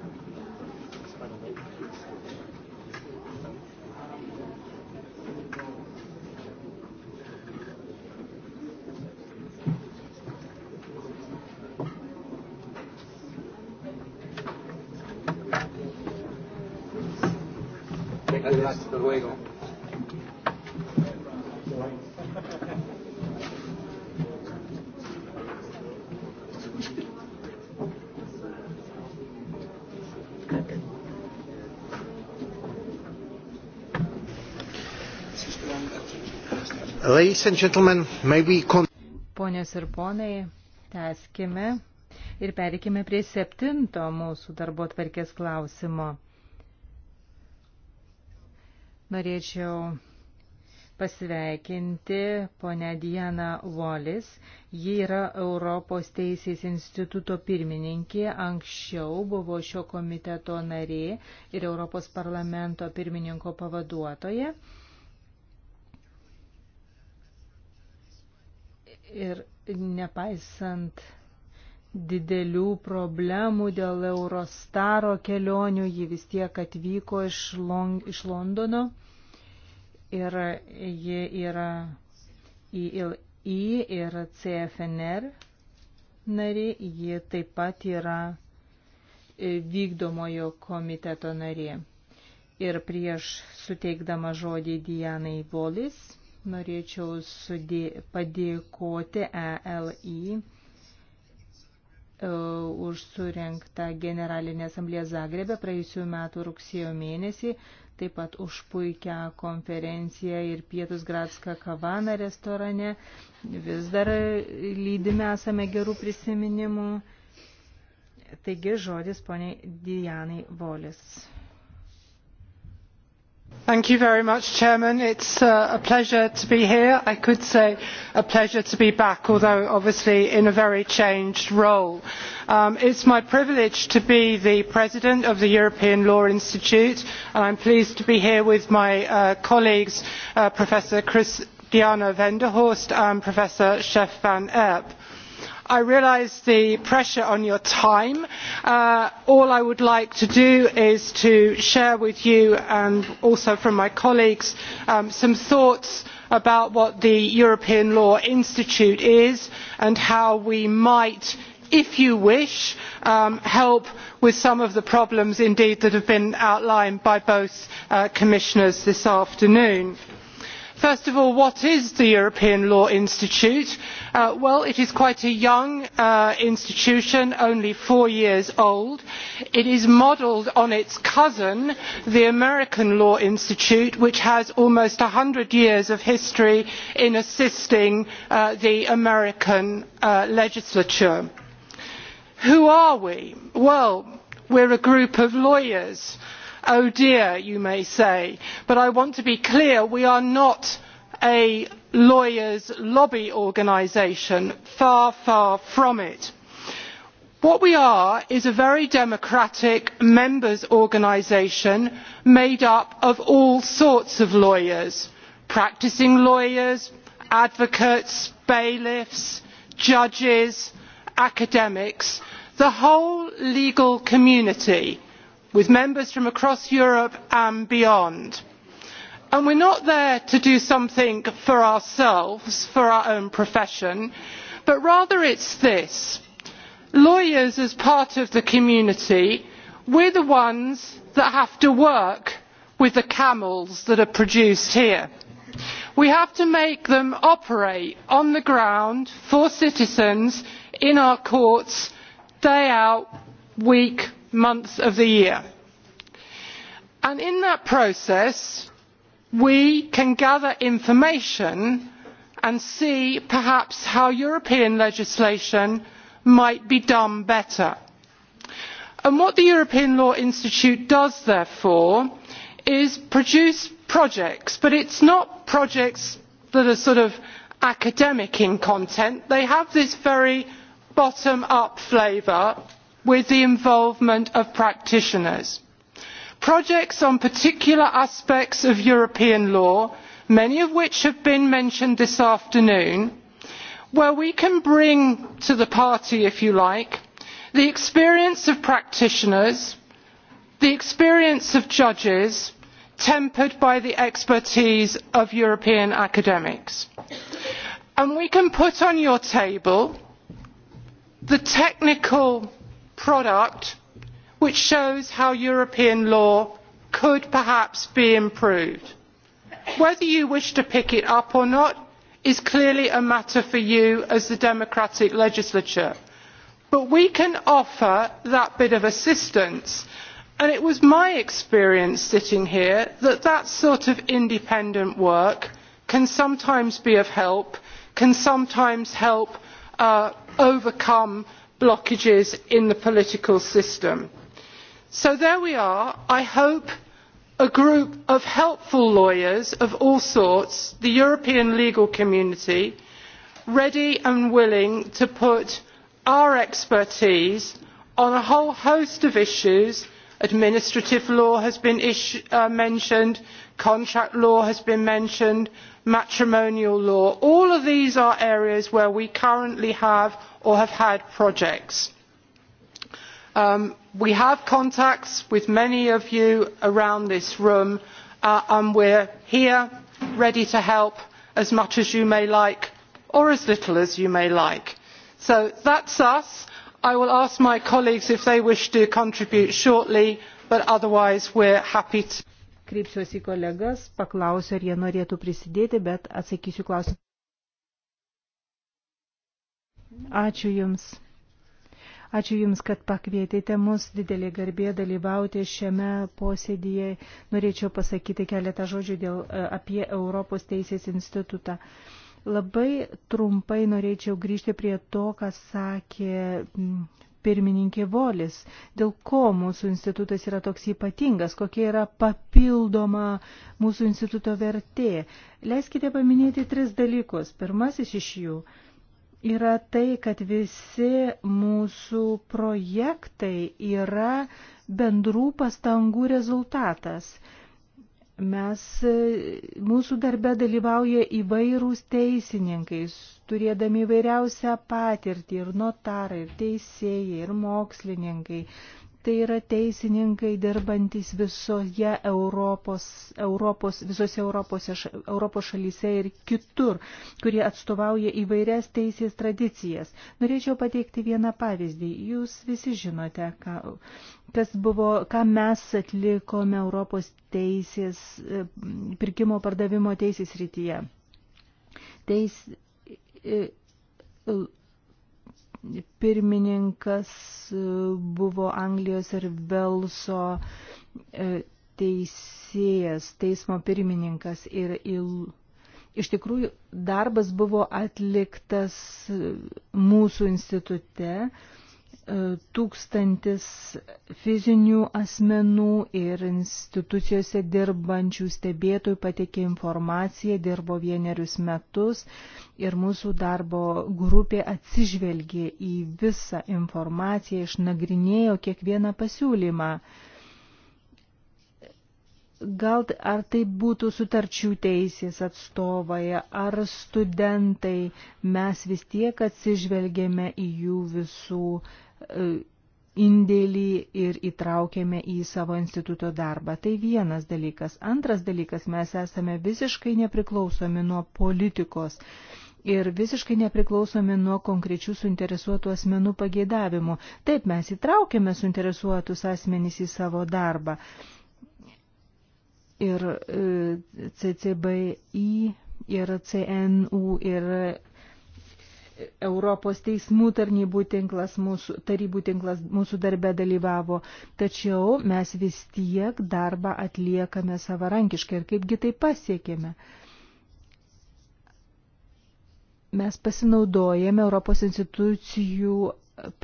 [SPEAKER 4] Gracias. Hasta luego.
[SPEAKER 3] Ponios ir ponai, tęskime ir perikime prie septinto mūsų darbo tvarkės klausimo. Norėčiau pasveikinti ponę Dianą Wallis. Ji yra Europos Teisės instituto pirmininkė, anksčiau buvo šio komiteto narė ir Europos parlamento pirmininko pavaduotoja. Ir nepaisant didelių problemų dėl Eurostaro kelionių, ji vis tiek atvyko iš, Long, iš Londono ir ji yra ILI ir CFNR nari, ji taip pat yra e, vykdomojo komiteto narė. Ir prieš suteikdama žodį Dianai Volis norėčiau sudė, padėkoti ELI E, už surenktą generalinę asamblėją Zagrebę praėjusių metų rugsėjo mėnesį, taip pat už puikią konferenciją ir pietus Gratska kavana restorane. Vis dar lydime esame gerų prisiminimų. Taigi žodis poniai Dianai Volis
[SPEAKER 1] it is uh, a pleasure to be here. i could say a pleasure to be back although obviously in a very changed role. Um, it is my privilege to be the president of the european law institute and i am pleased to be here with my uh, colleagues uh, professor christiana van der horst and professor chef van erp i realise the pressure on your time. Uh, all i would like to do is to share with you and also from my colleagues um, some thoughts about what the european law institute is and how we might if you wish um, help with some of the problems indeed that have been outlined by both uh, commissioners this afternoon first of all what is the european law institute? Uh, well it is quite a young uh, institution only four years old. it is modelled on its cousin the american law institute which has almost one hundred years of history in assisting uh, the american uh, legislature. who are we? well we are a group of lawyers who oh dear you may say but i want to be clear we are not a lawyers' lobby organisation far far from it. what we are is a very democratic members' organisation made up of all sorts of lawyers practising lawyers advocates bailiffs judges academics the whole legal community with members from across europe and beyond and we are not there to do something for ourselves for our own profession but rather it is this lawyers as part of the community we are the ones that have to work with the camels that are produced here. we have to make them operate on the ground for citizens in our courts day out week months of the year. And in that process we can gather information and see perhaps how european legislation might be done better. And what the european law institute does therefore is produce projects but it is not projects that are sort of academic in content they have this very bottom up flavour with the involvement of practitioners. projects on particular aspects of european law many of which have been mentioned this afternoon where we can bring to the party if you like the experience of practitioners the experience of judges tempered by the expertise of european academics and we can put on your table the technical product which shows how european law could perhaps be improved. whether you wish to pick it up or not is clearly a matter for you as the democratic legislature but we can offer that bit of assistance and it was my experience sitting here that that sort of independent work can sometimes be of help can sometimes help uh, overcome blockages in the political system. so there we are i hope a group of helpful lawyers of all sorts the european legal community ready and willing to put our expertise on a whole host of issues administrative law has been uh, mentioned contract law has been mentioned matrimonial law all of these are areas where we currently have or have had projects. Um, we have contacts with many of you around this room uh, and we are here ready to help as much as you may like or as little as you may like. so that is us. i will ask my colleagues if they wish to contribute shortly but otherwise we are happy to. kreipsiuosi į kolegas paklausiu ar jie
[SPEAKER 3] norėtų prisidėti bet atsakysiu klausimu. Ačiū Jums. Ačiū Jums, kad pakvietėte mus didelį garbė dalyvauti šiame posėdyje. Norėčiau pasakyti keletą žodžių dėl, e, apie Europos Teisės institutą. Labai trumpai norėčiau grįžti prie to, ką sakė pirmininkė Volis, dėl ko mūsų institutas yra toks ypatingas, kokia yra papildoma mūsų instituto vertė. Leiskite paminėti tris dalykus. Pirmasis iš jų yra tai, kad visi mūsų projektai yra bendrų pastangų rezultatas. Mes, mūsų darbe dalyvauja įvairūs teisininkai, turėdami įvairiausią patirtį ir notarai, ir teisėjai, ir mokslininkai tai yra teisininkai dirbantis visoje Europos, Europos visose Europos, Europos šalyse ir kitur, kurie atstovauja įvairias teisės tradicijas. Norėčiau pateikti vieną pavyzdį. Jūs visi žinote, ką, kas buvo, ką mes atlikome Europos teisės, e, pirkimo pardavimo teisės rytyje. Teis, e, pirmininkas e, buvo Anglijos ir Velso e, teisėjas, teismo pirmininkas ir il... iš tikrųjų darbas buvo atliktas e, mūsų institute E, tūkstantis fizinių asmenų ir institucijose dirbančių stebėtojų pateikė informaciją, dirbo vienerius metus ir mūsų darbo grupė atsižvelgė į visą informaciją, išnagrinėjo kiekvieną pasiūlymą. Gal ar tai būtų sutarčių teisės atstovai, ar studentai, mes vis tiek atsižvelgėme į jų visų uh, E, indėlį ir įtraukėme į savo instituto darbą. Tai vienas dalykas. Antras dalykas, mes esame visiškai nepriklausomi nuo politikos ir visiškai nepriklausomi nuo konkrečių suinteresuotų asmenų pageidavimų. Taip, mes įtraukėme suinteresuotus asmenys į savo darbą. Ir e, CCBI ir CNU ir Europos teismų tarnybų tinklas, mūsų, tarybų tinklas mūsų darbe dalyvavo, tačiau mes vis tiek darbą atliekame savarankiškai ir kaipgi tai pasiekėme. Mes pasinaudojame Europos institucijų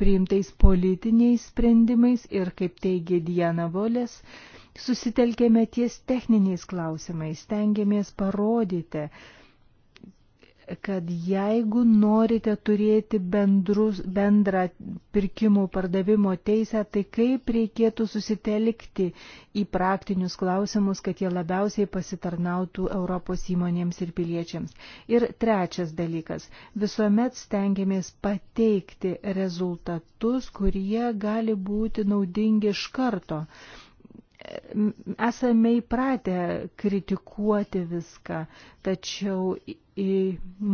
[SPEAKER 3] priimtais politiniais sprendimais ir, kaip teigia Diana Volės, susitelkėme ties techniniais klausimais, stengiamės parodyti, kad jeigu norite turėti bendrus, bendrą pirkimų pardavimo teisę, tai kaip reikėtų susitelkti į praktinius klausimus, kad jie labiausiai pasitarnautų Europos įmonėms ir piliečiams. Ir trečias dalykas - visuomet stengiamės pateikti rezultatus, kurie gali būti naudingi iš karto esame įpratę kritikuoti viską, tačiau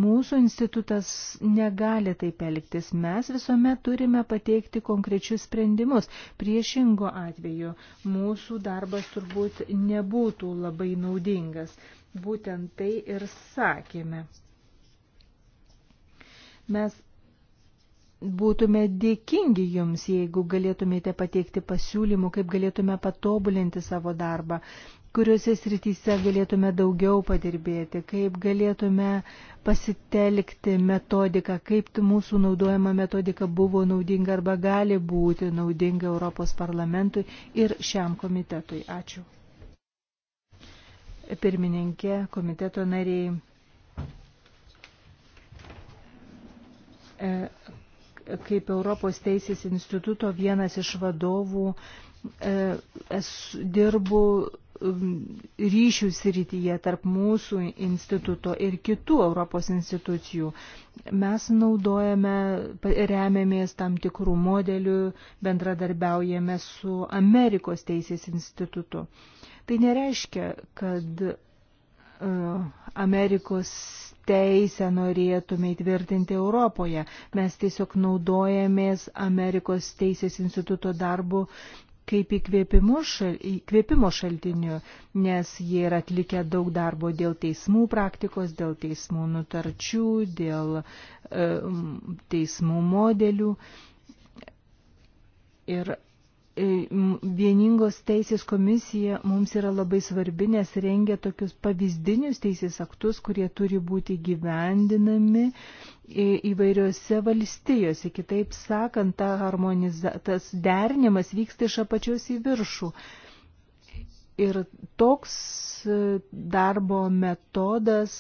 [SPEAKER 3] mūsų institutas negali taip elgtis. Mes visuomet turime pateikti konkrečius sprendimus. Priešingo atveju mūsų darbas turbūt nebūtų labai naudingas. Būtent tai ir sakėme. Mes būtume dėkingi jums, jeigu galėtumėte pateikti pasiūlymų, kaip galėtume patobulinti savo darbą, kuriuose srityse galėtume daugiau padirbėti, kaip galėtume pasitelkti metodiką, kaip mūsų naudojama metodika buvo naudinga arba gali būti naudinga Europos parlamentui ir šiam komitetui. Ačiū. Pirmininkė, komiteto nariai. E, kaip Europos teisės instituto vienas iš vadovų e, esu, dirbu ryšių srityje tarp mūsų instituto ir kitų Europos institucijų. Mes naudojame, remiamės tam tikrų modelių, bendradarbiaujame su Amerikos teisės institutu. Tai nereiškia, kad e, Amerikos teisę norėtume įtvirtinti Europoje. Mes tiesiog naudojamės Amerikos teisės instituto darbu kaip šal, įkvėpimo šaltiniu, nes jie yra atlikę daug darbo dėl teismų praktikos, dėl teismų nutarčių, dėl e, teismų modelių. Ir E, vieningos teisės komisija mums yra labai svarbi, nes rengia tokius pavyzdinius teisės aktus, kurie turi būti gyvendinami e, įvairiose valstijose. Kitaip sakant, ta harmoniza, tas derinimas vyksta iš apačios į viršų. Ir toks e, darbo metodas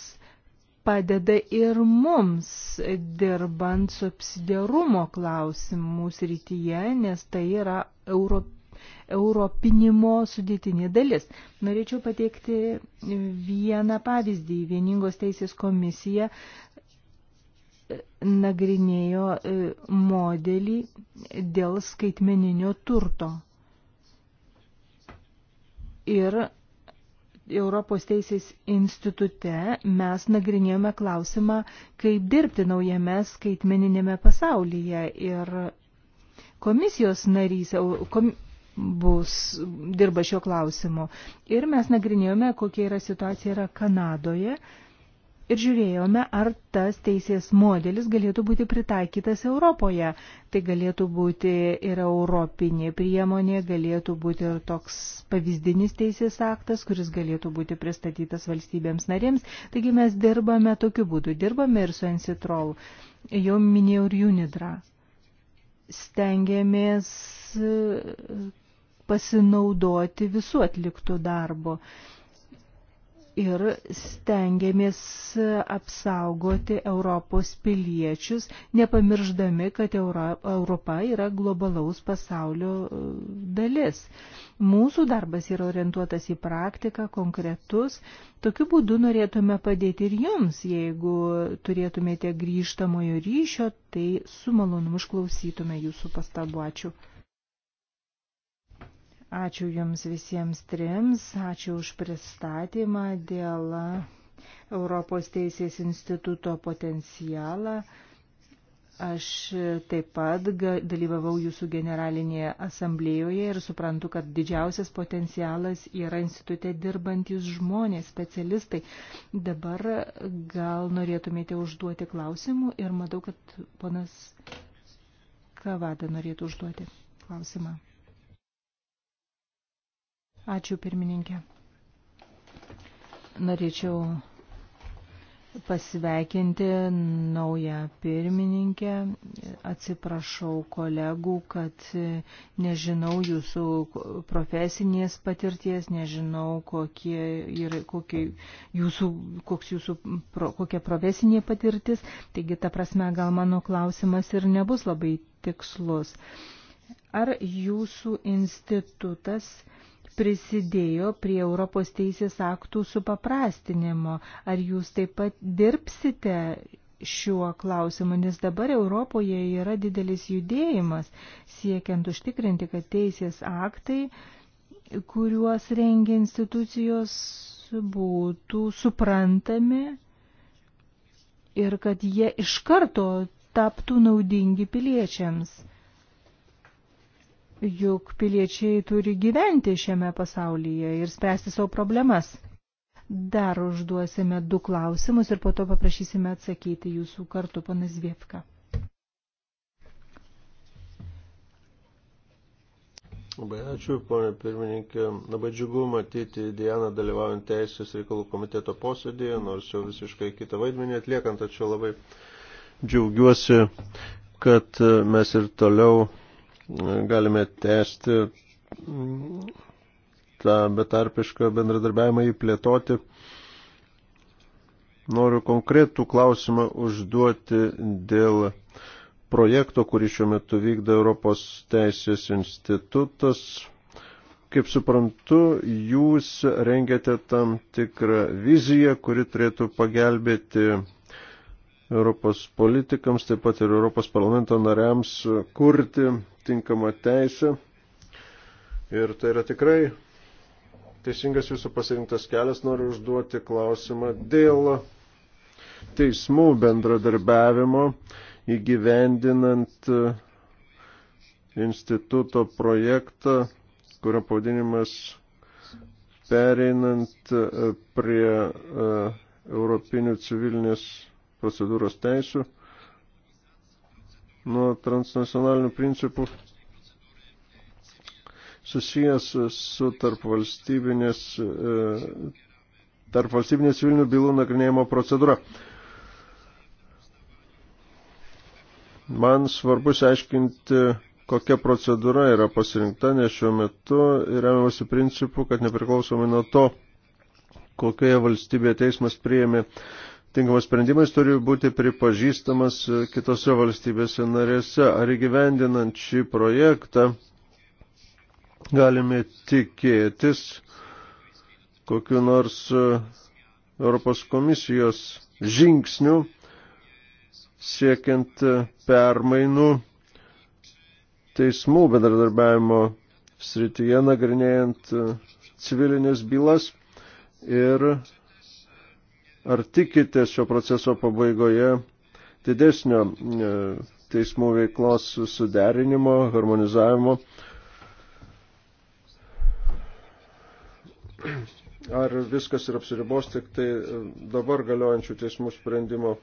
[SPEAKER 3] padeda ir mums, dirbant subsidiarumo klausimų srityje, nes tai yra euro, europinimo sudėtinė dalis. Norėčiau pateikti vieną pavyzdį. Vieningos teisės komisija e, nagrinėjo e, modelį dėl skaitmeninio turto. Ir Europos teisės institute mes nagrinėjome klausimą, kaip dirbti naujame skaitmeninėme pasaulyje ir komisijos narys kom, bus dirba šio klausimu. Ir mes nagrinėjome, kokia yra situacija yra Kanadoje ir žiūrėjome, ar tas teisės modelis galėtų būti pritaikytas Europoje. Tai galėtų būti ir europinė priemonė, galėtų būti ir toks pavyzdinis teisės aktas, kuris galėtų būti pristatytas valstybėms narėms. Taigi mes dirbame tokiu būdu, dirbame ir su Encitrol. Jau minėjau ir Unidra. Stengiamės e, pasinaudoti visų atliktų darbo. Uh, ir stengiamės apsaugoti Europos piliečius, nepamirždami, kad Europa yra globalaus pasaulio e, dalis. Mūsų darbas yra orientuotas į praktiką, konkretus. Tokiu būdu norėtume padėti ir jums, jeigu turėtumėte grįžtamojo ryšio, tai su malonumu išklausytume jūsų pastabuočių. Ačiū Jums visiems trims, ačiū už pristatymą dėl Europos Teisės instituto potencialą. Aš taip pat dalyvavau jūsų generalinėje asamblėjoje ir suprantu, kad didžiausias potencialas yra institutė dirbantis žmonės, specialistai. Dabar gal norėtumėte užduoti klausimų ir matau, kad ponas Kavada norėtų užduoti klausimą. Ačiū pirmininkė. Norėčiau pasveikinti naują pirmininkę. Atsiprašau kolegų, kad nežinau jūsų profesinės patirties, nežinau, kokie yra, kokie jūsų, koks jūsų, pro, kokia profesinė patirtis. Taigi, ta prasme, gal mano klausimas ir nebus labai tikslus. Ar jūsų institutas prisidėjo prie Europos teisės aktų supaprastinimo. Ar jūs taip pat dirbsite šiuo klausimu, nes dabar Europoje yra didelis judėjimas siekiant užtikrinti, kad teisės aktai, kuriuos rengia institucijos, būtų suprantami ir kad jie iš karto taptų naudingi piliečiams juk piliečiai turi gyventi šiame pasaulyje ir spręsti savo problemas. Dar užduosime du klausimus ir po to paprašysime atsakyti jūsų kartu, panas Vievka.
[SPEAKER 4] Labai ačiū, ponė pirmininkė. Labai džiugu matyti Dianą dalyvaujant Teisės reikalų komiteto posėdėje, nors jau visiškai kitą vaidmenį atliekant, tačiau labai džiaugiuosi, kad mes ir toliau galime tęsti tą betarpišką bendradarbiavimą įplėtoti. Noriu konkretų klausimą užduoti dėl projekto, kurį šiuo metu vykdo Europos teisės institutas. Kaip suprantu, jūs rengiate tam tikrą viziją, kuri turėtų pagelbėti Europos politikams, taip pat ir Europos parlamento nariams kurti tinkamą teisę. Ir tai yra tikrai teisingas jūsų pasirinktas kelias. Noriu užduoti klausimą dėl teismų bendradarbiavimo įgyvendinant e, instituto projektą, kurio pavadinimas pereinant e, prie e, Europinių civilinės procedūros teisų nuo transnacionalinių principų susijęs su tarpvalstybinės, e, tarpvalstybinės civilinių bylų nagrinėjimo procedūra. Man svarbu aiškinti, kokia procedūra yra pasirinkta, nes šiuo metu remiamasi principu, kad nepriklausomai nuo to, kokioje valstybėje teismas priėmė tinkamas sprendimais turi būti pripažįstamas kitose valstybėse narėse. Ar įgyvendinant šį projektą galime tikėtis kokiu nors e, Europos komisijos žingsniu siekiant e, permainų teismų bendradarbiavimo srityje nagrinėjant e, civilinės bylas ir Ar tikite šio proceso pabaigoje didesnio e, teismų veiklos suderinimo, harmonizavimo? Ar viskas ir apsiribos tik tai e, dabar galiojančių teismų sprendimo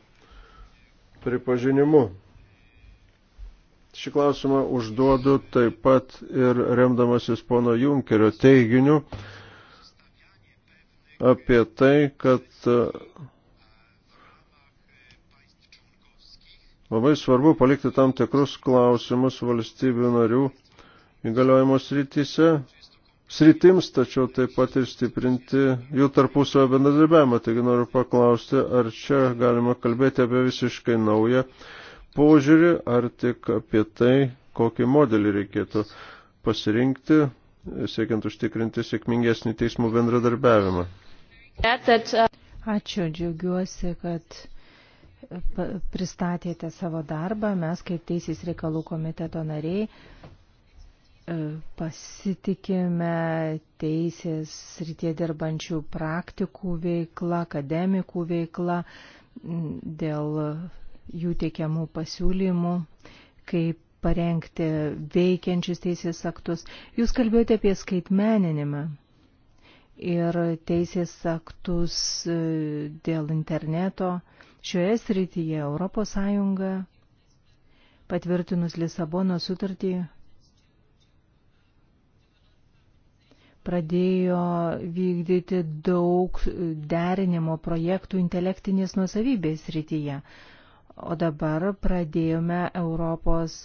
[SPEAKER 4] pripažinimu? Šį klausimą užduodu taip pat ir remdamasis pono Junkerio teiginiu, apie tai, kad e, labai svarbu palikti tam tikrus klausimus valstybių narių įgaliojimo srityse, sritims, tačiau taip pat ir stiprinti jų tarpusavio bendradarbiavimą. Taigi noriu paklausti, ar čia galima kalbėti apie visiškai naują požiūrį, ar tik apie tai, kokį modelį reikėtų pasirinkti, siekiant užtikrinti sėkmingesnį teismų bendradarbiavimą.
[SPEAKER 3] Uh, Ačiū, džiaugiuosi, kad e, pristatėte savo darbą. Mes kaip Teisės reikalų komiteto nariai e, pasitikime teisės rytie dirbančių praktikų veikla, akademikų veikla dėl jų teikiamų pasiūlymų, kaip parengti veikiančius teisės aktus. Jūs kalbėjote apie skaitmeninimą ir teisės aktus e, dėl interneto. Šioje srityje ES patvirtinus Lisabono sutartį pradėjo vykdyti daug derinimo projektų intelektinės nuosavybės srityje. O dabar pradėjome Europos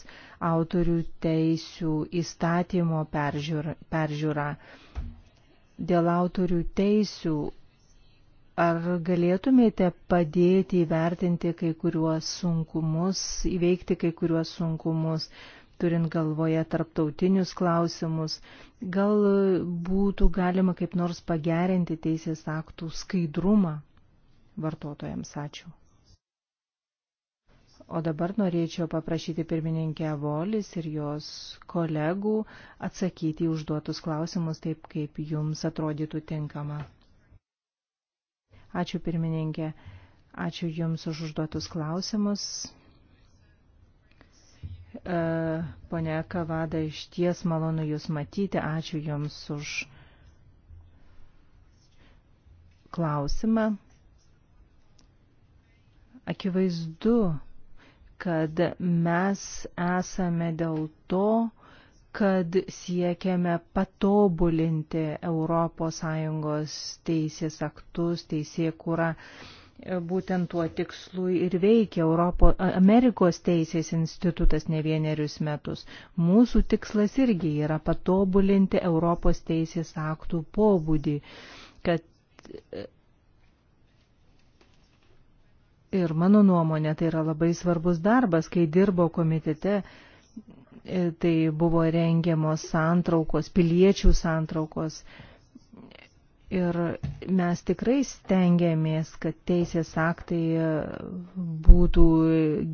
[SPEAKER 3] autorių teisių įstatymo peržiūrą. peržiūrą dėl autorių teisių. Ar galėtumėte padėti įvertinti kai kuriuos sunkumus, įveikti kai kuriuos sunkumus, turint galvoje tarptautinius klausimus? Gal būtų galima kaip nors pagerinti teisės aktų skaidrumą vartotojams? Ačiū. O dabar norėčiau paprašyti pirmininkę Volis ir jos kolegų atsakyti į užduotus klausimus taip, kaip jums atrodytų tinkama. Ačiū pirmininkė, ačiū jums už užduotus klausimus. E, Pone Kavada, iš ties malonu Jūs matyti. Ačiū Jums už klausimą. Akivaizdu, kad mes esame dėl to, kad siekiame patobulinti ES teisės aktus, teisėkurą. Būtent tuo tikslu ir veikia Europo, Amerikos teisės institutas ne vienerius metus. Mūsų tikslas irgi yra patobulinti Europos teisės aktų pobūdį, kad Ir mano nuomonė, tai yra labai svarbus darbas, kai dirbo komitete, e, tai buvo rengiamos santraukos, piliečių santraukos. Ir mes tikrai stengiamės, kad teisės aktai e, būtų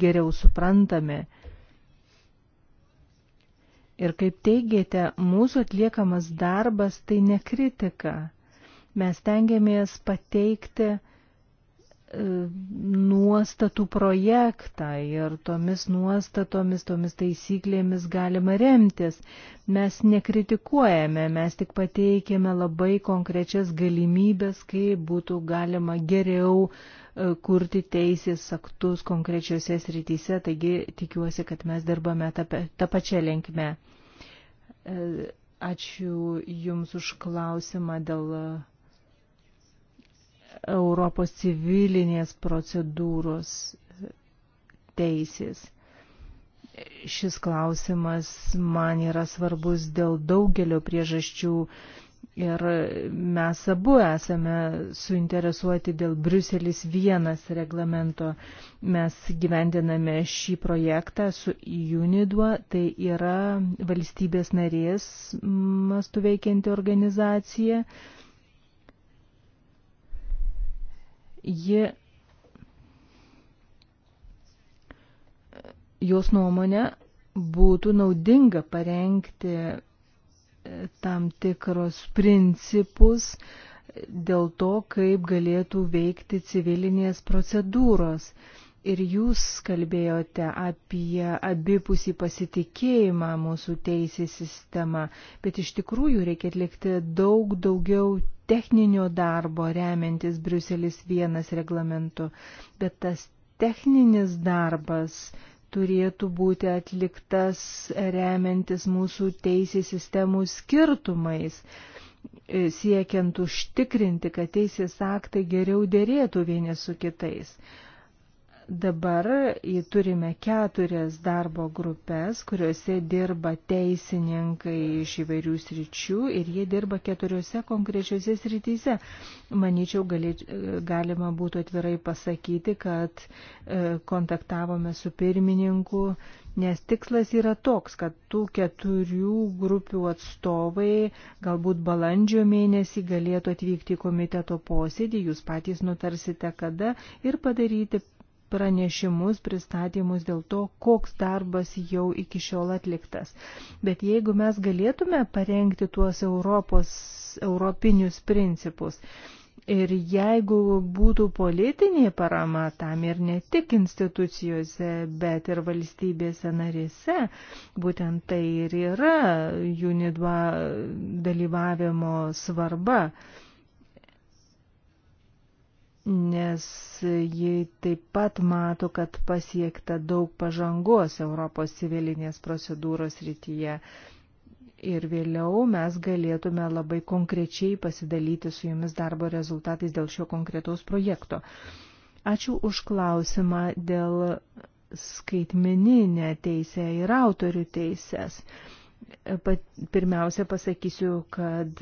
[SPEAKER 3] geriau suprantami. Ir kaip teigiate, mūsų atliekamas darbas tai ne kritika. Mes tengiamės pateikti nuostatų projektą ir tomis nuostatomis, tomis taisyklėmis galima remtis. Mes nekritikuojame, mes tik pateikėme labai konkrečias galimybės, kaip būtų galima geriau e, kurti teisės aktus konkrečiose srityse, taigi tikiuosi, kad mes dirbame tą, tą pačią linkmę. E, ačiū Jums už klausimą dėl Europos civilinės procedūros teisės. Šis klausimas man yra svarbus dėl daugelio priežasčių ir mes abu esame suinteresuoti dėl Bruselis vienas reglamento. Mes gyvendiname šį projektą su UNIDUA, tai yra valstybės narės mastu veikianti organizacija. ji jos nuomonė būtų naudinga parengti e, tam tikros principus dėl to, kaip galėtų veikti civilinės procedūros. Uh, ir jūs kalbėjote apie abipusį pasitikėjimą mūsų teisės sistema, bet iš tikrųjų reikia atlikti daug daugiau techninio darbo remiantis Briuselis vienas reglamentu, bet tas techninis darbas turėtų būti atliktas remiantis mūsų teisės sistemų skirtumais e, siekiant užtikrinti, kad teisės aktai geriau dėrėtų vieni su kitais. Dabar turime keturias darbo grupės, kuriuose dirba teisininkai iš įvairių sričių ir jie dirba keturiose konkrečiose srityse. Manyčiau, galėč, galima būtų atvirai pasakyti, kad e, kontaktavome su pirmininku, nes tikslas yra toks, kad tų keturių grupių atstovai galbūt balandžio mėnesį galėtų atvykti į komiteto posėdį, jūs patys nutarsite kada ir padaryti pranešimus, pristatymus dėl to, koks darbas jau iki šiol atliktas. Bet jeigu mes galėtume parengti tuos Europos, europinius principus, Ir jeigu būtų politinė parama tam ir ne tik institucijose, bet ir valstybėse narėse, būtent tai ir yra UNIDVA dalyvavimo svarba nes ji taip pat mato, kad pasiekta daug pažangos Europos civilinės procedūros rytyje. Ir vėliau mes galėtume labai konkrečiai pasidalyti su jumis darbo rezultatais dėl šio konkretaus projekto. Ačiū už klausimą dėl skaitmeninę teisę ir autorių teisės. Pirmiausia pasakysiu, kad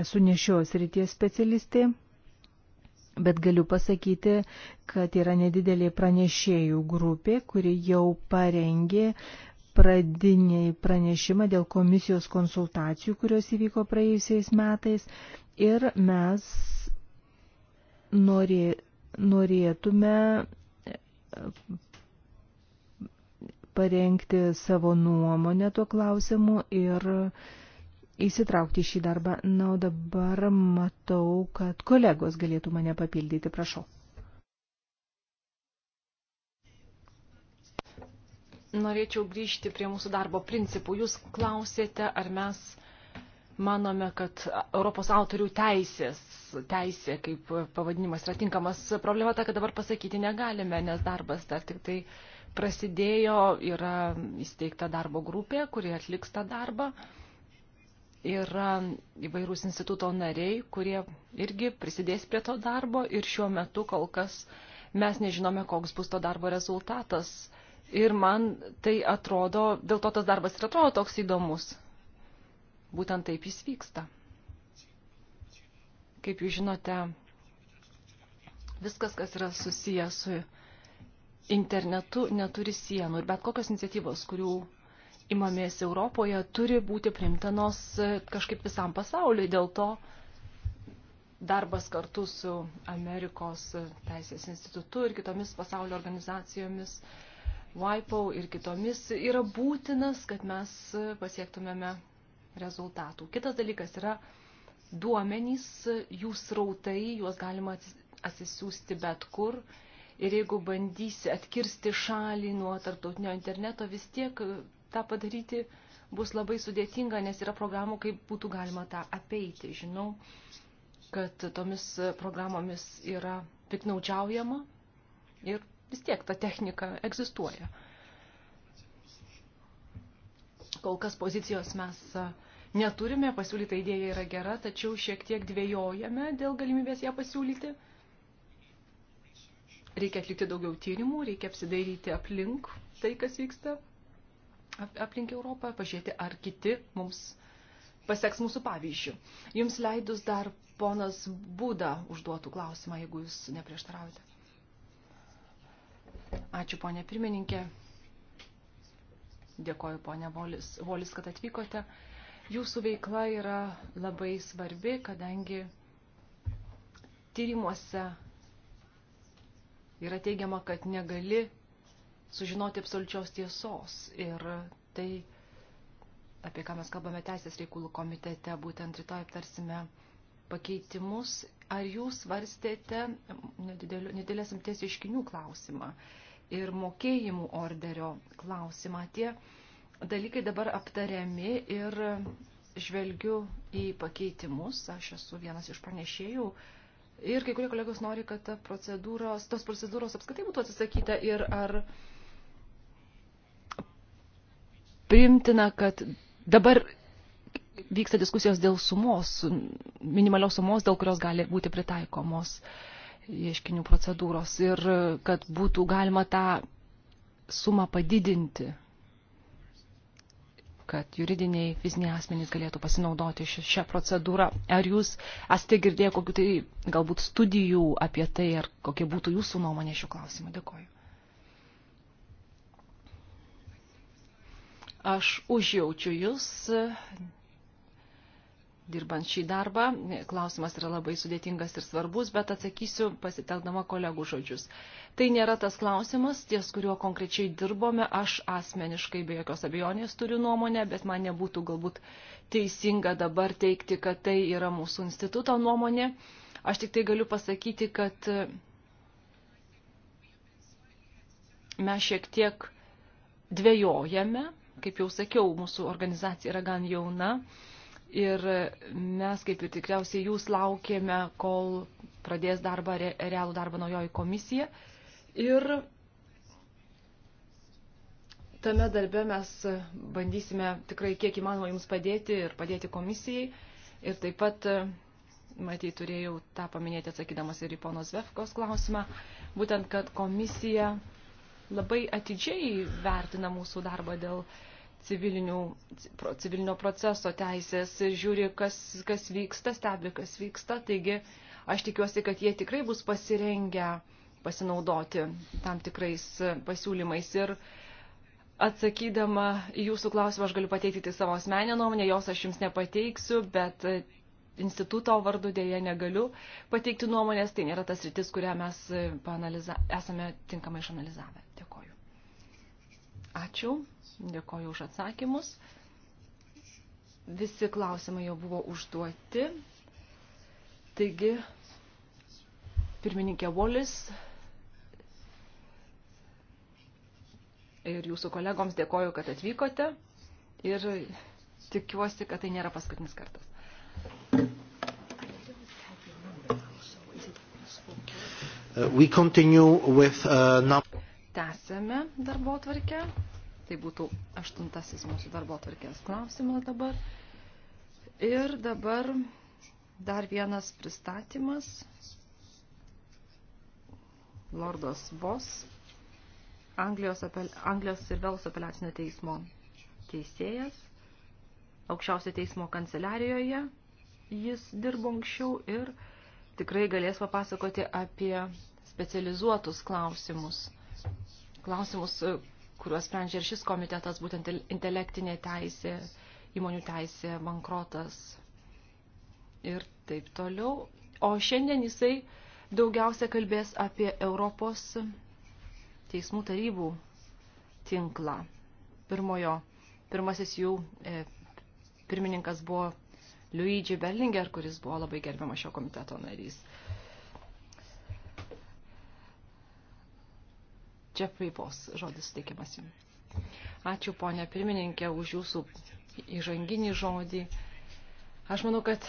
[SPEAKER 3] esu nešios ryties specialistė Bet galiu pasakyti, kad yra nedidelė pranešėjų grupė, kuri jau parengė pradinį pranešimą dėl komisijos konsultacijų, kurios įvyko praėjusiais metais. Ir mes norė, norėtume e, parengti savo nuomonę tuo klausimu ir uh, įsitraukti į šį darbą. Na, o dabar matau, kad kolegos galėtų mane papildyti, prašau.
[SPEAKER 2] Norėčiau grįžti prie mūsų darbo principų. Jūs klausėte, ar mes manome, kad Europos autorių teisės, teisė kaip pavadinimas yra tinkamas. Problema ta, kad dabar pasakyti negalime, nes darbas dar tik tai prasidėjo, yra įsteigta darbo grupė, kuri atliks tą darbą. Uh, yra įvairūs instituto nariai, kurie irgi prisidės prie to darbo ir šiuo metu kol kas mes nežinome, koks bus to darbo rezultatas. Ir man tai atrodo, dėl to tas darbas ir atrodo toks įdomus. Būtent taip jis vyksta. Kaip jūs žinote, viskas, kas yra susijęs su internetu, neturi sienų. Ir bet kokios iniciatyvos, kurių imamės Europoje, turi būti primtinos kažkaip visam pasauliu. Dėl to darbas kartu su Amerikos teisės institutu ir kitomis pasaulio organizacijomis, WIPO ir kitomis, yra būtinas, kad mes pasiektumėme rezultatų. Kitas dalykas yra duomenys, jų srautai, juos galima atsisiųsti bet kur. Ir jeigu bandysi atkirsti šalį nuo tarptautinio interneto, vis tiek tą padaryti bus labai sudėtinga, nes yra programų, kaip būtų galima tą apeiti. Žinau, kad tomis programomis yra piknaudžiaujama ir vis tiek ta technika egzistuoja. Kol kas pozicijos mes neturime, pasiūlyta idėja yra gera, tačiau šiek tiek dvėjojame dėl galimybės ją pasiūlyti. Reikia atlikti daugiau tyrimų, reikia apsidairyti aplink tai, kas vyksta aplink Europą, pažiūrėti, ar kiti mums paseks mūsų pavyzdžių. Jums leidus dar ponas Būda užduotų klausimą, jeigu jūs neprieštaraujate. Ačiū, ponė pirmininkė. Dėkoju, ponė Volis, Volis, kad atvykote. Jūsų veikla yra labai svarbi, kadangi tyrimuose yra teigiama, kad negali sužinoti absoliučios tiesos. Ir tai, apie ką mes kalbame Teisės reikalų komitete, būtent rytoj aptarsime pakeitimus. Ar jūs svarstėte nedidelės imties iškinių klausimą ir mokėjimų orderio klausimą? Tie dalykai dabar aptariami ir žvelgiu į pakeitimus, aš esu vienas iš pranešėjų. Ir kai kurie kolegos nori, kad ta procedūros, tos procedūros apskaitai būtų atsisakyta ir ar primtina, kad dabar vyksta diskusijos dėl sumos, minimalios sumos, dėl kurios gali būti pritaikomos ieškinių procedūros ir kad būtų galima tą sumą padidinti, kad juridiniai fiziniai asmenys galėtų pasinaudoti šią procedūrą. Ar jūs esate girdėję kokiu tai galbūt studijų apie tai, ar kokia būtų jūsų nuomonė šiuo klausimu? Dėkoju. Aš užjaučiu jūs, e, dirbant šį darbą. Klausimas yra labai sudėtingas ir svarbus, bet atsakysiu pasitelkdama kolegų žodžius. Tai nėra tas klausimas, ties kuriuo konkrečiai dirbome. Aš asmeniškai be jokios abejonės turiu nuomonę, bet man nebūtų galbūt teisinga dabar teikti, kad tai yra mūsų instituto nuomonė. Aš tik tai galiu pasakyti, kad e, mes šiek tiek dvėjojame kaip jau sakiau, mūsų organizacija yra gan jauna ir mes, kaip ir tikriausiai jūs, laukėme, kol pradės darbą, realų darbą naujoji komisija. Ir tame darbe mes bandysime tikrai kiek įmanoma jums padėti ir padėti komisijai. Ir taip pat, matyt, turėjau tą paminėti atsakydamas ir į ponos Vefkos klausimą, būtent, kad komisija labai atidžiai vertina mūsų darbą dėl civilinio proceso teisės ir žiūri, kas, kas vyksta, stebi, kas vyksta. Taigi aš tikiuosi, kad jie tikrai bus pasirengę pasinaudoti tam tikrais pasiūlymais. Ir atsakydama jūsų klausimą, aš galiu pateikti tik savo asmenę nuomonę, jos aš jums nepateiksiu, bet instituto vardu dėje negaliu pateikti nuomonės, tai nėra tas rytis, kurią mes e, esame tinkamai išanalizavę. Dėkoju. Ačiū, dėkoju už atsakymus. Visi klausimai jau buvo užduoti. Taigi, pirmininkė Volis ir jūsų kolegoms dėkoju, kad atvykote ir tikiuosi, kad tai nėra paskutinis kartas.
[SPEAKER 1] Uh, with, uh,
[SPEAKER 2] Tęsėme darbo tvarkę. Tai būtų aštuntasis mūsų darbo tvarkės klausimas dabar. Ir dabar dar vienas pristatymas. Lordos Vos, Anglijos, apel, Anglijos ir Vels apeliacinio teismo teisėjas, aukščiausio teismo kanceliarijoje jis dirbo anksčiau ir tikrai galės papasakoti apie specializuotus klausimus. Klausimus, e, kuriuos sprendžia ir šis komitetas, būtent intelektinė teisė, įmonių teisė, bankrotas ir taip toliau. O šiandien jisai daugiausia kalbės apie Europos teismų tarybų tinklą. Pirmojo, pirmasis jų e, pirmininkas buvo Luigi Bellinger, kuris buvo labai gerbiamas šio komiteto narys. Jeffrey Voss, žodis suteikiamas jums. Ačiū, ponė pirmininkė, už jūsų įžanginį žodį. Aš manau, kad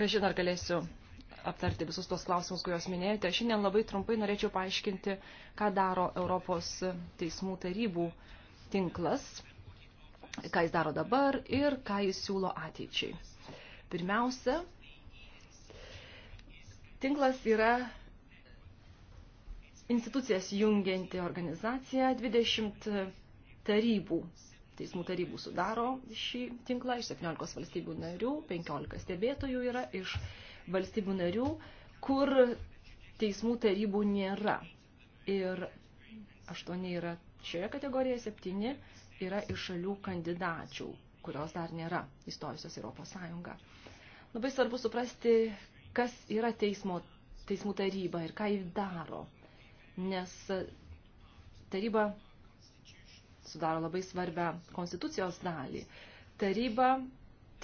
[SPEAKER 2] kažin ar galėsiu aptarti visus tos klausimus, kuriuos minėjote. Šiandien labai trumpai norėčiau paaiškinti, ką daro Europos teismų tarybų tinklas ką jis daro dabar ir ką jis siūlo ateičiai. Pirmiausia, tinklas yra institucijas jungianti organizacija, 20 tarybų, teismų tarybų sudaro šį tinklą iš 17 valstybių narių, 15 stebėtojų yra iš valstybių narių, kur teismų tarybų nėra. Ir aštuoni yra šioje kategorijoje, septyni yra iš šalių kandidačių, kurios dar nėra įstojusios Europos Sąjungą. Labai svarbu suprasti, kas yra teismo, teismų taryba ir ką jį daro, nes taryba sudaro labai svarbę konstitucijos dalį. Taryba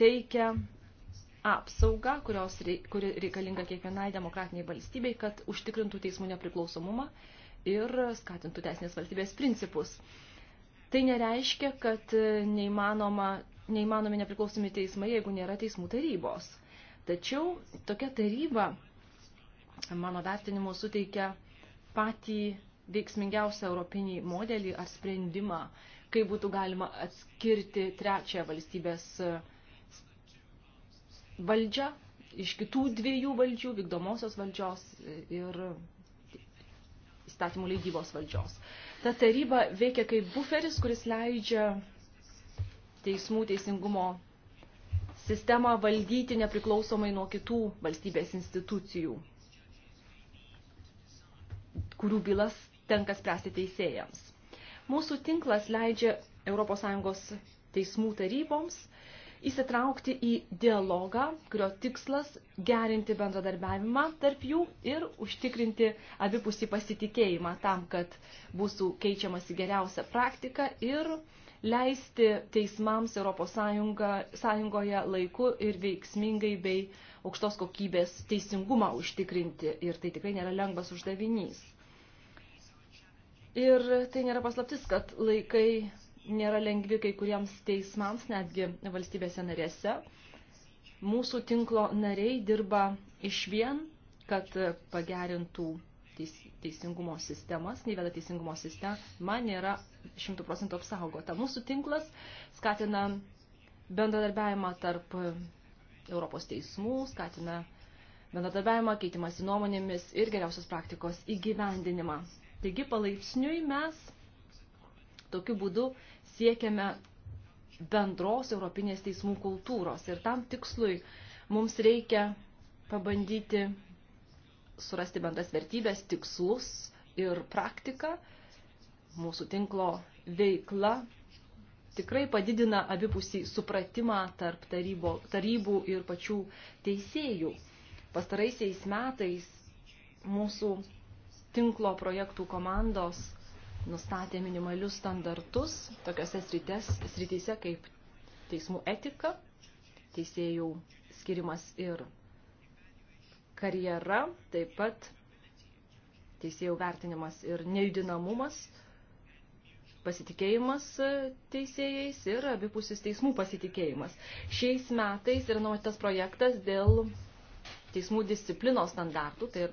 [SPEAKER 2] teikia apsaugą, kurios reik, kuri reikalinga kiekvienai demokratiniai valstybei, kad užtikrintų teismų nepriklausomumą ir skatintų teisinės valstybės principus. Uh, Tai nereiškia, kad e, neįmanoma, neįmanomi nepriklausomi teismai, jeigu nėra teismų tarybos. Tačiau tokia taryba, mano vertinimu, suteikia patį veiksmingiausią europinį modelį ar sprendimą, kaip būtų galima atskirti trečią valstybės e, valdžią iš kitų dviejų valdžių, vykdomosios valdžios ir įstatymų leidybos valdžios. Uh, Ta taryba veikia kaip buferis, kuris leidžia teismų teisingumo sistemą valdyti nepriklausomai nuo kitų valstybės institucijų, kurių bylas tenka spręsti teisėjams. Mūsų tinklas leidžia ES teismų taryboms įsitraukti į dialogą, kurio tikslas gerinti bendradarbiavimą tarp jų ir užtikrinti abipusį pasitikėjimą tam, kad būtų keičiamasi geriausia praktika ir leisti teismams ES sąjungoje laiku ir veiksmingai bei aukštos kokybės teisingumą užtikrinti. Ir tai tikrai nėra lengvas uždavinys. Ir tai nėra paslaptis, kad laikai nėra lengvi kai kuriems teismams, netgi valstybėse narėse. Mūsų tinklo nariai dirba iš vien, kad pagerintų teisingumo sistemas, neįveda teisingumo sistema, nėra 100 procentų apsaugota. Mūsų tinklas skatina bendradarbiavimą tarp Europos teismų, skatina bendradarbiavimą, keitimąsi nuomonėmis ir geriausios praktikos įgyvendinimą. Taigi palaipsniui mes tokiu būdu siekiame bendros europinės teismų kultūros. Ir tam tikslui mums reikia pabandyti surasti bendras vertybės, tikslus ir praktiką. Mūsų tinklo veikla tikrai padidina abipusį supratimą tarp tarybo, tarybų ir pačių teisėjų. Pastaraisiais metais mūsų tinklo projektų komandos nustatė minimalius standartus tokiose srityse kaip teismų etika, teisėjų skirimas ir karjera, taip pat teisėjų vertinimas ir nejudinamumas, pasitikėjimas teisėjais ir abipusis teismų pasitikėjimas. Šiais metais yra numatytas projektas dėl teismų disciplinos standartų, tai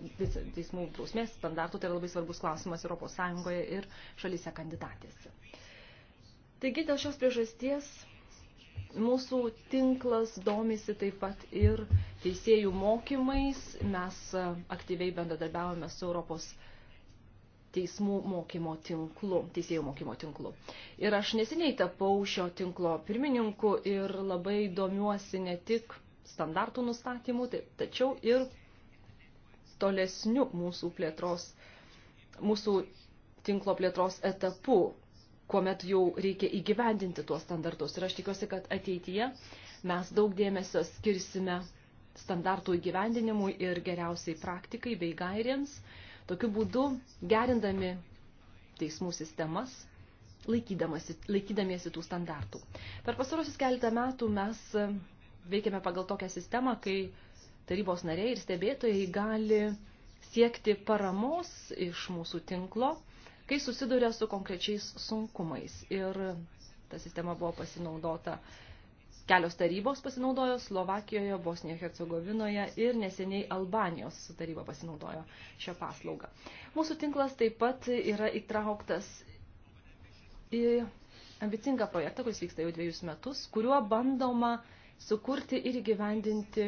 [SPEAKER 2] teismų drausmės standartų, tai yra labai svarbus klausimas Europos Sąjungoje ir šalyse kandidatėse. Taigi dėl šios priežasties mūsų tinklas domisi taip pat ir teisėjų mokymais. Mes e, aktyviai bendradarbiavome su Europos teismų mokymo tinklu, teisėjų mokymo tinklu. Ir aš neseniai tapau šio tinklo pirmininku ir labai domiuosi ne tik standartų nustatymų, tai- tačiau ir tolesnių mūsų plėtros, mūsų tinklo plėtros etapų, kuomet jau reikia įgyvendinti tuos standartus. Ir aš tikiuosi, kad ateityje mes daug dėmesio skirsime standartų įgyvendinimui ir geriausiai praktikai bei gairėms, tokiu būdu gerindami teismų sistemas, laikydamiesi tų standartų. Per pasarosius keletą metų mes veikiame pagal tokią sistemą, kai tarybos nariai ir stebėtojai gali siekti paramos iš mūsų tinklo, kai susiduria su konkrečiais sunkumais. Ir ta sistema buvo pasinaudota, kelios tarybos pasinaudojo Slovakijoje, Bosnijoje, Hercegovinoje ir neseniai Albanijos taryba pasinaudojo šią paslaugą. Mūsų tinklas taip pat yra įtrauktas į ambicingą projektą, kuris vyksta jau dviejus metus, kuriuo bandoma uh, sukurti ir įgyvendinti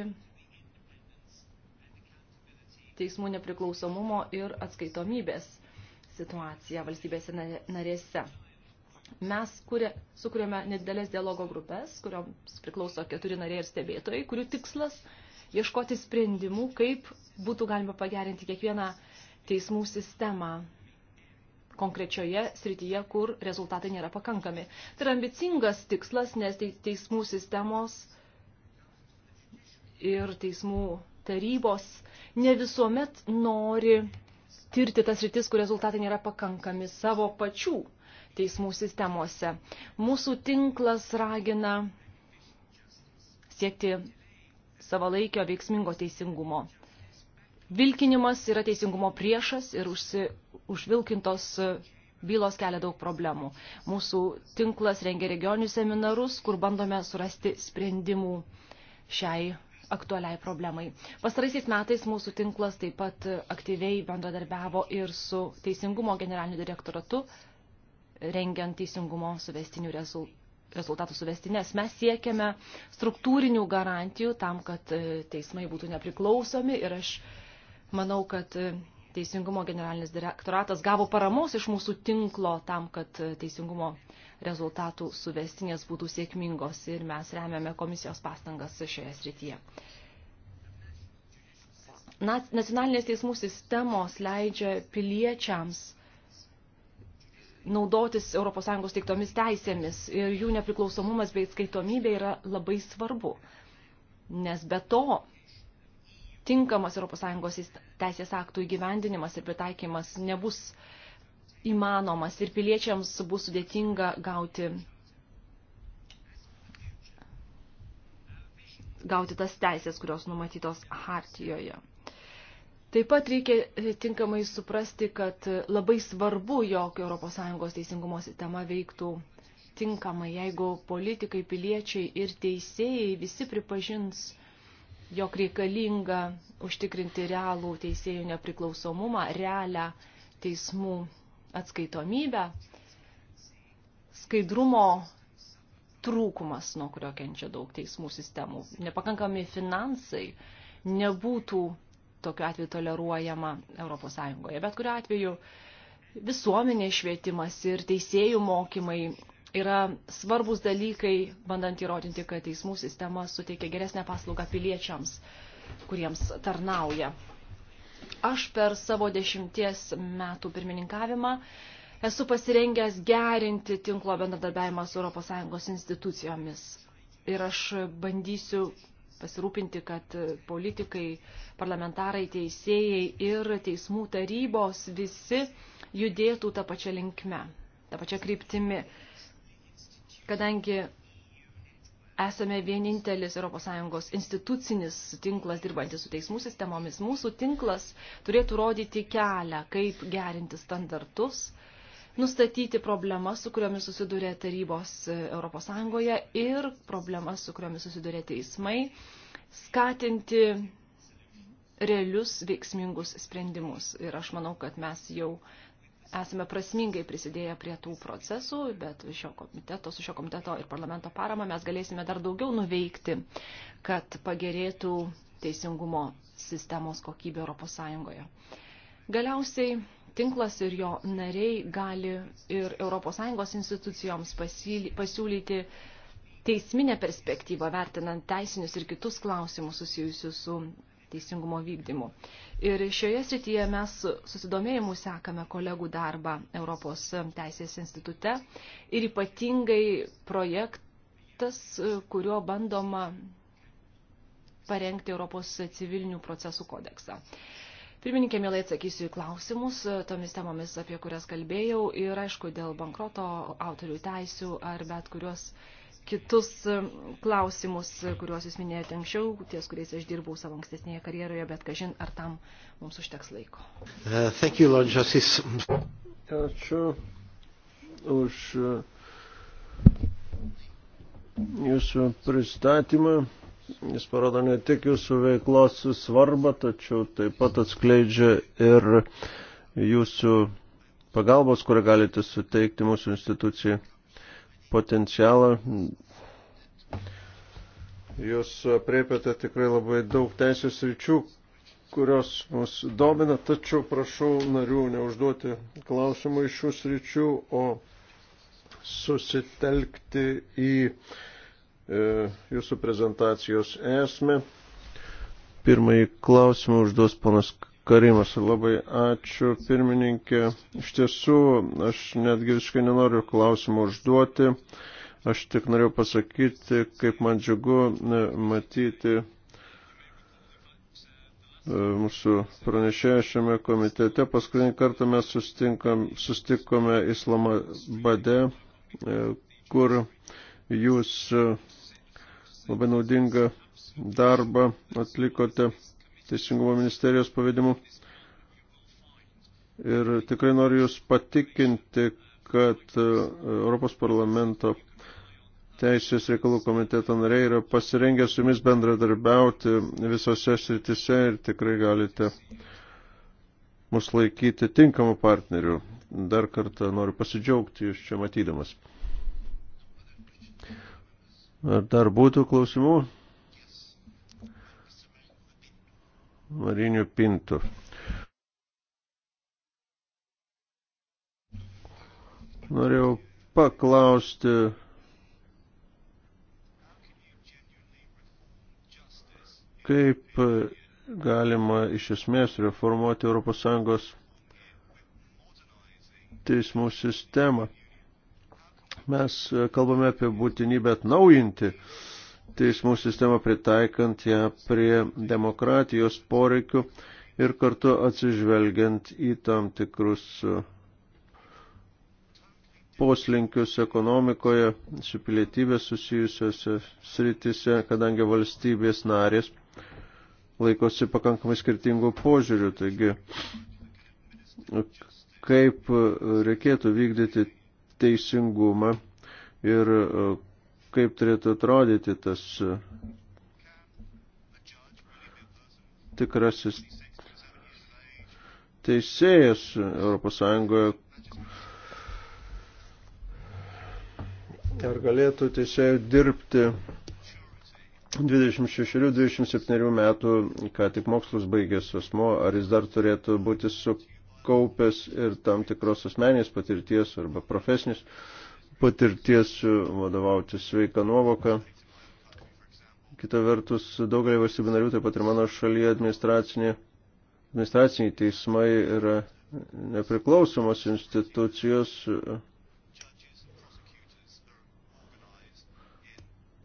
[SPEAKER 2] teismų nepriklausomumo ir atskaitomybės situaciją valstybėse narėse. Mes kuria, sukūrėme nedidelės dialogo grupės, kurioms priklauso keturi nariai ir stebėtojai, kurių tikslas ieškoti sprendimų, kaip būtų galima pagerinti kiekvieną teismų sistemą konkrečioje srityje, kur rezultatai nėra pakankami. Tai yra ambicingas tikslas, nes teismų sistemos uh, ir teismų tarybos ne visuomet nori tirti tas rytis, kur rezultatai nėra pakankami savo pačių teismų sistemose. Mūsų tinklas ragina siekti savalaikio veiksmingo teisingumo. Vilkinimas yra teisingumo priešas ir užsi, užvilkintos bylos kelia daug problemų. Mūsų tinklas rengia regionių seminarus, kur bandome surasti sprendimų šiai aktualiai problemai. Pastaraisiais metais mūsų tinklas taip pat aktyviai bendradarbiavo ir su Teisingumo generaliniu direktoratu, rengiant Teisingumo suvestinių rezultatų suvestinės. Mes siekiame struktūrinių garantijų tam, kad e, teismai būtų nepriklausomi ir aš manau, kad e, Teisingumo generalinis direktoratas gavo paramos iš mūsų tinklo tam, kad e, teisingumo rezultatų suvestinės būtų sėkmingos ir mes remiame komisijos pastangas šioje srityje. Nacionalinės teismų sistemos leidžia piliečiams naudotis ES teiktomis teisėmis ir jų nepriklausomumas bei skaitomybė yra labai svarbu, nes be to tinkamas ES teisės aktų įgyvendinimas ir pritaikymas nebus uh, įmanomas ir piliečiams bus sudėtinga gauti, gauti tas teisės, kurios numatytos Hartijoje. Taip pat reikia e, tinkamai suprasti, kad labai svarbu, jog ES teisingumo sistema veiktų tinkamai, jeigu politikai, piliečiai ir teisėjai visi pripažins, jog reikalinga užtikrinti realų teisėjų nepriklausomumą, realią teismų atskaitomybę, skaidrumo trūkumas, nuo kurio kenčia daug teismų sistemų, nepakankami finansai nebūtų tokiu atveju toleruojama ES. Bet kuriu atveju visuomenė švietimas ir teisėjų mokymai yra svarbus dalykai, bandant įrodinti, kad teismų sistema suteikia geresnę paslaugą piliečiams, kuriems tarnauja aš per savo dešimties metų pirmininkavimą esu pasirengęs gerinti tinklo bendradarbiavimą su ES institucijomis. Ir aš bandysiu pasirūpinti, kad politikai, parlamentarai, teisėjai ir teismų tarybos visi judėtų tą pačią linkmę, tą pačią kryptimį. Kadangi esame vienintelis ES institucinis tinklas dirbantis su teismų sistemomis. Mūsų tinklas turėtų rodyti kelią, kaip gerinti standartus, nustatyti problemas, su kuriomis susiduria tarybos ES ir problemas, su kuriomis susiduria teismai, skatinti realius veiksmingus sprendimus. Ir aš manau, kad mes jau esame prasmingai prisidėję prie tų procesų, bet šio komiteto, su šio komiteto ir parlamento parama mes galėsime dar daugiau nuveikti, kad pagerėtų teisingumo sistemos kokybė Europos Sąjungoje. Galiausiai tinklas ir jo nariai gali ir Europos Sąjungos institucijoms pasiūlyti teisminę perspektyvą, vertinant teisinius ir kitus klausimus susijusius su teisingumo vykdymu. Ir šioje srityje mes susidomėjimu sekame kolegų darbą Europos teisės institute ir ypatingai projektas, kuriuo bandoma parengti Europos civilinių procesų kodeksą. Pirmininkė, mielai atsakysiu į klausimus tomis temomis, apie kurias kalbėjau ir, aišku, dėl bankroto autorių teisių ar bet kurios uh, kitus e, klausimus, kuriuos jūs minėjote anksčiau, ties kuriais aš dirbau savo ankstesnėje karjeroje, bet kažin, ar tam mums užteks laiko.
[SPEAKER 1] Uh, thank you, Lord Justice.
[SPEAKER 2] Ačiū
[SPEAKER 4] už e, jūsų pristatymą. Jis parodo ne tik jūsų veiklos svarbą, tačiau taip pat atskleidžia ir jūsų pagalbos, kurią galite suteikti mūsų institucijai potencialą. Jūs priepiate tikrai labai daug teisės ryčių, kurios mus domina, tačiau prašau narių neužduoti klausimų iš šių sričių, o susitelkti į e, jūsų prezentacijos esmę. Pirmąjį klausimą užduos ponas Karimas, labai ačiū pirmininkė. Iš tiesų, aš netgi visiškai nenoriu klausimų užduoti. Aš tik norėjau pasakyti, kaip man džiugu e, matyti e, mūsų pranešėjo šiame komitete. Paskutinį kartą mes sustikome Islamabade, e, kur jūs labai naudingą darbą atlikote Teisingumo ministerijos pavedimu. Ir tikrai noriu Jūs patikinti, kad e, Europos parlamento Teisės reikalų komiteto nariai yra pasirengę su jumis bendradarbiauti visose sritise ir tikrai galite mus laikyti tinkamų partnerių. Dar kartą noriu pasidžiaugti jūs čia matydamas. Ar dar būtų klausimų? Marinių Pintų. Norėjau paklausti, kaip galima iš esmės reformuoti ES teismų sistemą. Mes kalbame apie būtinybę atnaujinti uh, teismų sistemą pritaikant ją prie demokratijos poreikių ir kartu atsižvelgiant į tam tikrus uh, poslinkius ekonomikoje, su pilietybė susijusiose sritise, kadangi valstybės narės laikosi pakankamai skirtingų požiūrių. Taigi, kaip reikėtų vykdyti teisingumą ir uh, kaip turėtų atrodyti tas uh, tikrasis teisėjas Europos Sąjungoje. Ar galėtų teisėjų dirbti 26-27 metų, ką tik mokslus baigęs asmo, ar jis dar turėtų būti sukaupęs ir tam tikros asmenės patirties arba profesinės patirties vadovauti sveiką nuovoką. Kita vertus, daugelį valstybių narių, taip pat ir mano šalyje administraciniai, administraciniai teismai yra nepriklausomos institucijos,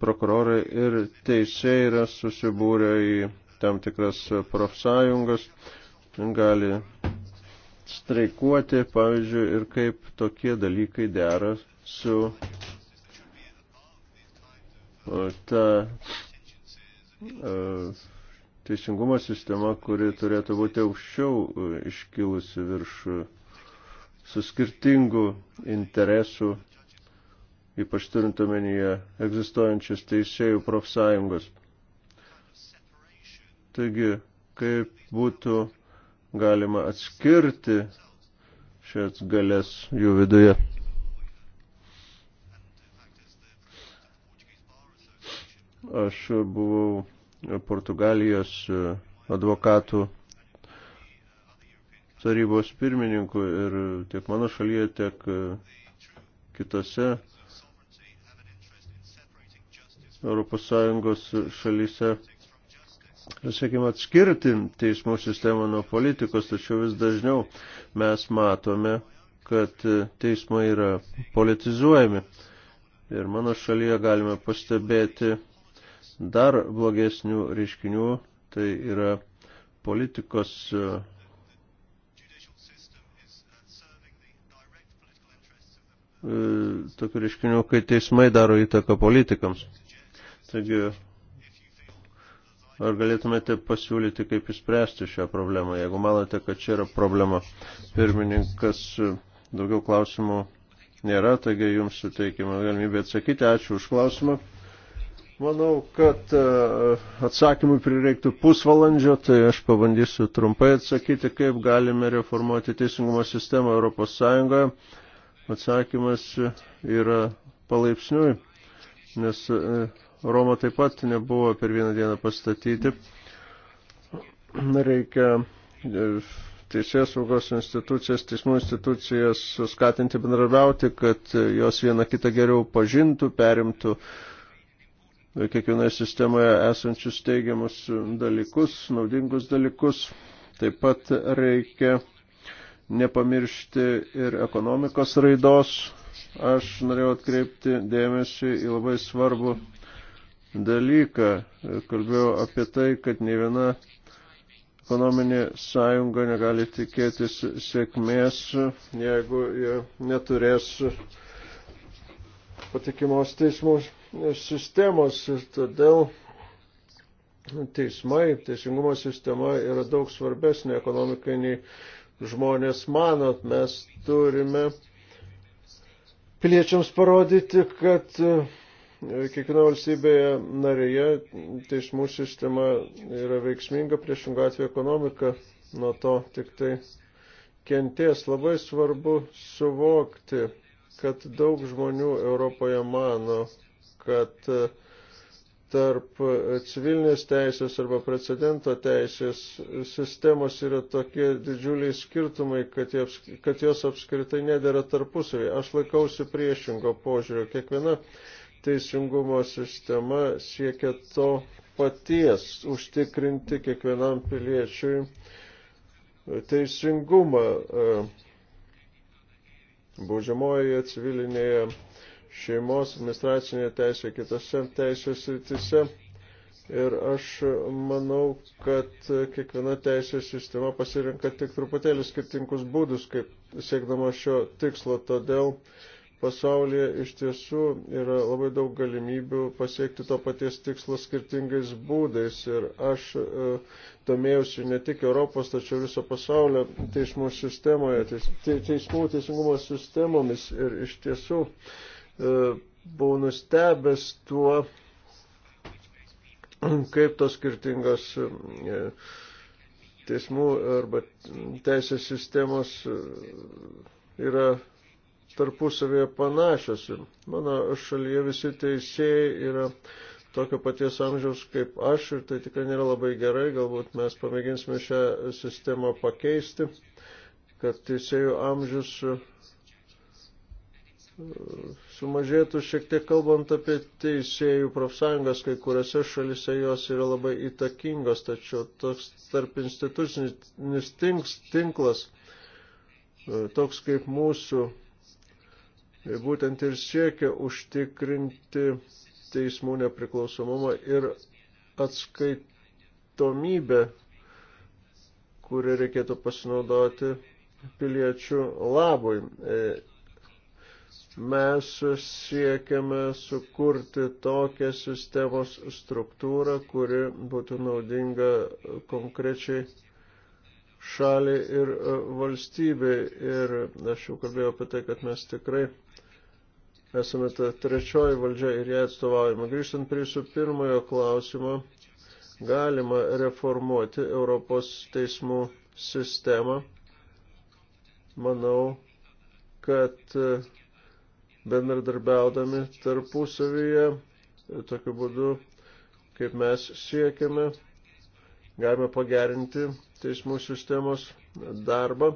[SPEAKER 4] prokurorai ir teisėjai yra susibūrę į tam tikras profsąjungas, gali streikuoti, pavyzdžiui, ir kaip tokie dalykai deras su ta teisingumo sistema, kuri turėtų būti aukščiau iškilusi virš su skirtingų interesų, ypač turint omenyje egzistuojančias teisėjų profsąjungos. Taigi, kaip būtų galima atskirti šias galės jų viduje. Aš buvau Portugalijos advokatų tarybos pirmininku ir tiek mano šalyje, tiek kitose ES šalyse sakykime, atskirti teismų sistemą nuo politikos, tačiau vis dažniau mes matome, kad teismai yra politizuojami. Ir mano šalyje galime pastebėti dar blogesnių reiškinių, tai yra politikos e, tokių reiškinių, kai teismai daro įtaką politikams. Taigi, ar galėtumėte pasiūlyti, kaip įspręsti šią problemą, jeigu manote, kad čia yra problema. Pirmininkas, e, daugiau klausimų nėra, taigi jums suteikime galimybę atsakyti. Ačiū už klausimą. Manau, kad e, atsakymui prireiktų pusvalandžio, tai aš pabandysiu trumpai atsakyti, kaip galime reformuoti teisingumo sistemą Europos Sąjungoje. Atsakymas yra palaipsniui, nes e, Roma taip pat nebuvo per vieną dieną pastatyti. Reikia e, teisės saugos institucijas, teismų institucijas skatinti bendrabiauti, kad jos viena kitą geriau pažintų, perimtų kiekvienoje sistemoje esančius teigiamus dalykus, naudingus dalykus. Taip pat reikia nepamiršti ir ekonomikos raidos. Aš norėjau atkreipti dėmesį į labai svarbų dalyką. Kalbėjau apie tai, kad ne viena ekonominė sąjunga negali tikėtis sėkmės, jeigu neturės patikimos teismus sistemos ir todėl teismai, teisingumo sistema yra daug svarbesnė ekonomikai nei žmonės manot. Mes turime piliečiams parodyti, kad e, kiekviena valstybėje narėje teismų sistema yra veiksminga, priešingų atveju ekonomika nuo to tik tai kenties. Labai svarbu suvokti, kad daug žmonių Europoje mano, kad e, tarp civilinės teisės arba precedento teisės sistemos yra tokie didžiuliai skirtumai, kad, jie, kad jos apskritai nedėra tarpusavį. Aš laikausi priešingo požiūrio. Kiekviena teisingumo sistema siekia to paties užtikrinti kiekvienam piliečiui teisingumą e, baudžiamojoje, civilinėje šeimos administracinėje teisėje, kitose teisės rytise. Ir aš manau, kad kiekviena teisės sistema pasirinka tik truputėlį skirtingus būdus, kaip siekdama šio tikslo. Todėl pasaulyje iš tiesų yra labai daug galimybių pasiekti to paties tikslo skirtingais būdais. Ir aš e, domėjausi ne tik Europos, tačiau viso pasaulio teismų sistemoje, teismų teisingumo sistemomis. Ir iš tiesų. Uh, E, buvau nustebęs tuo, kaip tos skirtingos e, teismų arba teisės sistemos e, yra tarpusavėje panašios. Mano šalyje visi teisėjai yra tokio paties amžiaus kaip aš ir tai tikrai nėra labai gerai, galbūt mes pamėginsime šią sistemą pakeisti, kad teisėjų amžius sumažėtų šiek tiek kalbant apie teisėjų profsąjungas, kai kuriuose šalise jos yra labai įtakingos, tačiau toks tarp institucinis tinklas, e, toks kaip mūsų, e, būtent ir siekia užtikrinti teismų nepriklausomumą ir atskaitomybę, kurią reikėtų pasinaudoti piliečių labui. E, Mes siekiame sukurti tokią sistemos struktūrą, kuri būtų naudinga konkrečiai šaliai ir e, valstybei. Ir aš jau kalbėjau apie tai, kad mes tikrai esame ta trečioji valdžia ir ją atstovaujama. Grįžtant prie jūsų pirmojo klausimo, galima reformuoti Europos teismų sistemą. Manau, kad e, bendradarbiaudami tarpusavyje, tokiu būdu, kaip mes siekiame, galime pagerinti teismų sistemos darbą.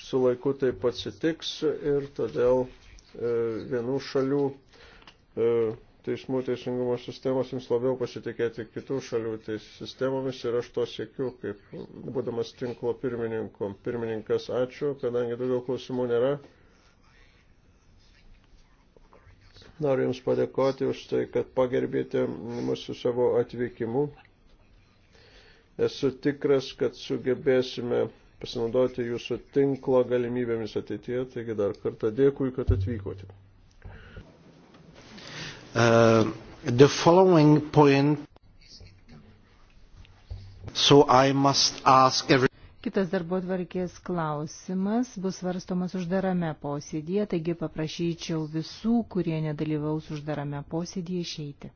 [SPEAKER 4] Su laiku taip atsitiks ir todėl e, vienų šalių e, teismų teisingumo sistemos jums labiau pasitikėti kitų šalių teis sistemomis ir aš to siekiu, kaip būdamas tinklo pirmininko. Pirmininkas, ačiū, kadangi daugiau klausimų nėra. Noriu Jums padėkoti už tai, kad pagerbėte mūsų savo atvykimu. Esu tikras, kad sugebėsime pasinaudoti Jūsų tinklo galimybėmis ateityje, taigi dar kartą dėkui, kad atvykote.
[SPEAKER 1] Uh, the following point So I must ask every
[SPEAKER 3] Kitas darbo tvarkės klausimas bus svarstomas uždarame posėdėje, taigi paprašyčiau visų, kurie nedalyvaus uždarame posėdėje, išeiti.